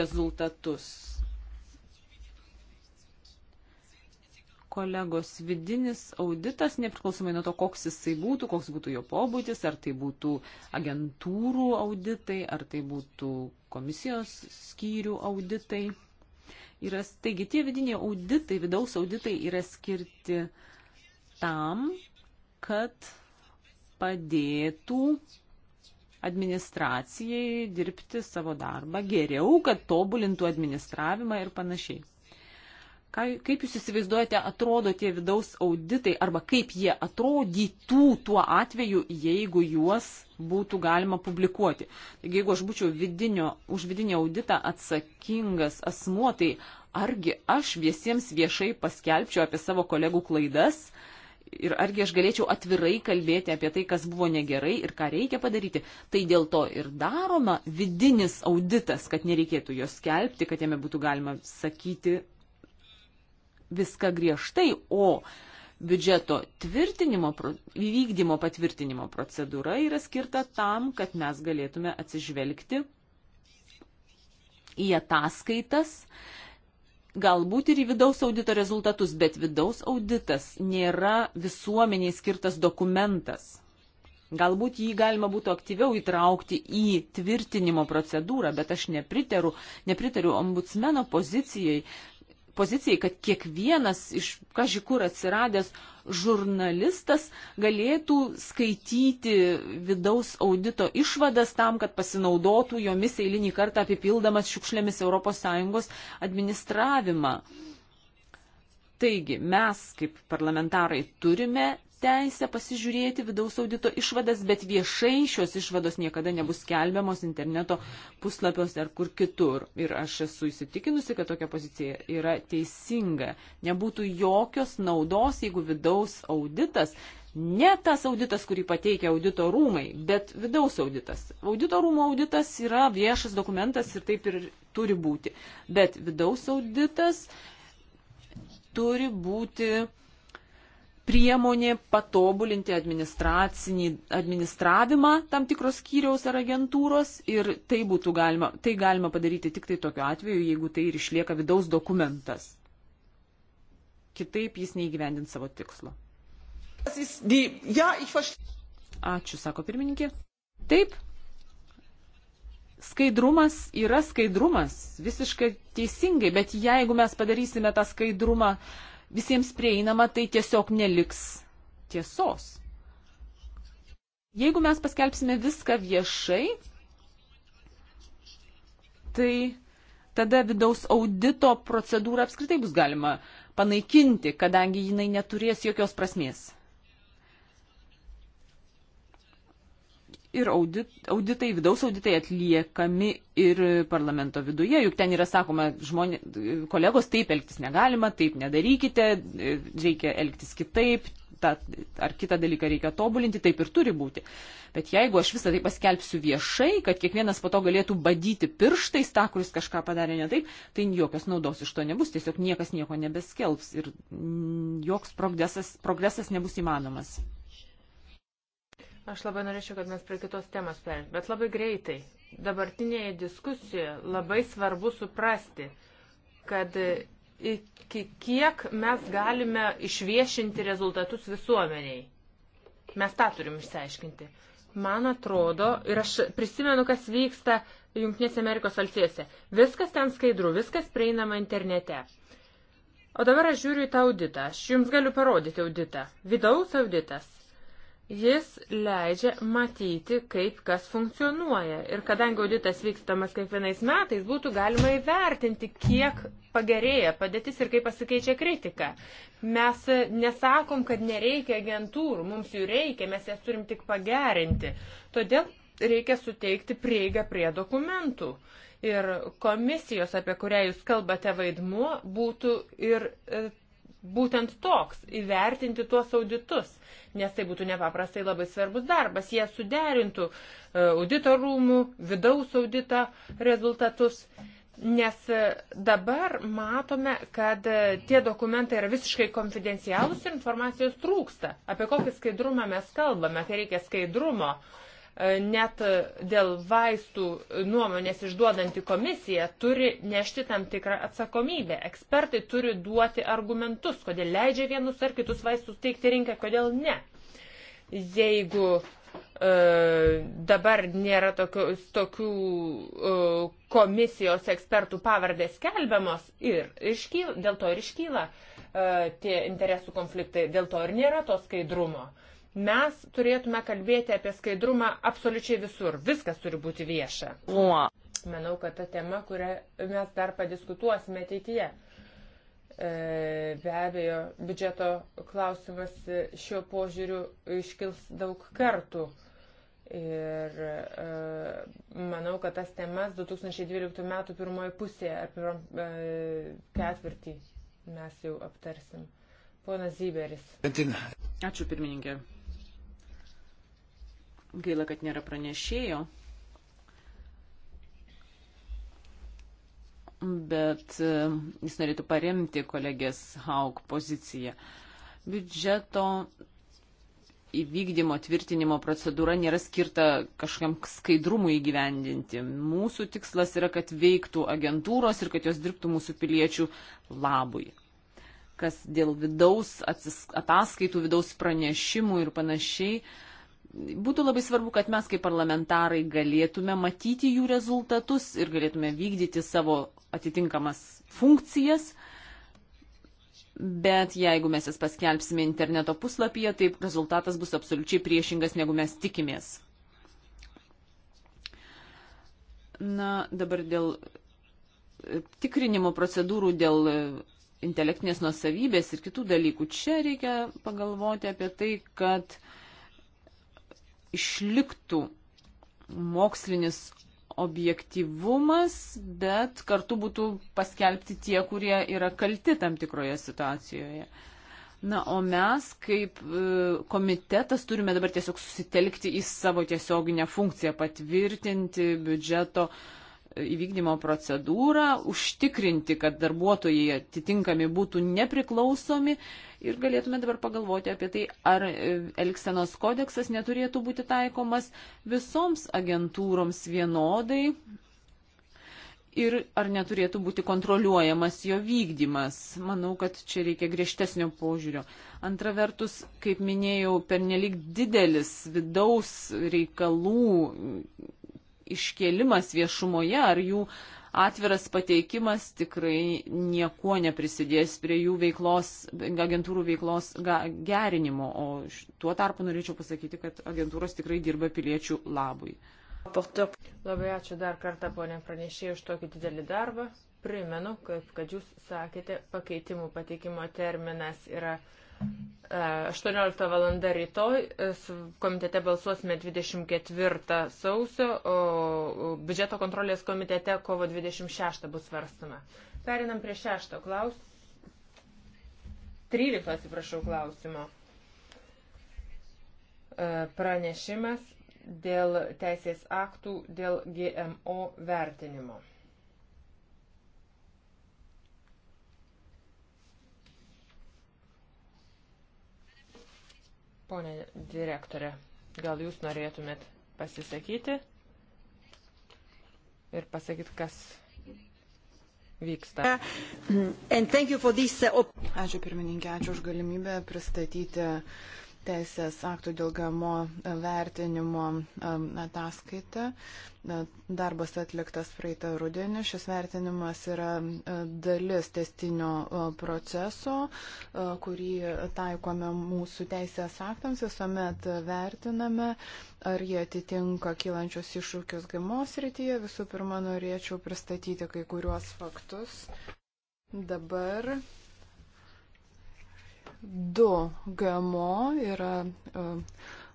rezultatus. Kolegos, vidinis auditas, nepriklausomai nuo to, koks jisai būtų, koks būtų jo pobūdis, ar tai būtų agentūrų auditai, ar tai būtų komisijos skyrių auditai yra, taigi tie vidiniai auditai, vidaus auditai yra skirti tam, kad padėtų administracijai dirbti savo darbą geriau, kad tobulintų administravimą ir panašiai. Ką, kaip jūs įsivaizduojate, atrodo tie vidaus auditai arba kaip jie atrodytų tuo atveju, jeigu juos būtų galima publikuoti. Taigi, jeigu aš būčiau vidinio, už vidinį auditą atsakingas asmuo, tai argi aš visiems viešai paskelbčiau apie savo kolegų klaidas ir argi aš galėčiau atvirai kalbėti apie tai, kas buvo negerai ir ką reikia padaryti. Tai dėl to ir daroma vidinis auditas, kad nereikėtų jos skelbti, kad jame būtų galima sakyti viską griežtai, o biudžeto tvirtinimo, įvykdymo patvirtinimo procedūra yra skirta tam, kad mes galėtume atsižvelgti į ataskaitas, galbūt ir į vidaus audito rezultatus, bet vidaus auditas nėra visuomeniai skirtas dokumentas. Galbūt jį galima būtų aktyviau įtraukti į tvirtinimo procedūrą, bet aš nepritariu, nepritariu ombudsmeno pozicijai, pozicijai, kad kiekvienas iš kažkur atsiradęs žurnalistas galėtų skaityti vidaus audito išvadas tam, kad pasinaudotų jomis eilinį kartą apipildamas šiukšlėmis ES administravimą. Taigi mes kaip parlamentarai turime teisę pasižiūrėti vidaus audito išvadas, bet viešai šios išvados niekada nebus skelbiamos interneto puslapiuose ar kur kitur. Ir aš esu įsitikinusi, kad tokia pozicija yra teisinga. Nebūtų jokios naudos, jeigu vidaus auditas, ne tas auditas, kurį pateikia audito rūmai, bet vidaus auditas. Audito rūmų auditas yra viešas dokumentas ir taip ir turi būti. Bet vidaus auditas turi būti priemonė patobulinti administracinį administravimą tam tikros skyriaus ar agentūros ir tai būtų galima, tai galima padaryti tik tai tokiu atveju, jeigu tai ir išlieka vidaus dokumentas. Kitaip jis neįgyvendint savo tikslo. Ačiū, sako pirmininkė. Taip, skaidrumas yra skaidrumas, visiškai teisingai, bet jeigu mes padarysime tą skaidrumą uh, visiems prieinama, tai tiesiog neliks tiesos. Jeigu mes paskelbsime viską viešai, tai tada vidaus audito procedūrą apskritai bus galima panaikinti, kadangi jinai neturės jokios prasmės. ir audit, auditai, vidaus auditai atliekami ir parlamento viduje, juk ten yra sakoma, žmonė, kolegos taip elgtis negalima, taip nedarykite, reikia elgtis kitaip, ta, ar kitą dalyką reikia tobulinti, taip ir turi būti. Bet jeigu aš visą tai paskelbsiu viešai, kad kiekvienas po to galėtų badyti pirštais tą, kuris kažką padarė ne taip, tai jokios naudos iš to nebus, tiesiog niekas nieko nebeskelbs ir joks progresas, progresas nebus įmanomas. Aš labai norėčiau, kad mes prie kitos temos perėtume, bet labai greitai. Dabartinėje diskusijoje labai svarbu suprasti, kad iki kiek mes galime išviešinti rezultatus visuomeniai. Mes tą turim išsiaiškinti. Man atrodo, ir aš prisimenu, kas vyksta Junktinėse Amerikos valstijose. Viskas ten skaidru, viskas prieinama internete. O dabar aš žiūriu į tą auditą. Aš jums galiu parodyti auditą. Vidaus auditas Jis leidžia matyti, kaip kas funkcionuoja. Ir kadangi auditas vykstamas kiekvienais metais, būtų galima įvertinti, kiek pagerėja padėtis ir kaip pasikeičia kritika. Mes nesakom, kad nereikia agentūrų, mums jų reikia, mes jas turim tik pagerinti. Todėl reikia suteikti prieigą prie dokumentų. Ir komisijos, apie kurią jūs kalbate vaidmuo, būtų ir e, būtent toks - įvertinti tuos auditus, nes tai būtų nepaprastai labai svarbus darbas. Jie suderintų e, audito rūmų, vidaus audito rezultatus, nes e, dabar matome, kad e, tie dokumentai yra visiškai konfidencialūs ir informacijos trūksta. Apie kokį skaidrumą mes kalbame, kai reikia skaidrumo. Uh, E, net dėl vaistų nuomonės išduodanti komisija turi nešti tam tikrą atsakomybę. Ekspertai turi duoti argumentus, kodėl leidžia vienus ar kitus vaistus teikti rinką, kodėl ne. Jeigu e, dabar nėra tokios, tokių e, komisijos ekspertų pavardės skelbiamos ir iškyla, dėl to ir iškyla e, tie interesų konfliktai, dėl to ir nėra to skaidrumo. E, Mes turėtume kalbėti apie skaidrumą absoliučiai visur. Viskas turi būti vieša. Manau, kad ta tema, kurią mes dar padiskutuosime ateityje. E, be abejo, biudžeto klausimas šiuo požiūriu iškils daug kartų. Ir e, manau, kad tas temas 2012 metų pirmoji pusė ar pirmam e, ketvirtį mes jau aptarsim. Ponas Zyberis. Ačiū pirmininkė. Gaila, kad nėra pranešėjo. Bet e, jis norėtų paremti kolegės Haug poziciją. Biudžeto įvykdymo tvirtinimo procedūra nėra skirta kažkam skaidrumui įgyvendinti. Mūsų tikslas yra, kad veiktų agentūros ir kad jos dirbtų mūsų piliečių labui. Kas dėl vidaus ataskaitų, vidaus pranešimų ir panašiai, uh, būtų labai svarbu, kad mes kaip parlamentarai galėtume matyti jų rezultatus ir galėtume vykdyti savo atitinkamas funkcijas. Bet jeigu mes jas paskelbsime interneto puslapyje, tai rezultatas bus absoliučiai priešingas, negu mes tikimės. Na, dabar dėl e, tikrinimo procedūrų, dėl e, intelektinės nusavybės ir kitų dalykų. Čia reikia pagalvoti apie tai, kad uh, išliktų mokslinis objektivumas, bet kartu būtų paskelbti tie, kurie yra kalti tam tikroje situacijoje. Na, o mes kaip e, komitetas turime dabar tiesiog susitelkti į savo tiesioginę funkciją, patvirtinti biudžeto uh, įvykdymo procedūrą, užtikrinti, kad darbuotojai atitinkami būtų nepriklausomi ir galėtume dabar pagalvoti apie tai, ar Elksenos kodeksas neturėtų būti taikomas visoms agentūroms vienodai ir ar neturėtų būti kontroliuojamas jo vykdymas. Manau, kad čia reikia griežtesnio požiūrio. Antra vertus, kaip minėjau, pernelik didelis vidaus reikalų iškėlimas viešumoje ar jų atviras pateikimas tikrai niekuo neprisidės prie jų veiklos, agentūrų veiklos gerinimo. O tuo tarpu norėčiau pasakyti, kad agentūros tikrai dirba piliečių labui. Labai ačiū dar kartą, ponė pranešėjai, už tokį didelį darbą. Primenu, kad, kad jūs sakėte, pakeitimų pateikimo terminas yra 18 val. rytoj e, komitete balsuosime 24 sausio, o biudžeto kontrolės komitete kovo 26 bus svarstama. Perinam prie 6 klausimų. 13, atsiprašau, klausimo. E, pranešimas dėl teisės aktų, dėl GMO vertinimo. Pone direktorė, gal jūs norėtumėt pasisakyti ir pasakyti, kas vyksta. Ačiū pirmininkė, ačiū už galimybę pristatyti teisės aktų dėl GMO vertinimo um, ataskaita. Darbas atliktas praeitą rudenį. Šis vertinimas yra uh, dalis testinio uh, proceso, uh, kurį taikome mūsų teisės aktams. Visuomet vertiname, ar jie atitinka kylančius iššūkius GMO srityje. Visų pirma, norėčiau pristatyti kai kuriuos faktus. Dabar du GMO yra e,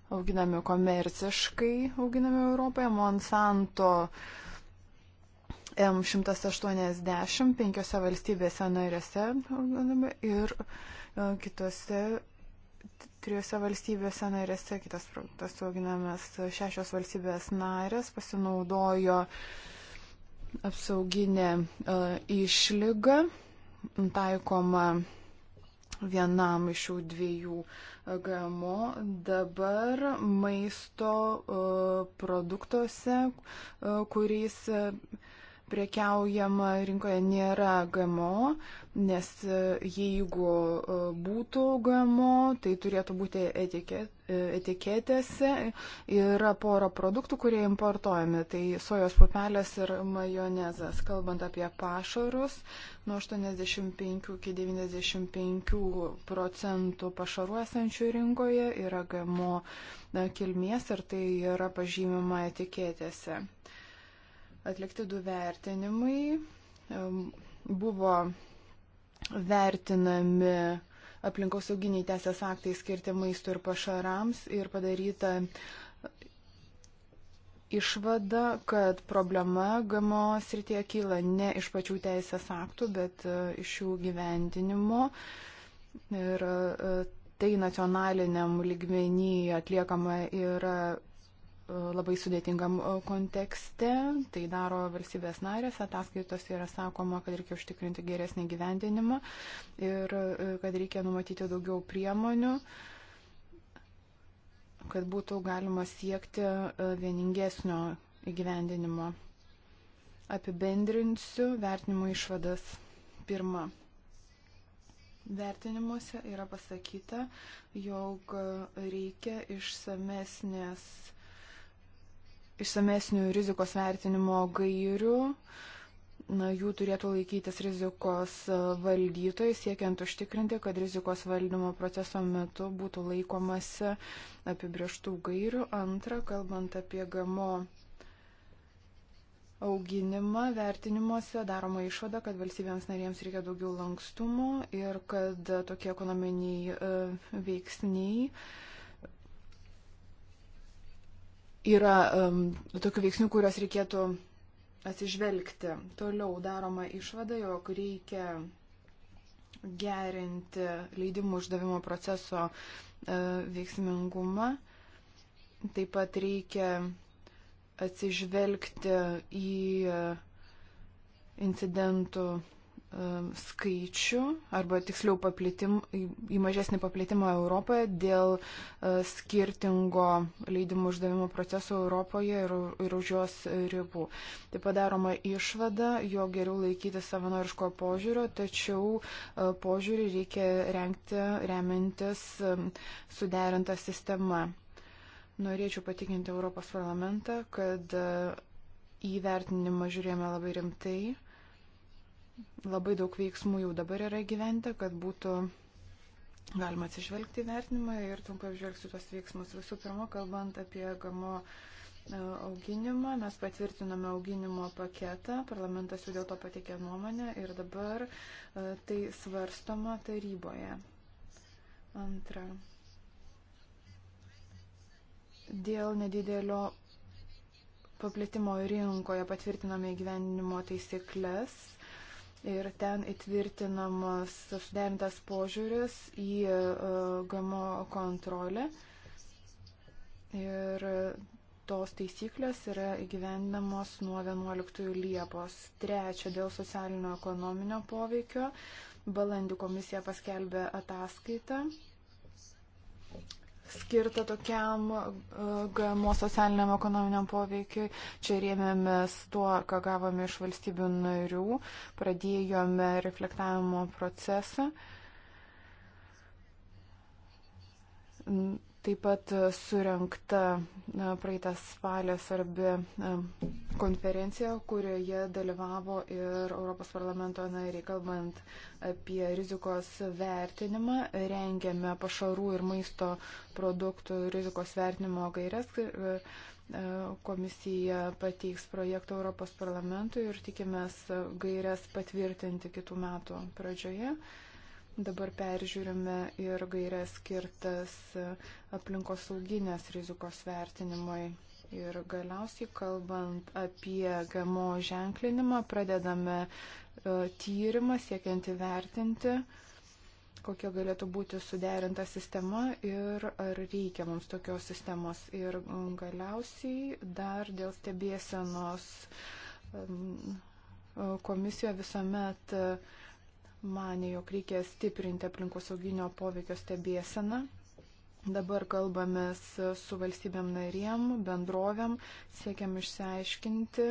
auginami komerciškai, auginami Europoje. Monsanto M180 penkiose valstybėse narėse auginami ir e, kitose trijose valstybėse narėse, kitas produktas auginamas šešios valstybės narės pasinaudojo apsauginę e, išlygą taikomą vienam iš šių dviejų e, GMO. Dabar maisto e, produktuose, e, kuriais prekiaujama rinkoje nėra GMO, nes e, jeigu e, būtų GMO, tai turėtų būti e, etiketėse. Yra pora produktų, kurie importuojami, tai sojos pupelės ir majonezas. Kalbant apie pašarus, nuo 85 iki 95 procentų pašarų esančių rinkoje yra GMO kilmės ir tai yra pažymima etiketėse atlikti du vertinimai. Buvo vertinami aplinkosauginiai teisės aktai skirti maistui ir pašarams ir padaryta išvada, kad problema GMO srityje kyla ne iš pačių teisės aktų, bet e, iš jų gyvendinimo. Ir e, tai nacionaliniam ligmenį atliekama yra labai sudėtingam e, kontekste. Tai daro valstybės narės, ataskaitos yra sakoma, kad reikia užtikrinti geresnį gyvendinimą ir e, kad reikia numatyti daugiau priemonių kad būtų galima siekti e, vieningesnio įgyvendinimo. Apibendrinsiu vertinimo išvadas. Pirma. Vertinimuose yra pasakyta, jog reikia išsamesnės išsamesnių rizikos vertinimo gairių. Na, jų turėtų laikytis rizikos e, valdytojai, siekiant užtikrinti, kad rizikos valdymo proceso metu būtų laikomasi apibrieštų gairių. Antra, kalbant apie GMO auginimą vertinimuose daroma išvada, kad valstybėms narėms reikia daugiau lankstumo ir kad tokie ekonominiai e, veiksniai yra um, tokių veiksnių, kuriuos reikėtų atsižvelgti. Toliau daroma išvada, jog reikia gerinti leidimų uždavimo proceso uh, veiksmingumą. Taip pat reikia atsižvelgti į e, incidentų Um, skaičių, arba tiksliau paplitim, į mažesnį paplitimą Europoje dėl uh, skirtingo leidimų uždavimo proceso Europoje ir, ir už jos ribų. Tai padaroma išvada, jo geriau laikyti savanoriško požiūrio, tačiau uh, požiūrį reikia renkti remintis um, suderintą sistemą. Norėčiau patikinti Europos parlamentą, kad uh, įvertinimą žiūrėjome labai rimtai Labai daug veiksmų jau dabar yra gyventi, kad būtų galima atsižvelgti į vertinimą ir trumpai apžvelgsiu tos veiksmus. Visų pirma, kalbant apie gamo e, auginimą, mes patvirtiname auginimo paketą, parlamentas jau dėl to patikė nuomonę ir dabar e, tai svarstoma taryboje. Antra. Dėl nedidelio paplitimo rinkoje patvirtiname įgyvenimo taisyklės ir ten įtvirtinamas suderintas požiūris į e, GMO kontrolę. Ir tos taisyklės yra įgyvendinamos nuo 11 Liepos. Trečia, dėl socialinio ekonominio poveikio. Balandį komisija paskelbė ataskaitą skirta tokiam e, GMO socialiniam ekonominiam poveikiui. Čia rėmėmės tuo, ką gavome iš valstybių narių, pradėjome reflektavimo procesą. Taip pat e, surinkta e, praeitą spalį svarbi e, konferencija, kurioje dalyvavo ir Europos parlamento nariai, kalbant apie rizikos vertinimą. Rengėme pašarų ir maisto produktų rizikos vertinimo gairias. Komisija pateiks projektą Europos parlamentui ir tikimės gairias patvirtinti kitų metų pradžioje. Dabar peržiūrime ir gairias skirtas aplinkosauginės rizikos vertinimui. Ir galiausiai kalbant apie GMO ženklinimą, pradedame e, tyrimą siekiant įvertinti, kokia galėtų būti suderinta sistema ir ar reikia mums tokios sistemos. Ir galiausiai dar dėl stebėsenos e, komisija visuomet manė, jog reikia stiprinti aplinkosauginio poveikio stebėseną. Dabar kalbamės su valstybėm narėm, bendrovėm, siekiam išsiaiškinti,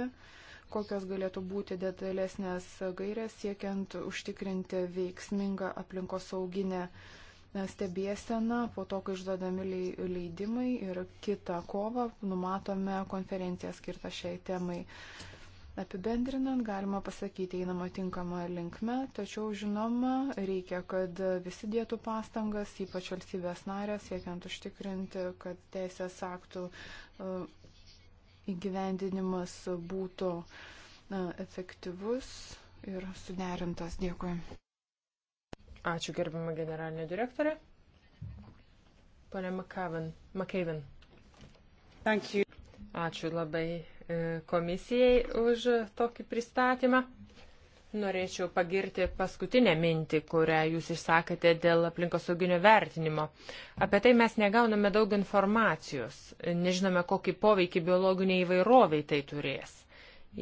kokios galėtų būti detalesnės gairės, siekiant užtikrinti veiksmingą aplinkosauginę stebėseną, po to, kai išduodami leidimai ir kitą kovą numatome konferenciją skirtą šiai temai. Apibendrinant, galima pasakyti einama tinkama linkme, tačiau žinoma, reikia, kad visi dėtų pastangas, ypač valstybės narės, siekiant užtikrinti, kad teisės aktų e, įgyvendinimas būtų e, efektyvus ir suderintas. Dėkui. Ačiū gerbimą generalinę direktorę. Pane McCaven. McCaven. Ačiū labai E, komisijai už tokį pristatymą. Norėčiau pagirti paskutinę mintį, kurią jūs išsakėte dėl aplinkosauginio vertinimo. Apie tai mes negauname daug informacijos, nežinome, kokį poveikį biologiniai įvairoviai tai turės.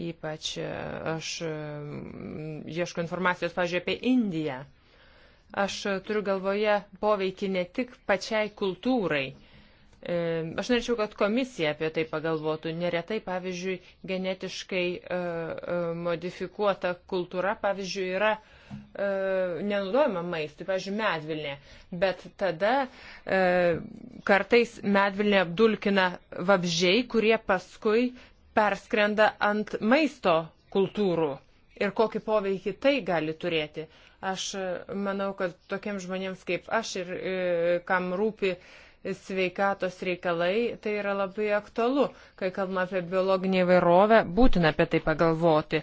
Ypač e, aš e, ieško informacijos, pažiūrėjau, apie Indiją. Aš turiu galvoje poveikį ne tik pačiai kultūrai, E, aš norėčiau, kad komisija apie tai pagalvotų. Neretai, pavyzdžiui, genetiškai e, e, modifikuota kultūra, pavyzdžiui, yra nenaudojama maistui, pavyzdžiui, medvilnė. Bet tada kartais medvilnė apdulkina vabžiai, kurie paskui perskrenda ant maisto kultūrų. Ir kokį poveikį tai gali turėti. Aš manau, kad tokiems žmonėms kaip aš ir kam rūpi, sveikatos reikalai, tai yra labai aktualu. Kai kalbame apie biologinį įvairovę, būtina apie tai pagalvoti.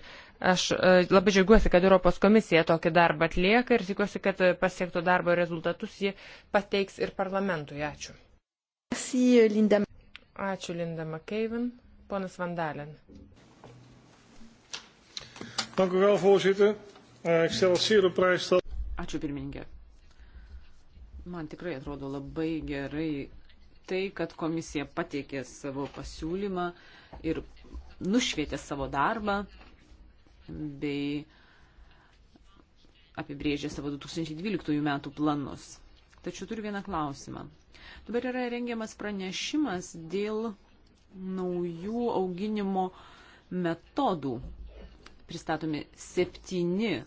Aš e, labai džiaugiuosi, kad Europos komisija tokį darbą atlieka ir tikiuosi, kad pasiektų darbo rezultatus ji pateiks ir parlamentui. Ačiū. Ačiū Linda McKeven. Ponas Vandalen. Dank u wel, voorzitter. Uh, ik stel zeer op prijs dat. Ačiū pirmininkė. Man tikrai atrodo labai gerai tai, kad komisija pateikė savo pasiūlymą ir nušvietė savo darbą bei apibrėžė savo 2012 metų planus. Tačiau turiu vieną klausimą. Dabar yra rengiamas pranešimas dėl naujų auginimo metodų. Pristatomi septyni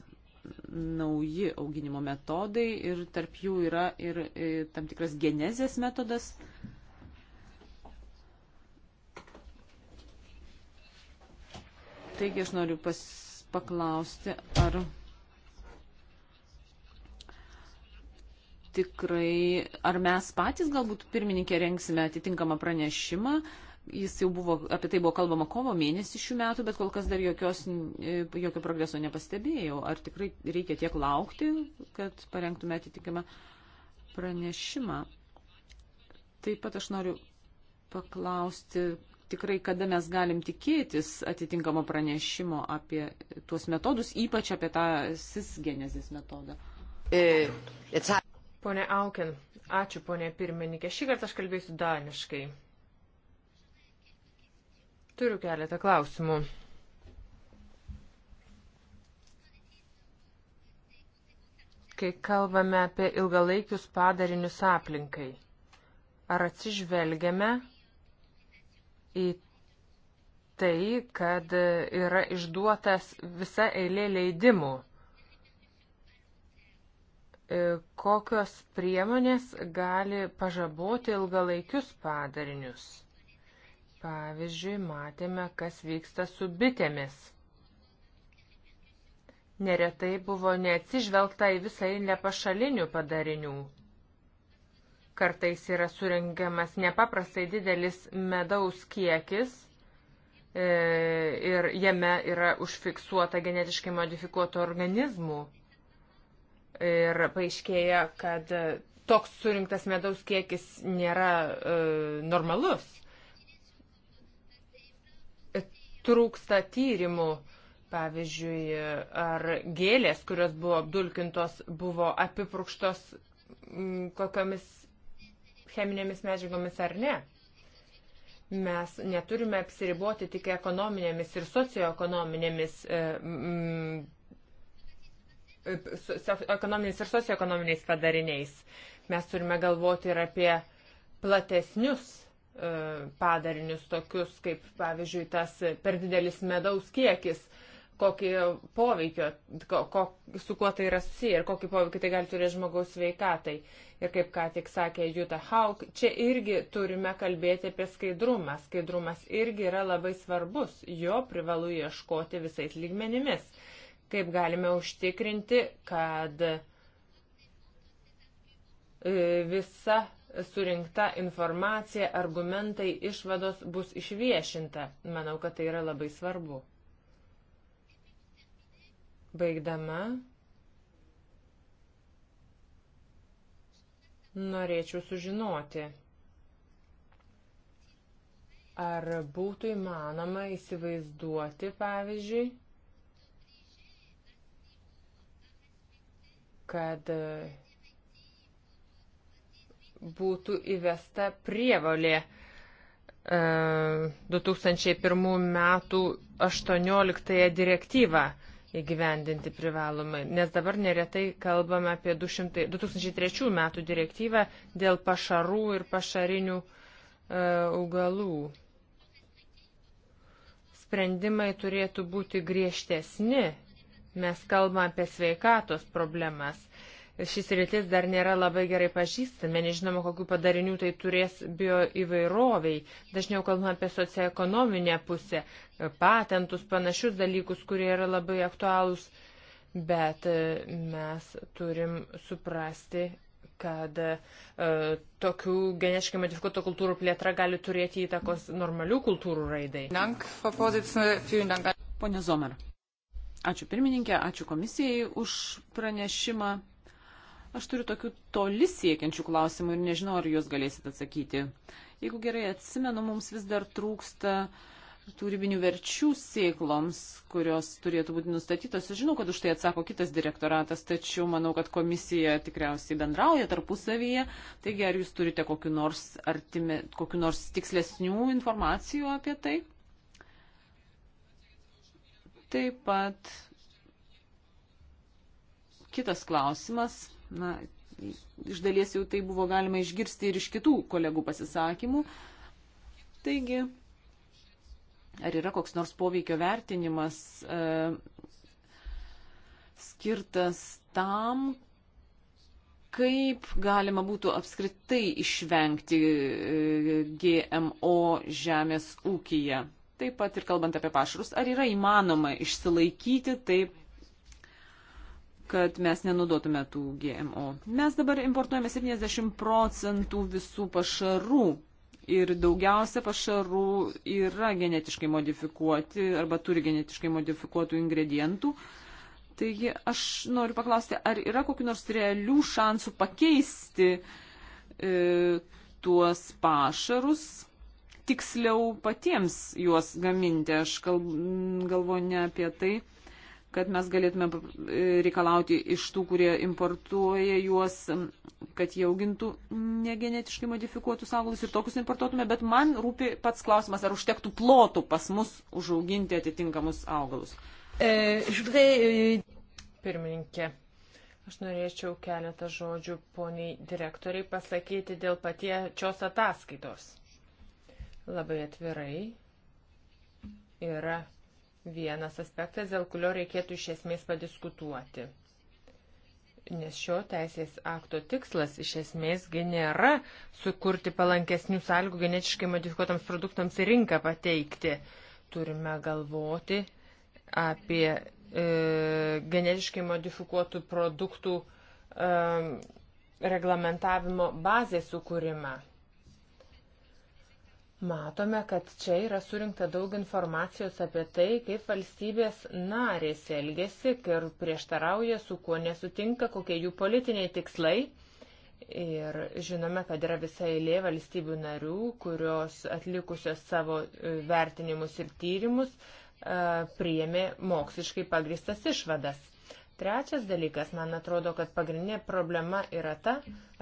nauji auginimo metodai ir tarp jų yra ir e, tam tikras genezės metodas. Taigi aš noriu pas, paklausti, ar tikrai, ar mes patys galbūt pirmininkė rengsime atitinkamą pranešimą, uh, jis jau buvo, apie tai buvo kalbama kovo mėnesį šių metų, bet kol kas dar jokios, e, jokio progreso nepastebėjau. Ar tikrai reikia tiek laukti, kad parengtume atitikimą pranešimą? Taip pat aš noriu paklausti, tikrai kada mes galim tikėtis atitinkamo pranešimo apie tuos metodus, ypač apie tą sisgenezės metodą. E, e, pone Aukin, ačiū ponė pirmininkė. Šį kartą aš kalbėsiu daniškai. Turiu keletą klausimų. Kai kalbame apie ilgalaikius padarinius aplinkai, ar atsižvelgiame į tai, kad yra išduotas visa eilė leidimų. E, kokios priemonės gali pažaboti ilgalaikius padarinius? Pavyzdžiui, matėme, kas vyksta su bitėmis. Neretai buvo neatsižvelgta į visą eilę pašalinių padarinių. Kartais yra surengiamas nepaprastai didelis medaus kiekis e, ir jame yra užfiksuota genetiškai modifikuotų organizmų. Ir paaiškėja, kad toks surinktas medaus kiekis nėra e, normalus trūksta tyrimų. Pavyzdžiui, ar gėlės, kurios buvo apdulkintos, buvo apiprūkštos mm, kokiamis cheminėmis medžiagomis ar ne. Mes neturime apsiriboti tik ekonominėmis ir socioekonominėmis e, mm, ekonominiais ir socioekonominiais padariniais. Mes turime galvoti ir apie platesnius E, padarinius tokius, kaip pavyzdžiui tas per didelis medaus kiekis, kokį poveikio, ko, ko, su kuo tai yra susiję ir kokį poveikį tai gali turėti žmogaus sveikatai. Ir kaip ką tik sakė Juta Hauk, čia irgi turime kalbėti apie skaidrumą. Skaidrumas irgi yra labai svarbus, jo privalu ieškoti visais lygmenimis. Kaip galime užtikrinti, kad e, visa surinkta informacija, argumentai, išvados bus išviešinta. Manau, kad tai yra labai svarbu. Baigdama, norėčiau sužinoti, ar būtų įmanoma įsivaizduoti, pavyzdžiui, kad būtų įvesta prievalė 2001 e, metų 18 direktyvą įgyvendinti privalomai, nes dabar neretai kalbame apie 200, 2003 metų direktyvą dėl pašarų ir pašarinių e, augalų. Sprendimai turėtų būti griežtesni. Mes kalbame apie sveikatos problemas šis rytis dar nėra labai gerai pažįstami, nežinoma, kokiu padariniu tai turės bio įvairoviai. Dažniau kalbame apie socioekonominę pusę, patentus, panašius dalykus, kurie yra labai aktualūs, bet e, mes turim suprasti kad e, tokių genetiškai modifikuotų kultūrų plėtra gali turėti įtakos normalių kultūrų raidai. Pone Zomer, ačiū pirmininkė, ačiū komisijai už pranešimą. Aš turiu tokių toli siekiančių klausimų ir nežinau, ar juos galėsit atsakyti. Jeigu gerai atsimenu, mums vis dar trūksta turybinių verčių sėkloms, kurios turėtų būti nustatytos. Aš žinau, kad už tai atsako kitas direktoratas, tačiau manau, kad komisija tikriausiai bendrauja tarpusavyje. Taigi, ar jūs turite kokiu nors, artime, kokiu nors tikslesnių informacijų apie tai? Taip pat kitas klausimas Na, iš dalies jau tai buvo galima išgirsti ir iš kitų kolegų pasisakymų. Taigi, ar yra koks nors poveikio vertinimas e, skirtas tam, kaip galima būtų apskritai išvengti e, GMO žemės ūkyje? Taip pat ir kalbant apie pašarus, ar yra įmanoma išsilaikyti taip kad mes nenudotume tų GMO. Mes dabar importuojame 70 procentų visų pašarų ir daugiausia pašarų yra genetiškai modifikuoti arba turi genetiškai modifikuotų ingredientų. Taigi aš noriu paklausti, ar yra kokiu nors realių šansų pakeisti e, tuos pašarus, tiksliau patiems juos gaminti. Aš kalb, galvoju ne apie tai kad mes galėtume e, reikalauti iš tų, kurie importuoja juos, kad jie augintų negenetiškai modifikuotus augalus ir tokius importuotume, bet man rūpi pats klausimas, ar užtektų plotų pas mus užauginti atitinkamus augalus. E, e, Pirmininkė, aš norėčiau keletą žodžių poniai direktoriai pasakyti dėl patiečios ataskaitos. Labai atvirai yra vienas aspektas, dėl kurio reikėtų iš esmės padiskutuoti. Nes šio teisės akto tikslas iš esmėsgi nėra sukurti palankesnių sąlygų genetiškai modifikuotams produktams į rinką pateikti. Turime galvoti apie e, genetiškai modifikuotų produktų e, reglamentavimo bazės sukūrimą. Matome, kad čia yra surinkta daug informacijos apie tai, kaip valstybės narės elgesi, ir prieštarauja, su kuo nesutinka, kokie jų politiniai tikslai. Ir žinome, kad yra visa eilė valstybių narių, kurios atlikusios savo e, vertinimus ir tyrimus e, priėmė moksliškai pagristas išvadas. Trečias dalykas, man atrodo, kad pagrindinė problema yra ta,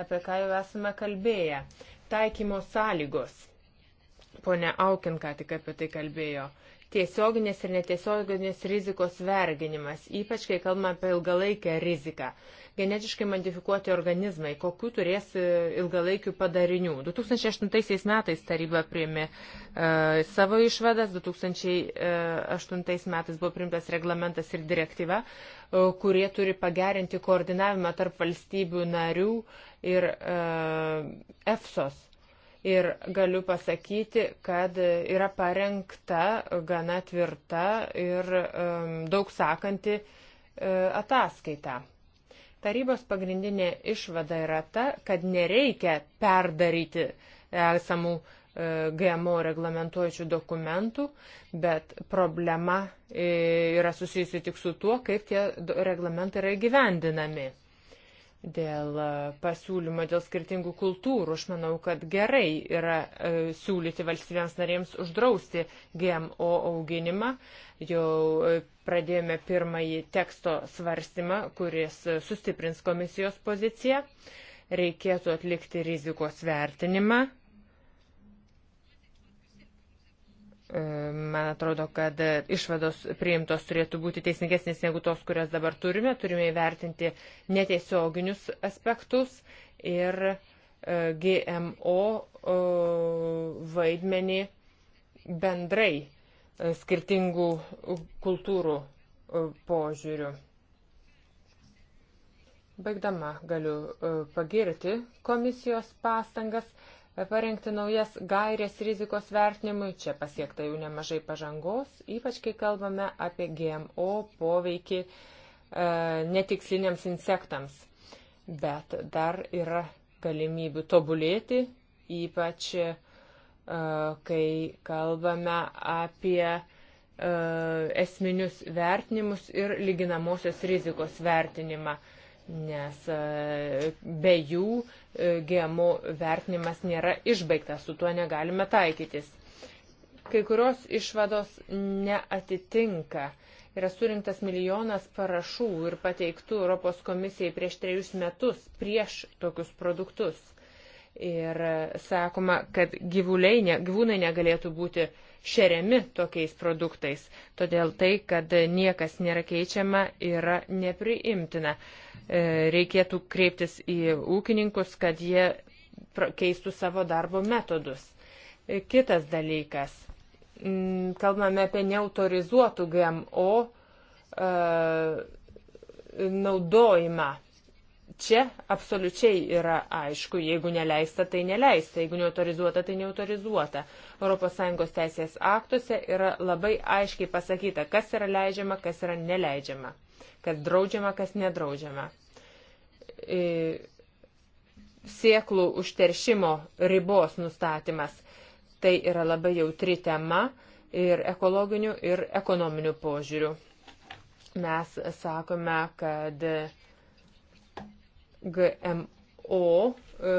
apie ką jau esame kalbėję - taikymo sąlygos. Pone Aukin ką tik apie tai kalbėjo. Tiesioginės ir netiesioginės rizikos verginimas, ypač kai kalbame apie ilgalaikę riziką. Genetiškai modifikuoti organizmai, kokiu turės e, ilgalaikių padarinių. 2008 metais taryba priėmė e, savo išvadas, 2008 e, metais buvo priimtas reglamentas ir direktyva, e, kurie turi pagerinti koordinavimą tarp valstybių narių ir e, EFSOS ir galiu pasakyti, kad yra parengta gana tvirta ir daug sakanti e, ataskaita. Tarybos pagrindinė išvada yra ta, kad nereikia perdaryti esamų e, GMO reglamentuojančių dokumentų, bet problema e, yra susijusi tik su tuo, kaip tie reglamentai yra įgyvendinami dėl e, pasiūlymo dėl skirtingų kultūrų. Aš manau, kad gerai yra e, siūlyti valstybėms narėms uždrausti GMO auginimą. Jau e, pradėjome pirmąjį teksto svarstymą, kuris e, sustiprins komisijos poziciją. Reikėtų atlikti rizikos vertinimą E, man atrodo, kad išvados priimtos turėtų būti teisingesnės negu tos, kurias dabar turime. Turime įvertinti netiesioginius aspektus ir e, GMO e, vaidmenį bendrai skirtingų kultūrų požiūrių. Baigdama galiu pagirti komisijos pastangas parengti naujas gairės rizikos vertinimui. Čia pasiekta jau nemažai pažangos, ypač kai kalbame apie GMO poveikį e, netiksliniams insektams. Bet dar yra galimybių tobulėti, ypač e, kai kalbame apie e, esminius vertinimus ir lyginamosios rizikos vertinimą. E, nes e, be jų e, GMO vertinimas nėra išbaigtas, su tuo negalime taikytis. Kai kurios išvados neatitinka. Yra surinktas milijonas parašų ir pateiktų Europos komisijai prieš trejus metus prieš tokius produktus. Ir e, sakoma, kad gyvuliai, ne, gyvūnai negalėtų būti uh, šeriami tokiais produktais. Todėl tai, kad niekas nėra keičiama, yra nepriimtina. E, reikėtų kreiptis į ūkininkus, kad jie keistų savo darbo metodus. E, kitas dalykas. Mm, kalbame apie neautorizuotų GMO e, naudojimą čia absoliučiai yra aišku, jeigu neleista, tai neleista, jeigu neautorizuota, tai neautorizuota. ES teisės aktuose yra labai aiškiai pasakyta, kas yra leidžiama, kas yra neleidžiama, kas draudžiama, kas nedraudžiama. E, Sieklų užteršimo ribos nustatymas tai yra labai jautri tema ir ekologiniu, ir ekonominiu požiūriu. Mes sakome, kad GMO e,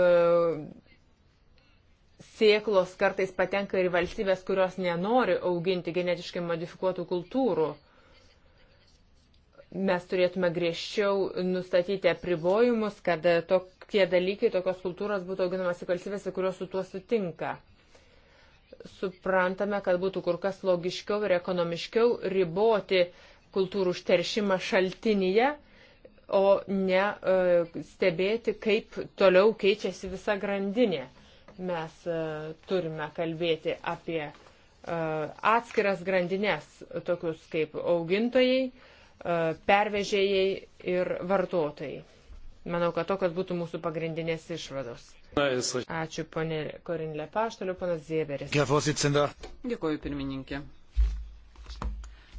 sėklos kartais patenka ir valstybės, kurios nenori auginti genetiškai modifikuotų kultūrų. Mes turėtume griežčiau nustatyti apribojimus, kad tokie dalykai, tokios kultūros būtų auginamas į valstybėse, kurios su tuo sutinka. Suprantame, kad būtų kur kas logiškiau ir ekonomiškiau riboti kultūrų užteršimą šaltinyje, o ne e, stebėti, kaip toliau keičiasi visa grandinė Mes e, turime kalbėti apie e, atskiras grandinės, tokius kaip augintojai, e, pervežėjai ir vartotojai. Manau, kad tokios būtų mūsų pagrindinės išvados. Ačiū, ponė Korin Lepaš, toliau ponas Zieberis. Dėkuoju, pirmininkė.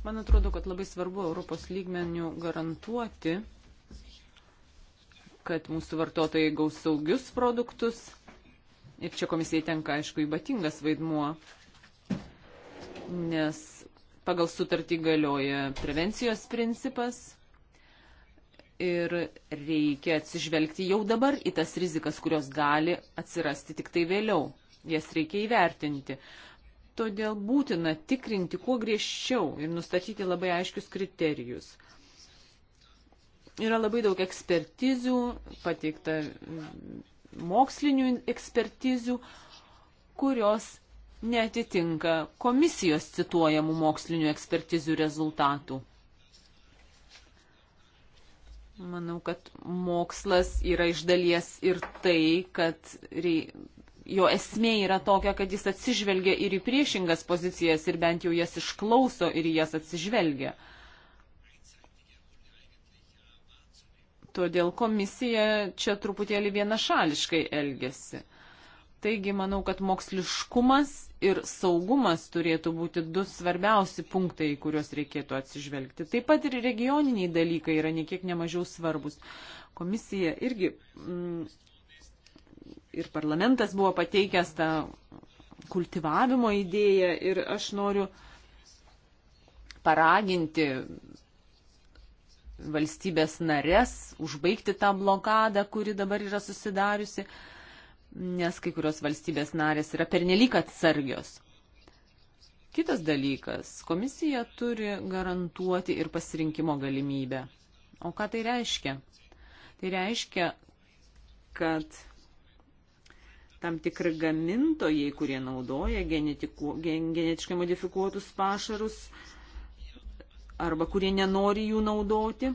Man atrodo, kad labai svarbu Europos lygmenių garantuoti, kad mūsų vartotojai gaus saugius produktus Ir čia komisijai tenka, aišku, ypatingas vaidmuo, nes pagal sutartį galioja prevencijos principas ir reikia atsižvelgti jau dabar į tas rizikas, kurios gali atsirasti tik tai vėliau. Jas reikia įvertinti. Todėl būtina tikrinti kuo griežčiau ir nustatyti labai aiškius kriterijus. Yra labai daug ekspertizių, pateikta mokslinių ekspertizių, kurios netitinka komisijos cituojamų mokslinių ekspertizių rezultatų. Manau, kad mokslas yra iš dalies ir tai, kad rei, jo esmė yra tokia, kad jis atsižvelgia ir į priešingas pozicijas ir bent jau jas išklauso ir jas atsižvelgia. Uh, Todėl komisija čia truputėlį vienašališkai elgesi. Taigi manau, kad moksliškumas ir saugumas turėtų būti du svarbiausi punktai, į kuriuos reikėtų atsižvelgti. Taip pat ir regioniniai dalykai yra niekiek nemažiau svarbus. Komisija irgi mm, ir parlamentas buvo pateikęs tą kultivavimo idėją ir aš noriu paraginti valstybės narės užbaigti tą blokadą, kuri dabar yra susidariusi, nes kai kurios valstybės narės yra pernelyg atsargios. Kitas dalykas - komisija turi garantuoti ir pasirinkimo galimybę. O ką tai reiškia? Tai reiškia, kad tam tikri gamintojai, kurie naudoja genetiku, gen, genetiškai modifikuotus pašarus, uh, arba kurie nenori jų naudoti,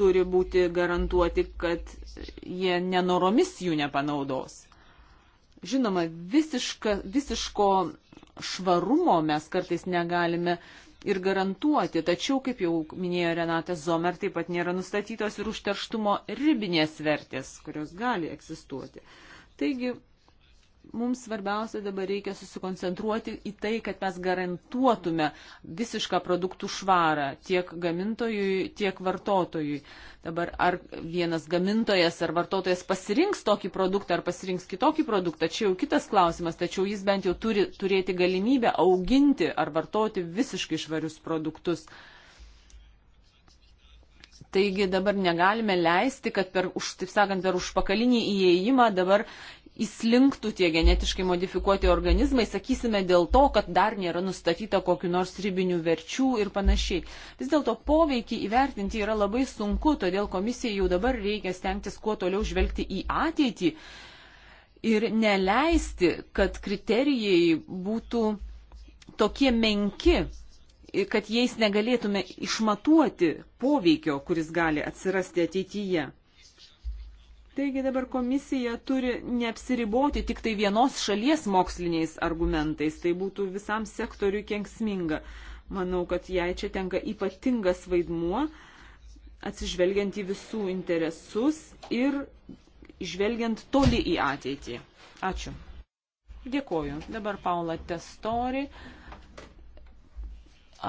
turi būti garantuoti, kad jie nenoromis jų nepanaudos. Žinoma, visiška, visiško švarumo mes kartais negalime ir garantuoti, tačiau, kaip jau minėjo Renata Zomer, taip pat nėra nustatytos ir užterštumo ribinės vertės, kurios gali egzistuoti. Taigi, mums svarbiausia dabar reikia susikoncentruoti į tai, kad mes garantuotume visišką produktų švarą tiek gamintojui, tiek vartotojui. Dabar ar vienas gamintojas ar vartotojas pasirinks tokį produktą ar pasirinks kitokį produktą, čia jau kitas klausimas, tačiau jis bent jau turi turėti galimybę auginti ar vartoti visiškai švarius produktus. Taigi dabar negalime leisti, kad per, už, taip sakant, per užpakalinį įėjimą dabar įslinktų tie genetiškai modifikuoti organizmai, sakysime, dėl to, kad dar nėra nustatyta kokiu nors ribinių verčių ir panašiai. Vis dėlto poveikį įvertinti yra labai sunku, todėl komisijai jau dabar reikia stengtis kuo toliau žvelgti į ateitį ir neleisti, kad kriterijai būtų tokie menki, kad jais negalėtume išmatuoti poveikio, kuris gali atsirasti ateityje. Taigi dabar komisija turi neapsiriboti tik tai vienos šalies moksliniais argumentais, tai būtų visam sektoriui kenksminga. Manau, kad jai čia tenka ypatingas vaidmuo, atsižvelgiant į visų interesus ir žvelgiant toli į ateitį. Ačiū. Dėkoju. Dabar Paula Testori.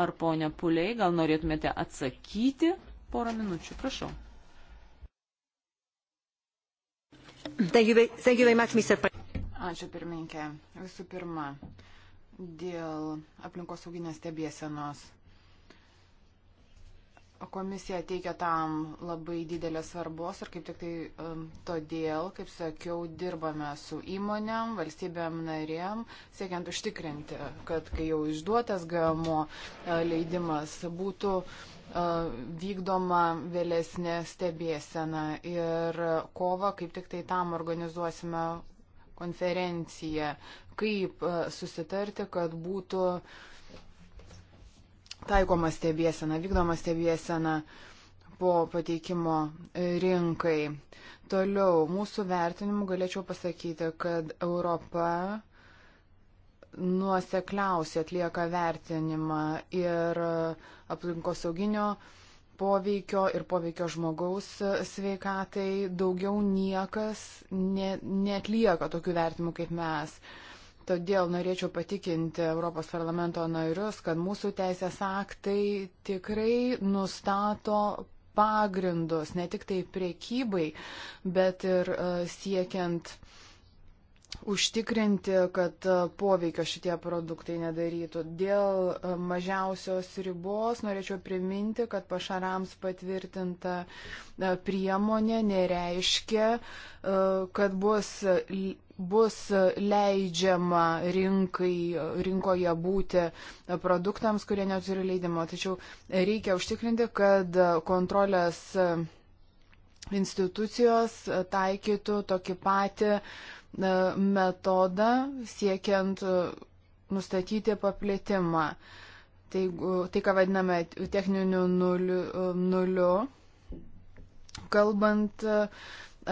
Ar ponia Puliai, gal norėtumėte atsakyti? Porą minučių, prašau. Thank you, thank you very much, Mr. Ačiū pirmininkė. Visų pirma, dėl aplinkosauginės stebėsenos. Komisija teikia tam labai didelės svarbos ir kaip tik tai um, todėl, kaip sakiau, dirbame su įmonėm, valstybėm narėm, siekiant užtikrinti, kad kai jau išduotas GMO uh, leidimas būtų uh, vykdoma vėlesnė stebėsena ir kova kaip tik tai tam organizuosime konferenciją, kaip susitarti, kad būtų taikoma stebėsena, vykdoma stebėsena po pateikimo rinkai. Toliau, mūsų vertinimu galėčiau pasakyti, kad Europa nuosekliausiai atlieka vertinimą ir aplinkosauginio poveikio ir poveikio žmogaus sveikatai daugiau niekas ne, netlieka tokių vertimų kaip mes. Todėl norėčiau patikinti Europos parlamento narius, kad mūsų teisės aktai tikrai nustato pagrindus ne tik tai priekybai, bet ir e, siekiant uh, užtikrinti, kad poveikio šitie produktai nedarytų. Dėl e, mažiausios ribos norėčiau priminti, kad pašarams patvirtinta e, priemonė nereiškia, e, kad bus, bus leidžiama rinkai, rinkoje būti produktams, kurie neturi leidimo. Tačiau reikia užtikrinti, kad kontrolės institucijos taikytų tokį patį uh, metodą siekiant e, nustatyti paplėtimą. Tai, tai ką vadiname techniniu nuliu, e, nuliu. Kalbant e,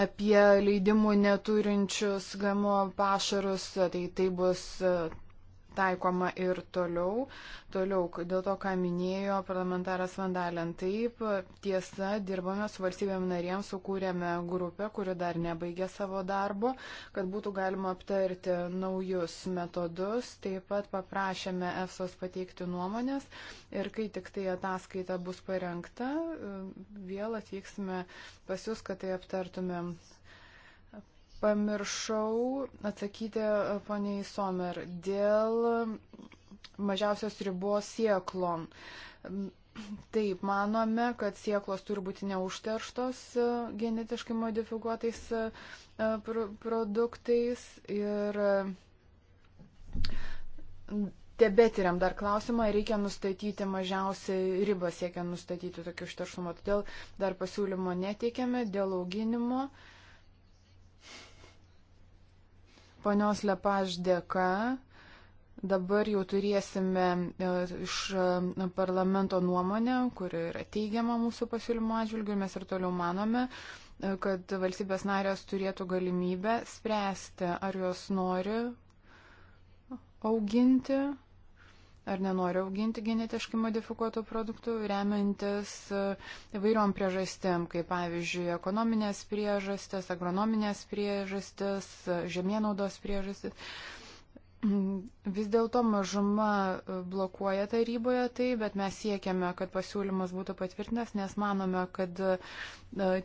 apie leidimų neturinčius gamo pašarus, tai tai bus taikoma ir toliau. Toliau, dėl to, ką minėjo parlamentaras Vandalin, taip, tiesa, dirbame su valstybėm narėm, sukūrėme grupę, kuri dar nebaigė savo darbo, kad būtų galima aptarti naujus metodus. Taip pat paprašėme EFSOS pateikti nuomonės ir kai tik tai ataskaita bus parengta, vėl atvyksime pas jūs, kad tai aptartumėm Pamiršau atsakyti e, poniai Somer dėl mažiausios ribos sieklom. Taip, manome, kad sieklos turi būti neužterštos e, genetiškai modifikuotais e, produktais ir tebetiriam dar klausimą, reikia nustatyti mažiausią ribą siekiant nustatyti tokį užteršumą. Todėl dar pasiūlymo neteikėme dėl auginimo. Uh, ponios Lepaž dėka Dabar jau turėsime e, iš e, parlamento nuomonę, kuri yra teigiama mūsų pasiūlymo atžvilgiu ir mes ir toliau manome, e, kad valstybės narės turėtų galimybę spręsti, ar jos nori auginti ar nenori auginti genetiškai modifikuotų produktų, remiantis e, įvairiom priežastėm, kaip pavyzdžiui ekonominės priežastės, agronominės priežastės, e, žemėnaudos priežastės. Mm, vis dėlto mažuma e, blokuoja taryboje tai, bet mes siekiame, kad pasiūlymas būtų patvirtintas, nes manome, kad e,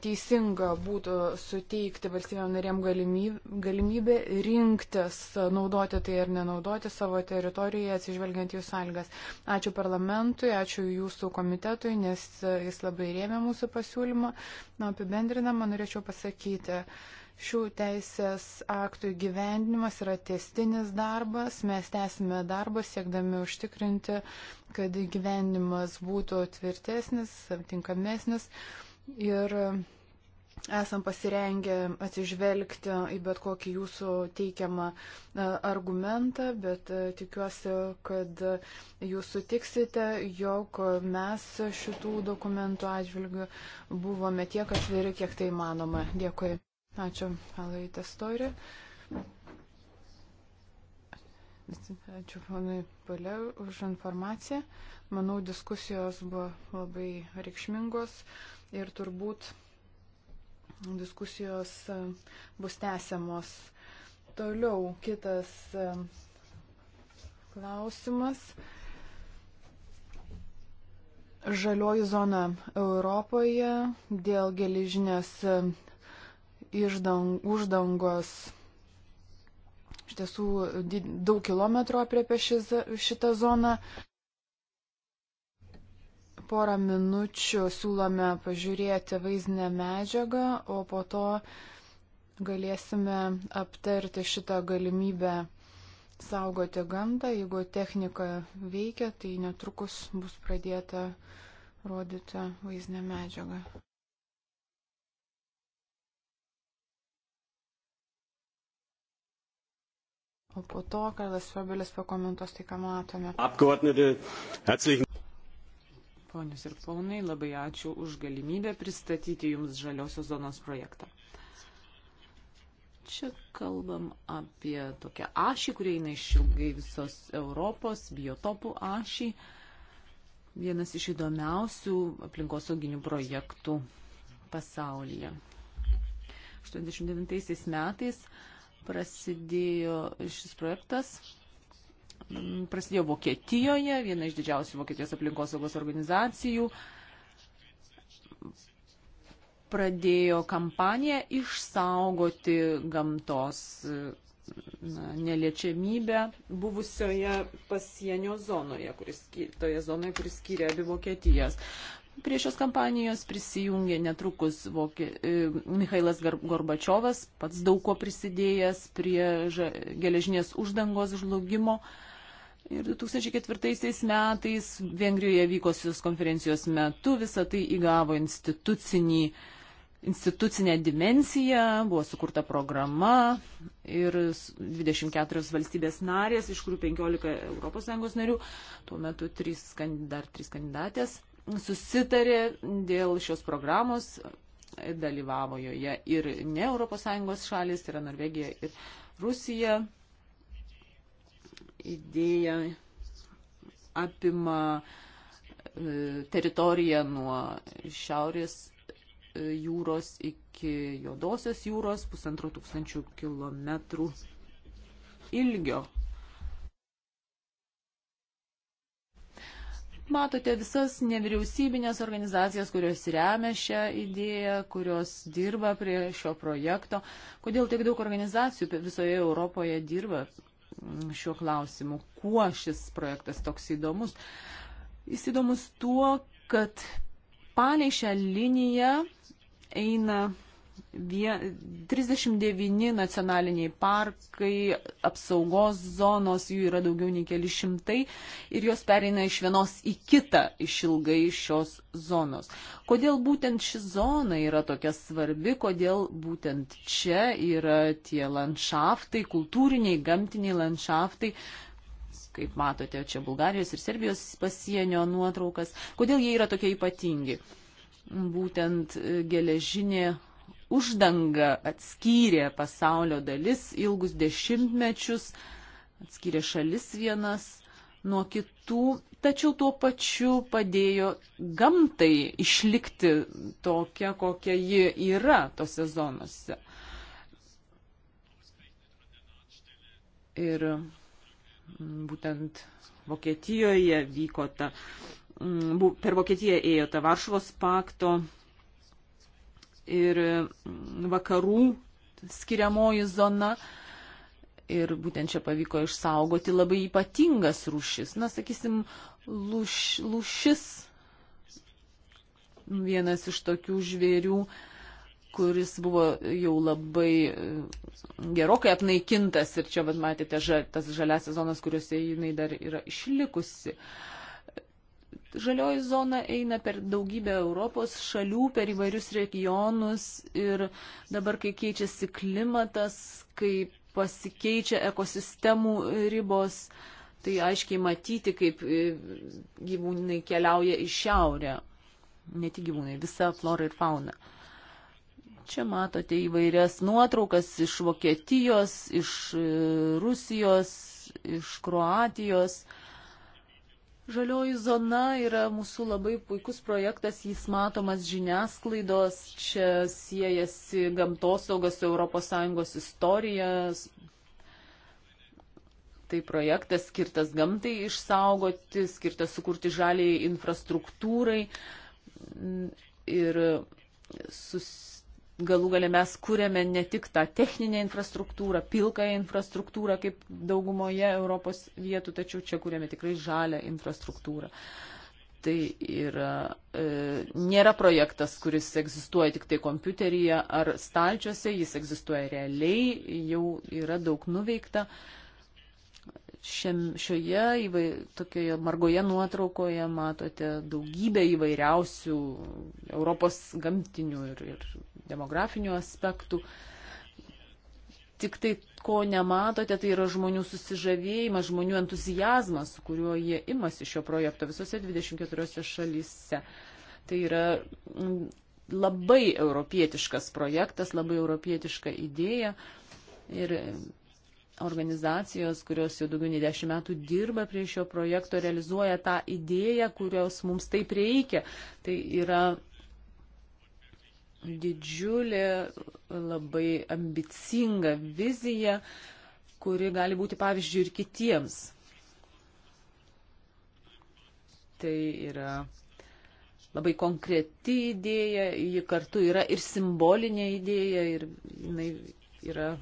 teisinga būtų suteikti valstybėm narėm galimybę, galimybę rinktis, naudoti tai ar nenaudoti savo teritorijoje, atsižvelgiant jų sąlygas. Ačiū parlamentui, ačiū jūsų komitetui, nes e, jis labai rėmė mūsų pasiūlymą. Na, apibendrinamą norėčiau pasakyti. Uh, Šių teisės aktų įgyvendinimas yra testinis darbas. Mes tęsime darbą siekdami užtikrinti, kad įgyvendinimas būtų tvirtesnis, tinkamesnis. Ir esam pasirengę atsižvelgti į bet kokį jūsų teikiamą e, argumentą, bet e, tikiuosi, kad jūs sutiksite, jog mes šitų dokumentų atžvilgių buvome tiek atviri, kiek tai manoma. Dėkui. Ačiū, Alai Testori. Ačiū ponui Poliau už informaciją. Manau, diskusijos buvo labai reikšmingos ir turbūt diskusijos e, bus tęsiamos. Toliau kitas e, klausimas. Žalioji zona Europoje dėl geležinės e, išdang, uždangos. Iš tiesų daug kilometrų apriepia šitą zoną. Porą minučių siūlome pažiūrėti vaizdinę medžiagą, o po to galėsime aptarti šitą galimybę saugoti gamtą. Jeigu technika veikia, tai netrukus bus pradėta rodyti vaizdinę medžiagą. O po to, kad Lasviobelis pakomentos tai, ką matome. Ponius ir ponai, labai ačiū už galimybę pristatyti Jums žaliosios zonos projektą. Čia kalbam apie tokią ašį, kurie eina iš ilgai visos Europos, biotopų ašį. Vienas iš įdomiausių aplinkosauginių projektų pasaulyje. 89 metais prasidėjo šis projektas. Prasidėjo Vokietijoje, viena iš didžiausių Vokietijos aplinkosaugos organizacijų pradėjo kampaniją išsaugoti gamtos na, neliečiamybę buvusioje pasienio zonoje, kuris, toje zonoje, kuris skiria abi Vokietijas prie šios kampanijos prisijungė netrukus Vokė, e, Mikhailas Gorbačiovas, pats daug ko prisidėjęs prie geležinės uždangos žlugimo. Ir 2004 metais Vengrijoje vykosios konferencijos metu visa tai įgavo institucinį, institucinę dimensiją, buvo sukurta programa ir 24 valstybės narės, iš kurių 15 ES narių, tuo metu 3, dar 3 kandidatės susitarė dėl šios programos, dalyvavo joje ir ne ES šalis, tai yra Norvegija ir Rusija. Idėja apima e, teritoriją nuo šiaurės e, jūros iki Jodosios jūros, pusantro tūkstančių kilometrų ilgio Matote visas nevyriausybinės organizacijas, kurios remia šią idėją, kurios dirba prie šio projekto. Kodėl tiek daug organizacijų visoje Europoje dirba mm, šiuo klausimu? Kuo šis projektas toks įdomus? Jis įdomus tuo, kad palei šią liniją eina 39 nacionaliniai parkai, apsaugos zonos, jų yra daugiau nei keli šimtai ir jos pereina iš vienos į kitą išilgai šios zonos. Kodėl būtent ši zona yra tokia svarbi, kodėl būtent čia yra tie landšaftai, kultūriniai, gamtiniai landšaftai, kaip matote čia Bulgarijos ir Serbijos pasienio nuotraukas, kodėl jie yra tokie ypatingi. Būtent e, geležinė uždanga atskyrė pasaulio dalis ilgus dešimtmečius, atskyrė šalis vienas nuo kitų, tačiau tuo pačiu padėjo gamtai išlikti tokia, kokia ji yra tose zonose. Ir būtent Vokietijoje vyko ta, per Vokietiją ėjo ta Varšuvos pakto ir mm, vakarų skiriamoji zona. Ir būtent čia pavyko išsaugoti labai ypatingas rūšis. Na, sakysim, lūš, lūšis vienas iš tokių žvėrių, kuris buvo jau labai mm, gerokai apnaikintas ir čia, vad matėte, ža, tas žalias zonas, kuriuose jinai dar yra išlikusi. Uh, Žalioji zona eina per daugybę Europos šalių, per įvairius regionus ir dabar, kai keičiasi klimatas, kai pasikeičia ekosistemų ribos, tai aiškiai matyti, kaip e, gyvūnai keliauja į šiaurę. Ne tik gyvūnai, visa flora ir fauna. Čia matote įvairias nuotraukas iš Vokietijos, iš e, Rusijos, iš Kroatijos. Žalioji zona yra mūsų labai puikus projektas, jis matomas žiniasklaidos, čia siejasi gamtosaugas su ES istorija. Tai projektas skirtas gamtai išsaugoti, skirtas sukurti žaliai infrastruktūrai ir sus galų galę mes kūrėme ne tik tą techninę infrastruktūrą, pilkąją infrastruktūrą, kaip daugumoje Europos vietų, tačiau čia kūrėme tikrai žalę infrastruktūrą. Tai yra, e, nėra projektas, kuris egzistuoja tik tai kompiuteryje ar stalčiuose, jis egzistuoja realiai, jau yra daug nuveikta. E, Šiam, šioje įvai, tokioje margoje nuotraukoje matote daugybę įvairiausių Europos gamtinių ir, ir demografinių aspektų. Tik tai, ko nematote, tai yra žmonių susižavėjimas, žmonių entuzijazmas, su kuriuo jie imasi šio projekto visose 24 šalyse. Tai yra labai europietiškas projektas, labai europietiška idėja. Ir organizacijos, kurios jau daugiau nei dešimt metų dirba prie šio projekto, realizuoja tą idėją, kurios mums taip reikia. Tai yra didžiulė, labai ambicinga vizija, kuri gali būti pavyzdžių ir kitiems. Tai yra labai konkreti idėja, ji kartu yra ir simbolinė idėja, ir jinai yra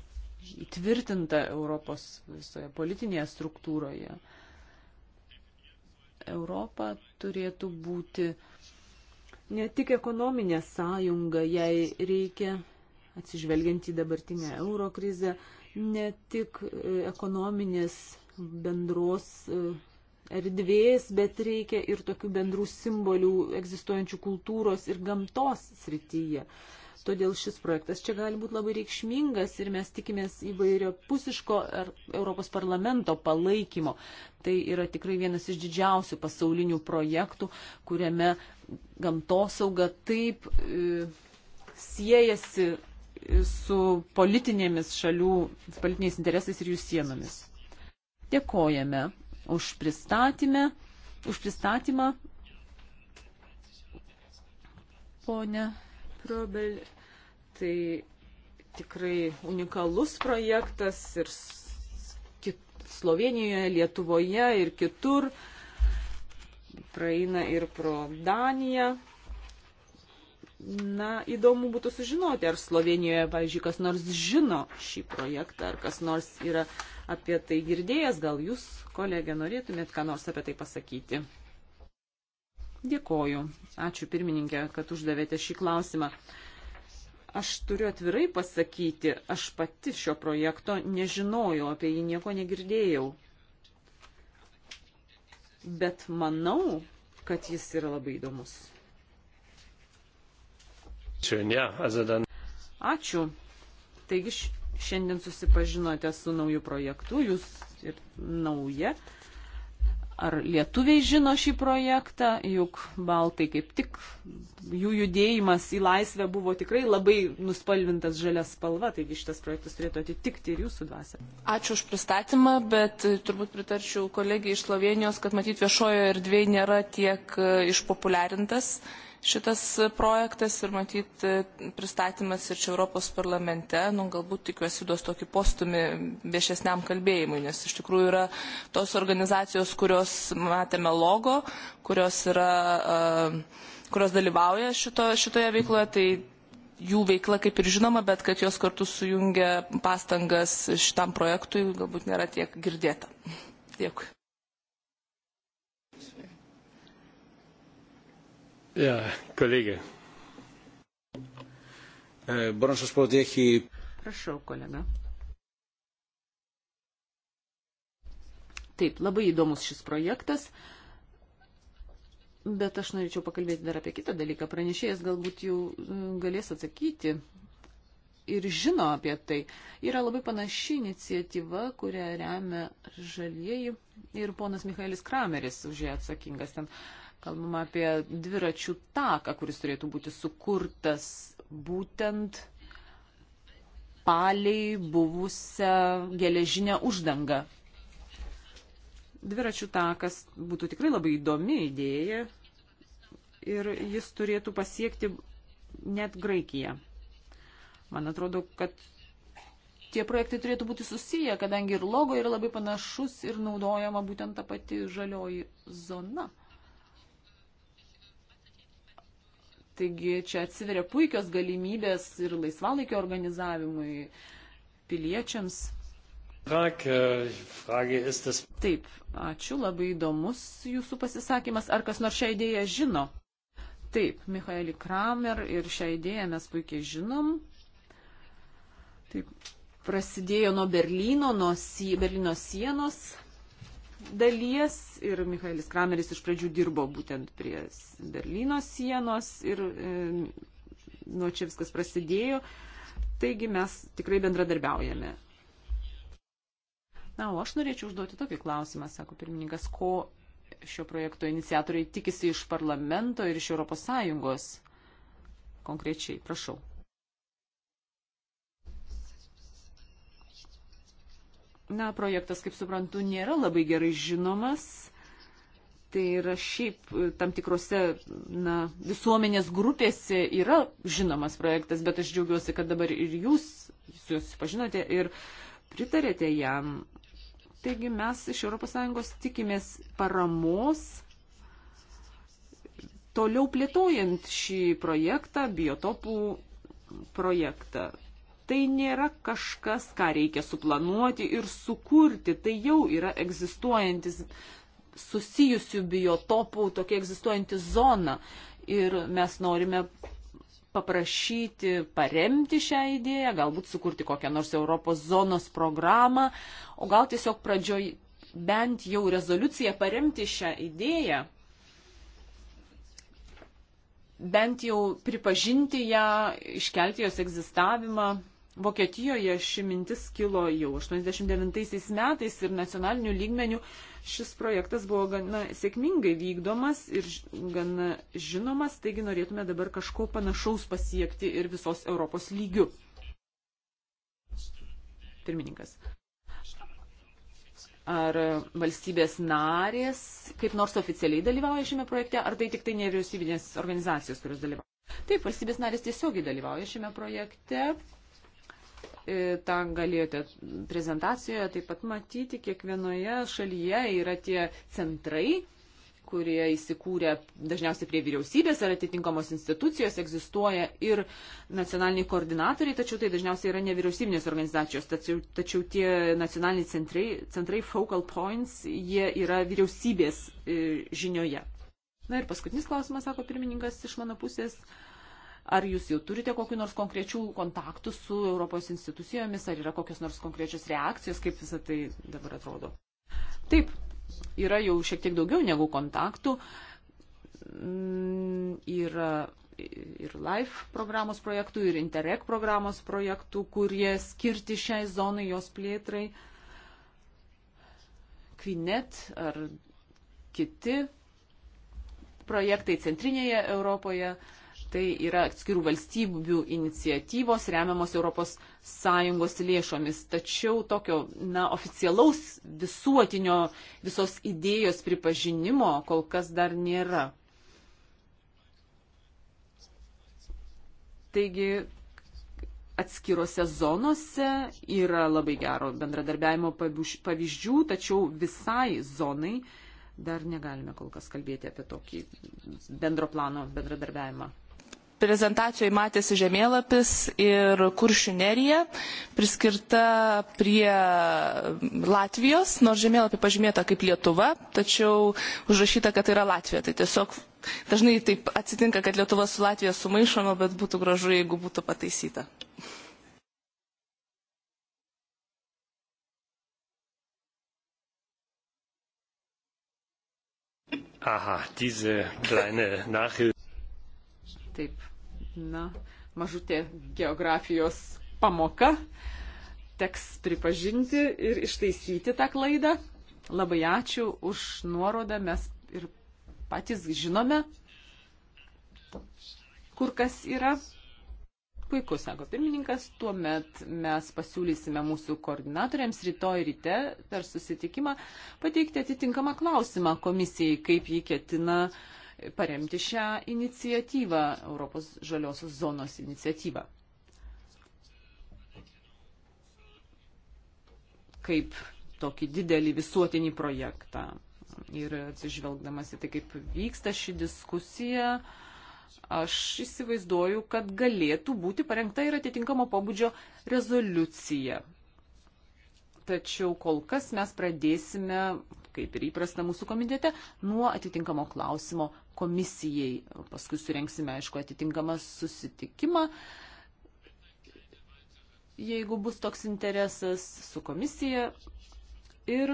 įtvirtinta Europos visoje politinėje struktūroje. Europa turėtų būti ne tik ekonominė sąjunga, jai reikia, atsižvelgiant į dabartinę euro krizę, ne tik e, ekonominės bendros e, erdvės, bet reikia ir tokių bendrų simbolių egzistuojančių kultūros ir gamtos srityje. Todėl šis projektas čia gali būti labai reikšmingas ir mes tikimės įvairio pusiško er, Europos parlamento palaikymo. Tai yra tikrai vienas iš didžiausių pasaulinių projektų, kuriame gamtosauga taip e, siejasi e, su politinėmis šalių, politiniais interesais ir jų sienomis. Dėkojame už, už pristatymą. Pone Pröbel. Tai tikrai unikalus projektas ir Slovenijoje, Lietuvoje ir kitur. Praeina ir pro Daniją. Na, įdomu būtų sužinoti, ar Slovenijoje, pavyzdžiui, kas nors žino šį projektą, ar kas nors yra apie tai girdėjęs. Gal jūs, kolegė, norėtumėt ką nors apie tai pasakyti? Dėkoju. Ačiū pirmininkė, kad uždavėte šį klausimą. Aš turiu atvirai pasakyti, aš pati šio projekto nežinojau, apie jį nieko negirdėjau. Bet manau, kad jis yra labai įdomus. Ačiū. Taigi šiandien susipažinote su nauju projektu, jūs ir nauja ar lietuviai žino šį projektą, juk baltai kaip tik jų judėjimas į laisvę buvo tikrai labai nuspalvintas žalia spalva, taigi šitas projektas turėtų atitikti ir jūsų dvasę. Ačiū už pristatymą, bet e, turbūt pritarčiau kolegijai iš Slovenijos, kad matyt viešojo erdvėje nėra tiek e, išpopuliarintas šitas projektas ir matyt e, pristatymas ir čia Europos parlamente, nu, galbūt tikiuosi duos tokį postumį viešesniam kalbėjimui, nes iš tikrųjų yra tos organizacijos, kurios matėme logo, kurios, yra, e, kurios dalyvauja šito, šitoje veikloje, tai jų veikla kaip ir žinoma, bet kad jos kartu sujungia pastangas šitam projektui, galbūt nėra tiek girdėta. Dėkui. Ja, kolegė. Μπορώ να σας πω ότι έχει... Prašau, kolega. Taip, labai įdomus šis projektas, bet aš norėčiau pakalbėti dar apie kitą dalyką. Pranešėjas galbūt jau e, galės atsakyti ir žino apie tai. Yra labai panaši iniciatyva, kurią remia žalieji ir ponas Michaelis Krameris už ją atsakingas ten. Uh, Kalbama apie dviračių taką, kuris turėtų būti sukurtas būtent paliai buvusią geležinę uždangą. Dviračių takas būtų tikrai labai įdomi idėja ir jis turėtų pasiekti net Graikiją. Man atrodo, kad tie projektai turėtų būti susiję, kadangi ir logo yra labai panašus ir naudojama būtent ta pati žalioji zona. Taigi čia atsiveria puikios galimybės ir laisvalaikio organizavimui piliečiams. E, Taip, ačiū, labai įdomus jūsų pasisakymas. Ar kas nors šią idėją žino? Taip, Michaelį Kramer ir šią idėją mes puikiai žinom. Taip, prasidėjo nuo Berlyno, nuo si Berlyno sienos dalies ir Michaelis Krameris iš pradžių dirbo būtent prie Berlyno sienos ir e, nuo čia viskas prasidėjo. Taigi mes tikrai bendradarbiaujame. Na, o aš norėčiau užduoti tokį klausimą, sako pirmininkas, ko šio projekto iniciatoriai tikisi iš parlamento ir iš ES konkrečiai. Prašau. Na, projektas, kaip suprantu, nėra labai gerai žinomas. Tai yra šiaip e, tam tikrose na, visuomenės grupėse yra žinomas projektas, bet aš džiaugiuosi, kad dabar ir jūs su juos pažinote ir pritarėte jam. Taigi mes iš ES tikimės paramos toliau plėtojant šį projektą, biotopų projektą tai nėra kažkas, ką reikia suplanuoti ir sukurti, tai jau yra egzistuojantis susijusių biotopų tokia egzistuojanti zona. Ir mes norime paprašyti paremti šią idėją, galbūt sukurti kokią nors Europos zonos programą, o gal tiesiog pradžioj bent jau rezoliuciją paremti šią idėją, bent jau pripažinti ją, iškelti jos egzistavimą Vokietijoje ši mintis kilo jau 89 metais ir nacionaliniu lygmeniu šis projektas buvo gana sėkmingai vykdomas ir gana žinomas, taigi norėtume dabar kažko panašaus pasiekti ir visos Europos lygių. Pirmininkas. Ar valstybės narės kaip nors oficialiai dalyvauja šiame projekte, ar tai tik tai nevyriausybinės organizacijos, kurios dalyvauja? Taip, valstybės narės tiesiogiai dalyvauja šiame projekte E, Ten galėjote prezentacijoje taip pat matyti, kiekvienoje šalyje yra tie centrai, kurie įsikūrė dažniausiai prie vyriausybės ar atitinkamos institucijos, egzistuoja ir nacionaliniai koordinatoriai, tačiau tai dažniausiai yra nevyriausybinės organizacijos, tačiau, tačiau tie nacionaliniai centrai, centrai focal points, jie yra vyriausybės e, žinioje. Na ir paskutinis klausimas, sako pirmininkas iš mano pusės. Uh, Ar jūs jau turite kokiu nors konkrečių kontaktų su Europos institucijomis, ar yra kokios nors konkrečios reakcijos, kaip visą tai dabar atrodo? Taip, yra jau šiek tiek daugiau negu kontaktų. Mm, yra ir LIFE programos projektų, ir Interreg programos projektų, kurie skirti šiai zonai, jos plėtrai. Kvinet ar kiti projektai centrinėje Europoje. Uh, Tai yra atskirų valstybių iniciatyvos remiamos ES lėšomis. Tačiau tokio na, oficialaus visuotinio visos idėjos pripažinimo kol kas dar nėra. Taigi atskirose zonose yra labai gero bendradarbiavimo pavyzdžių, tačiau visai zonai dar negalime kol kas kalbėti apie tokį bendro plano bendradarbiavimą prezentacijoje matėsi žemėlapis ir kuršių nerija priskirta prie Latvijos, nors žemėlapį pažymėta kaip Lietuva, tačiau užrašyta, kad tai yra Latvija. Tai tiesiog dažnai taip atsitinka, kad Lietuva su Latvija sumaišoma, bet būtų gražu, jeigu būtų pataisyta. Aha, diese kleine Nachhilfe. Taip, Na, mažutė geografijos pamoka. Teks pripažinti ir ištaisyti tą klaidą. Labai ačiū už nuorodą, mes ir patys žinome, kur kas yra. Puiku, sako pirmininkas, tuomet mes pasiūlysime mūsų koordinatoriams rytoj ryte per susitikimą pateikti atitinkamą klausimą komisijai, kaip jį ketina uh, paremti šią iniciatyvą, Europos žaliosios zonos iniciatyvą. Kaip tokį didelį visuotinį projektą. Ir atsižvelgdamas į tai, kaip vyksta ši diskusija, aš įsivaizduoju, kad galėtų būti parengta ir atitinkamo pobūdžio rezoliucija tačiau kol kas mes pradėsime, kaip ir įprasta mūsų komitete, nuo atitinkamo klausimo komisijai. Paskui surenksime, aišku, atitinkamą susitikimą. Jeigu bus toks interesas su komisija ir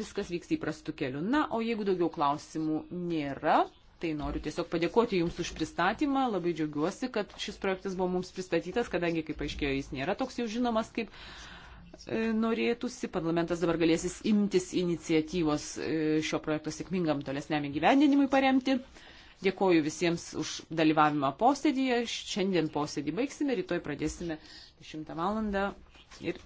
viskas vyks įprastų kelių. Na, o jeigu daugiau klausimų nėra, tai noriu tiesiog padėkoti Jums už pristatymą. Labai džiaugiuosi, kad šis projektas buvo mums pristatytas, kadangi, kaip aiškėjo, jis nėra toks jau žinomas kaip E, norėtųsi, parlamentas dabar galėsis imtis iniciatyvos e, šio projekto sėkmingam tolesniam įgyvendinimui paremti. Dėkoju visiems už dalyvavimą posėdėje. Šiandien posėdį baigsime, rytoj pradėsime 10 val. ir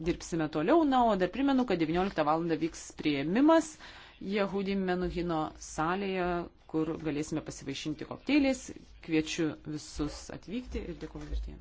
dirbsime toliau. Na, o dar primenu, kad 19 val. vyks prieimimas Jehudi Menuhino salėje, kur galėsime pasivaišinti kokteiliais. Kviečiu visus atvykti ir dėkoju vertėjams.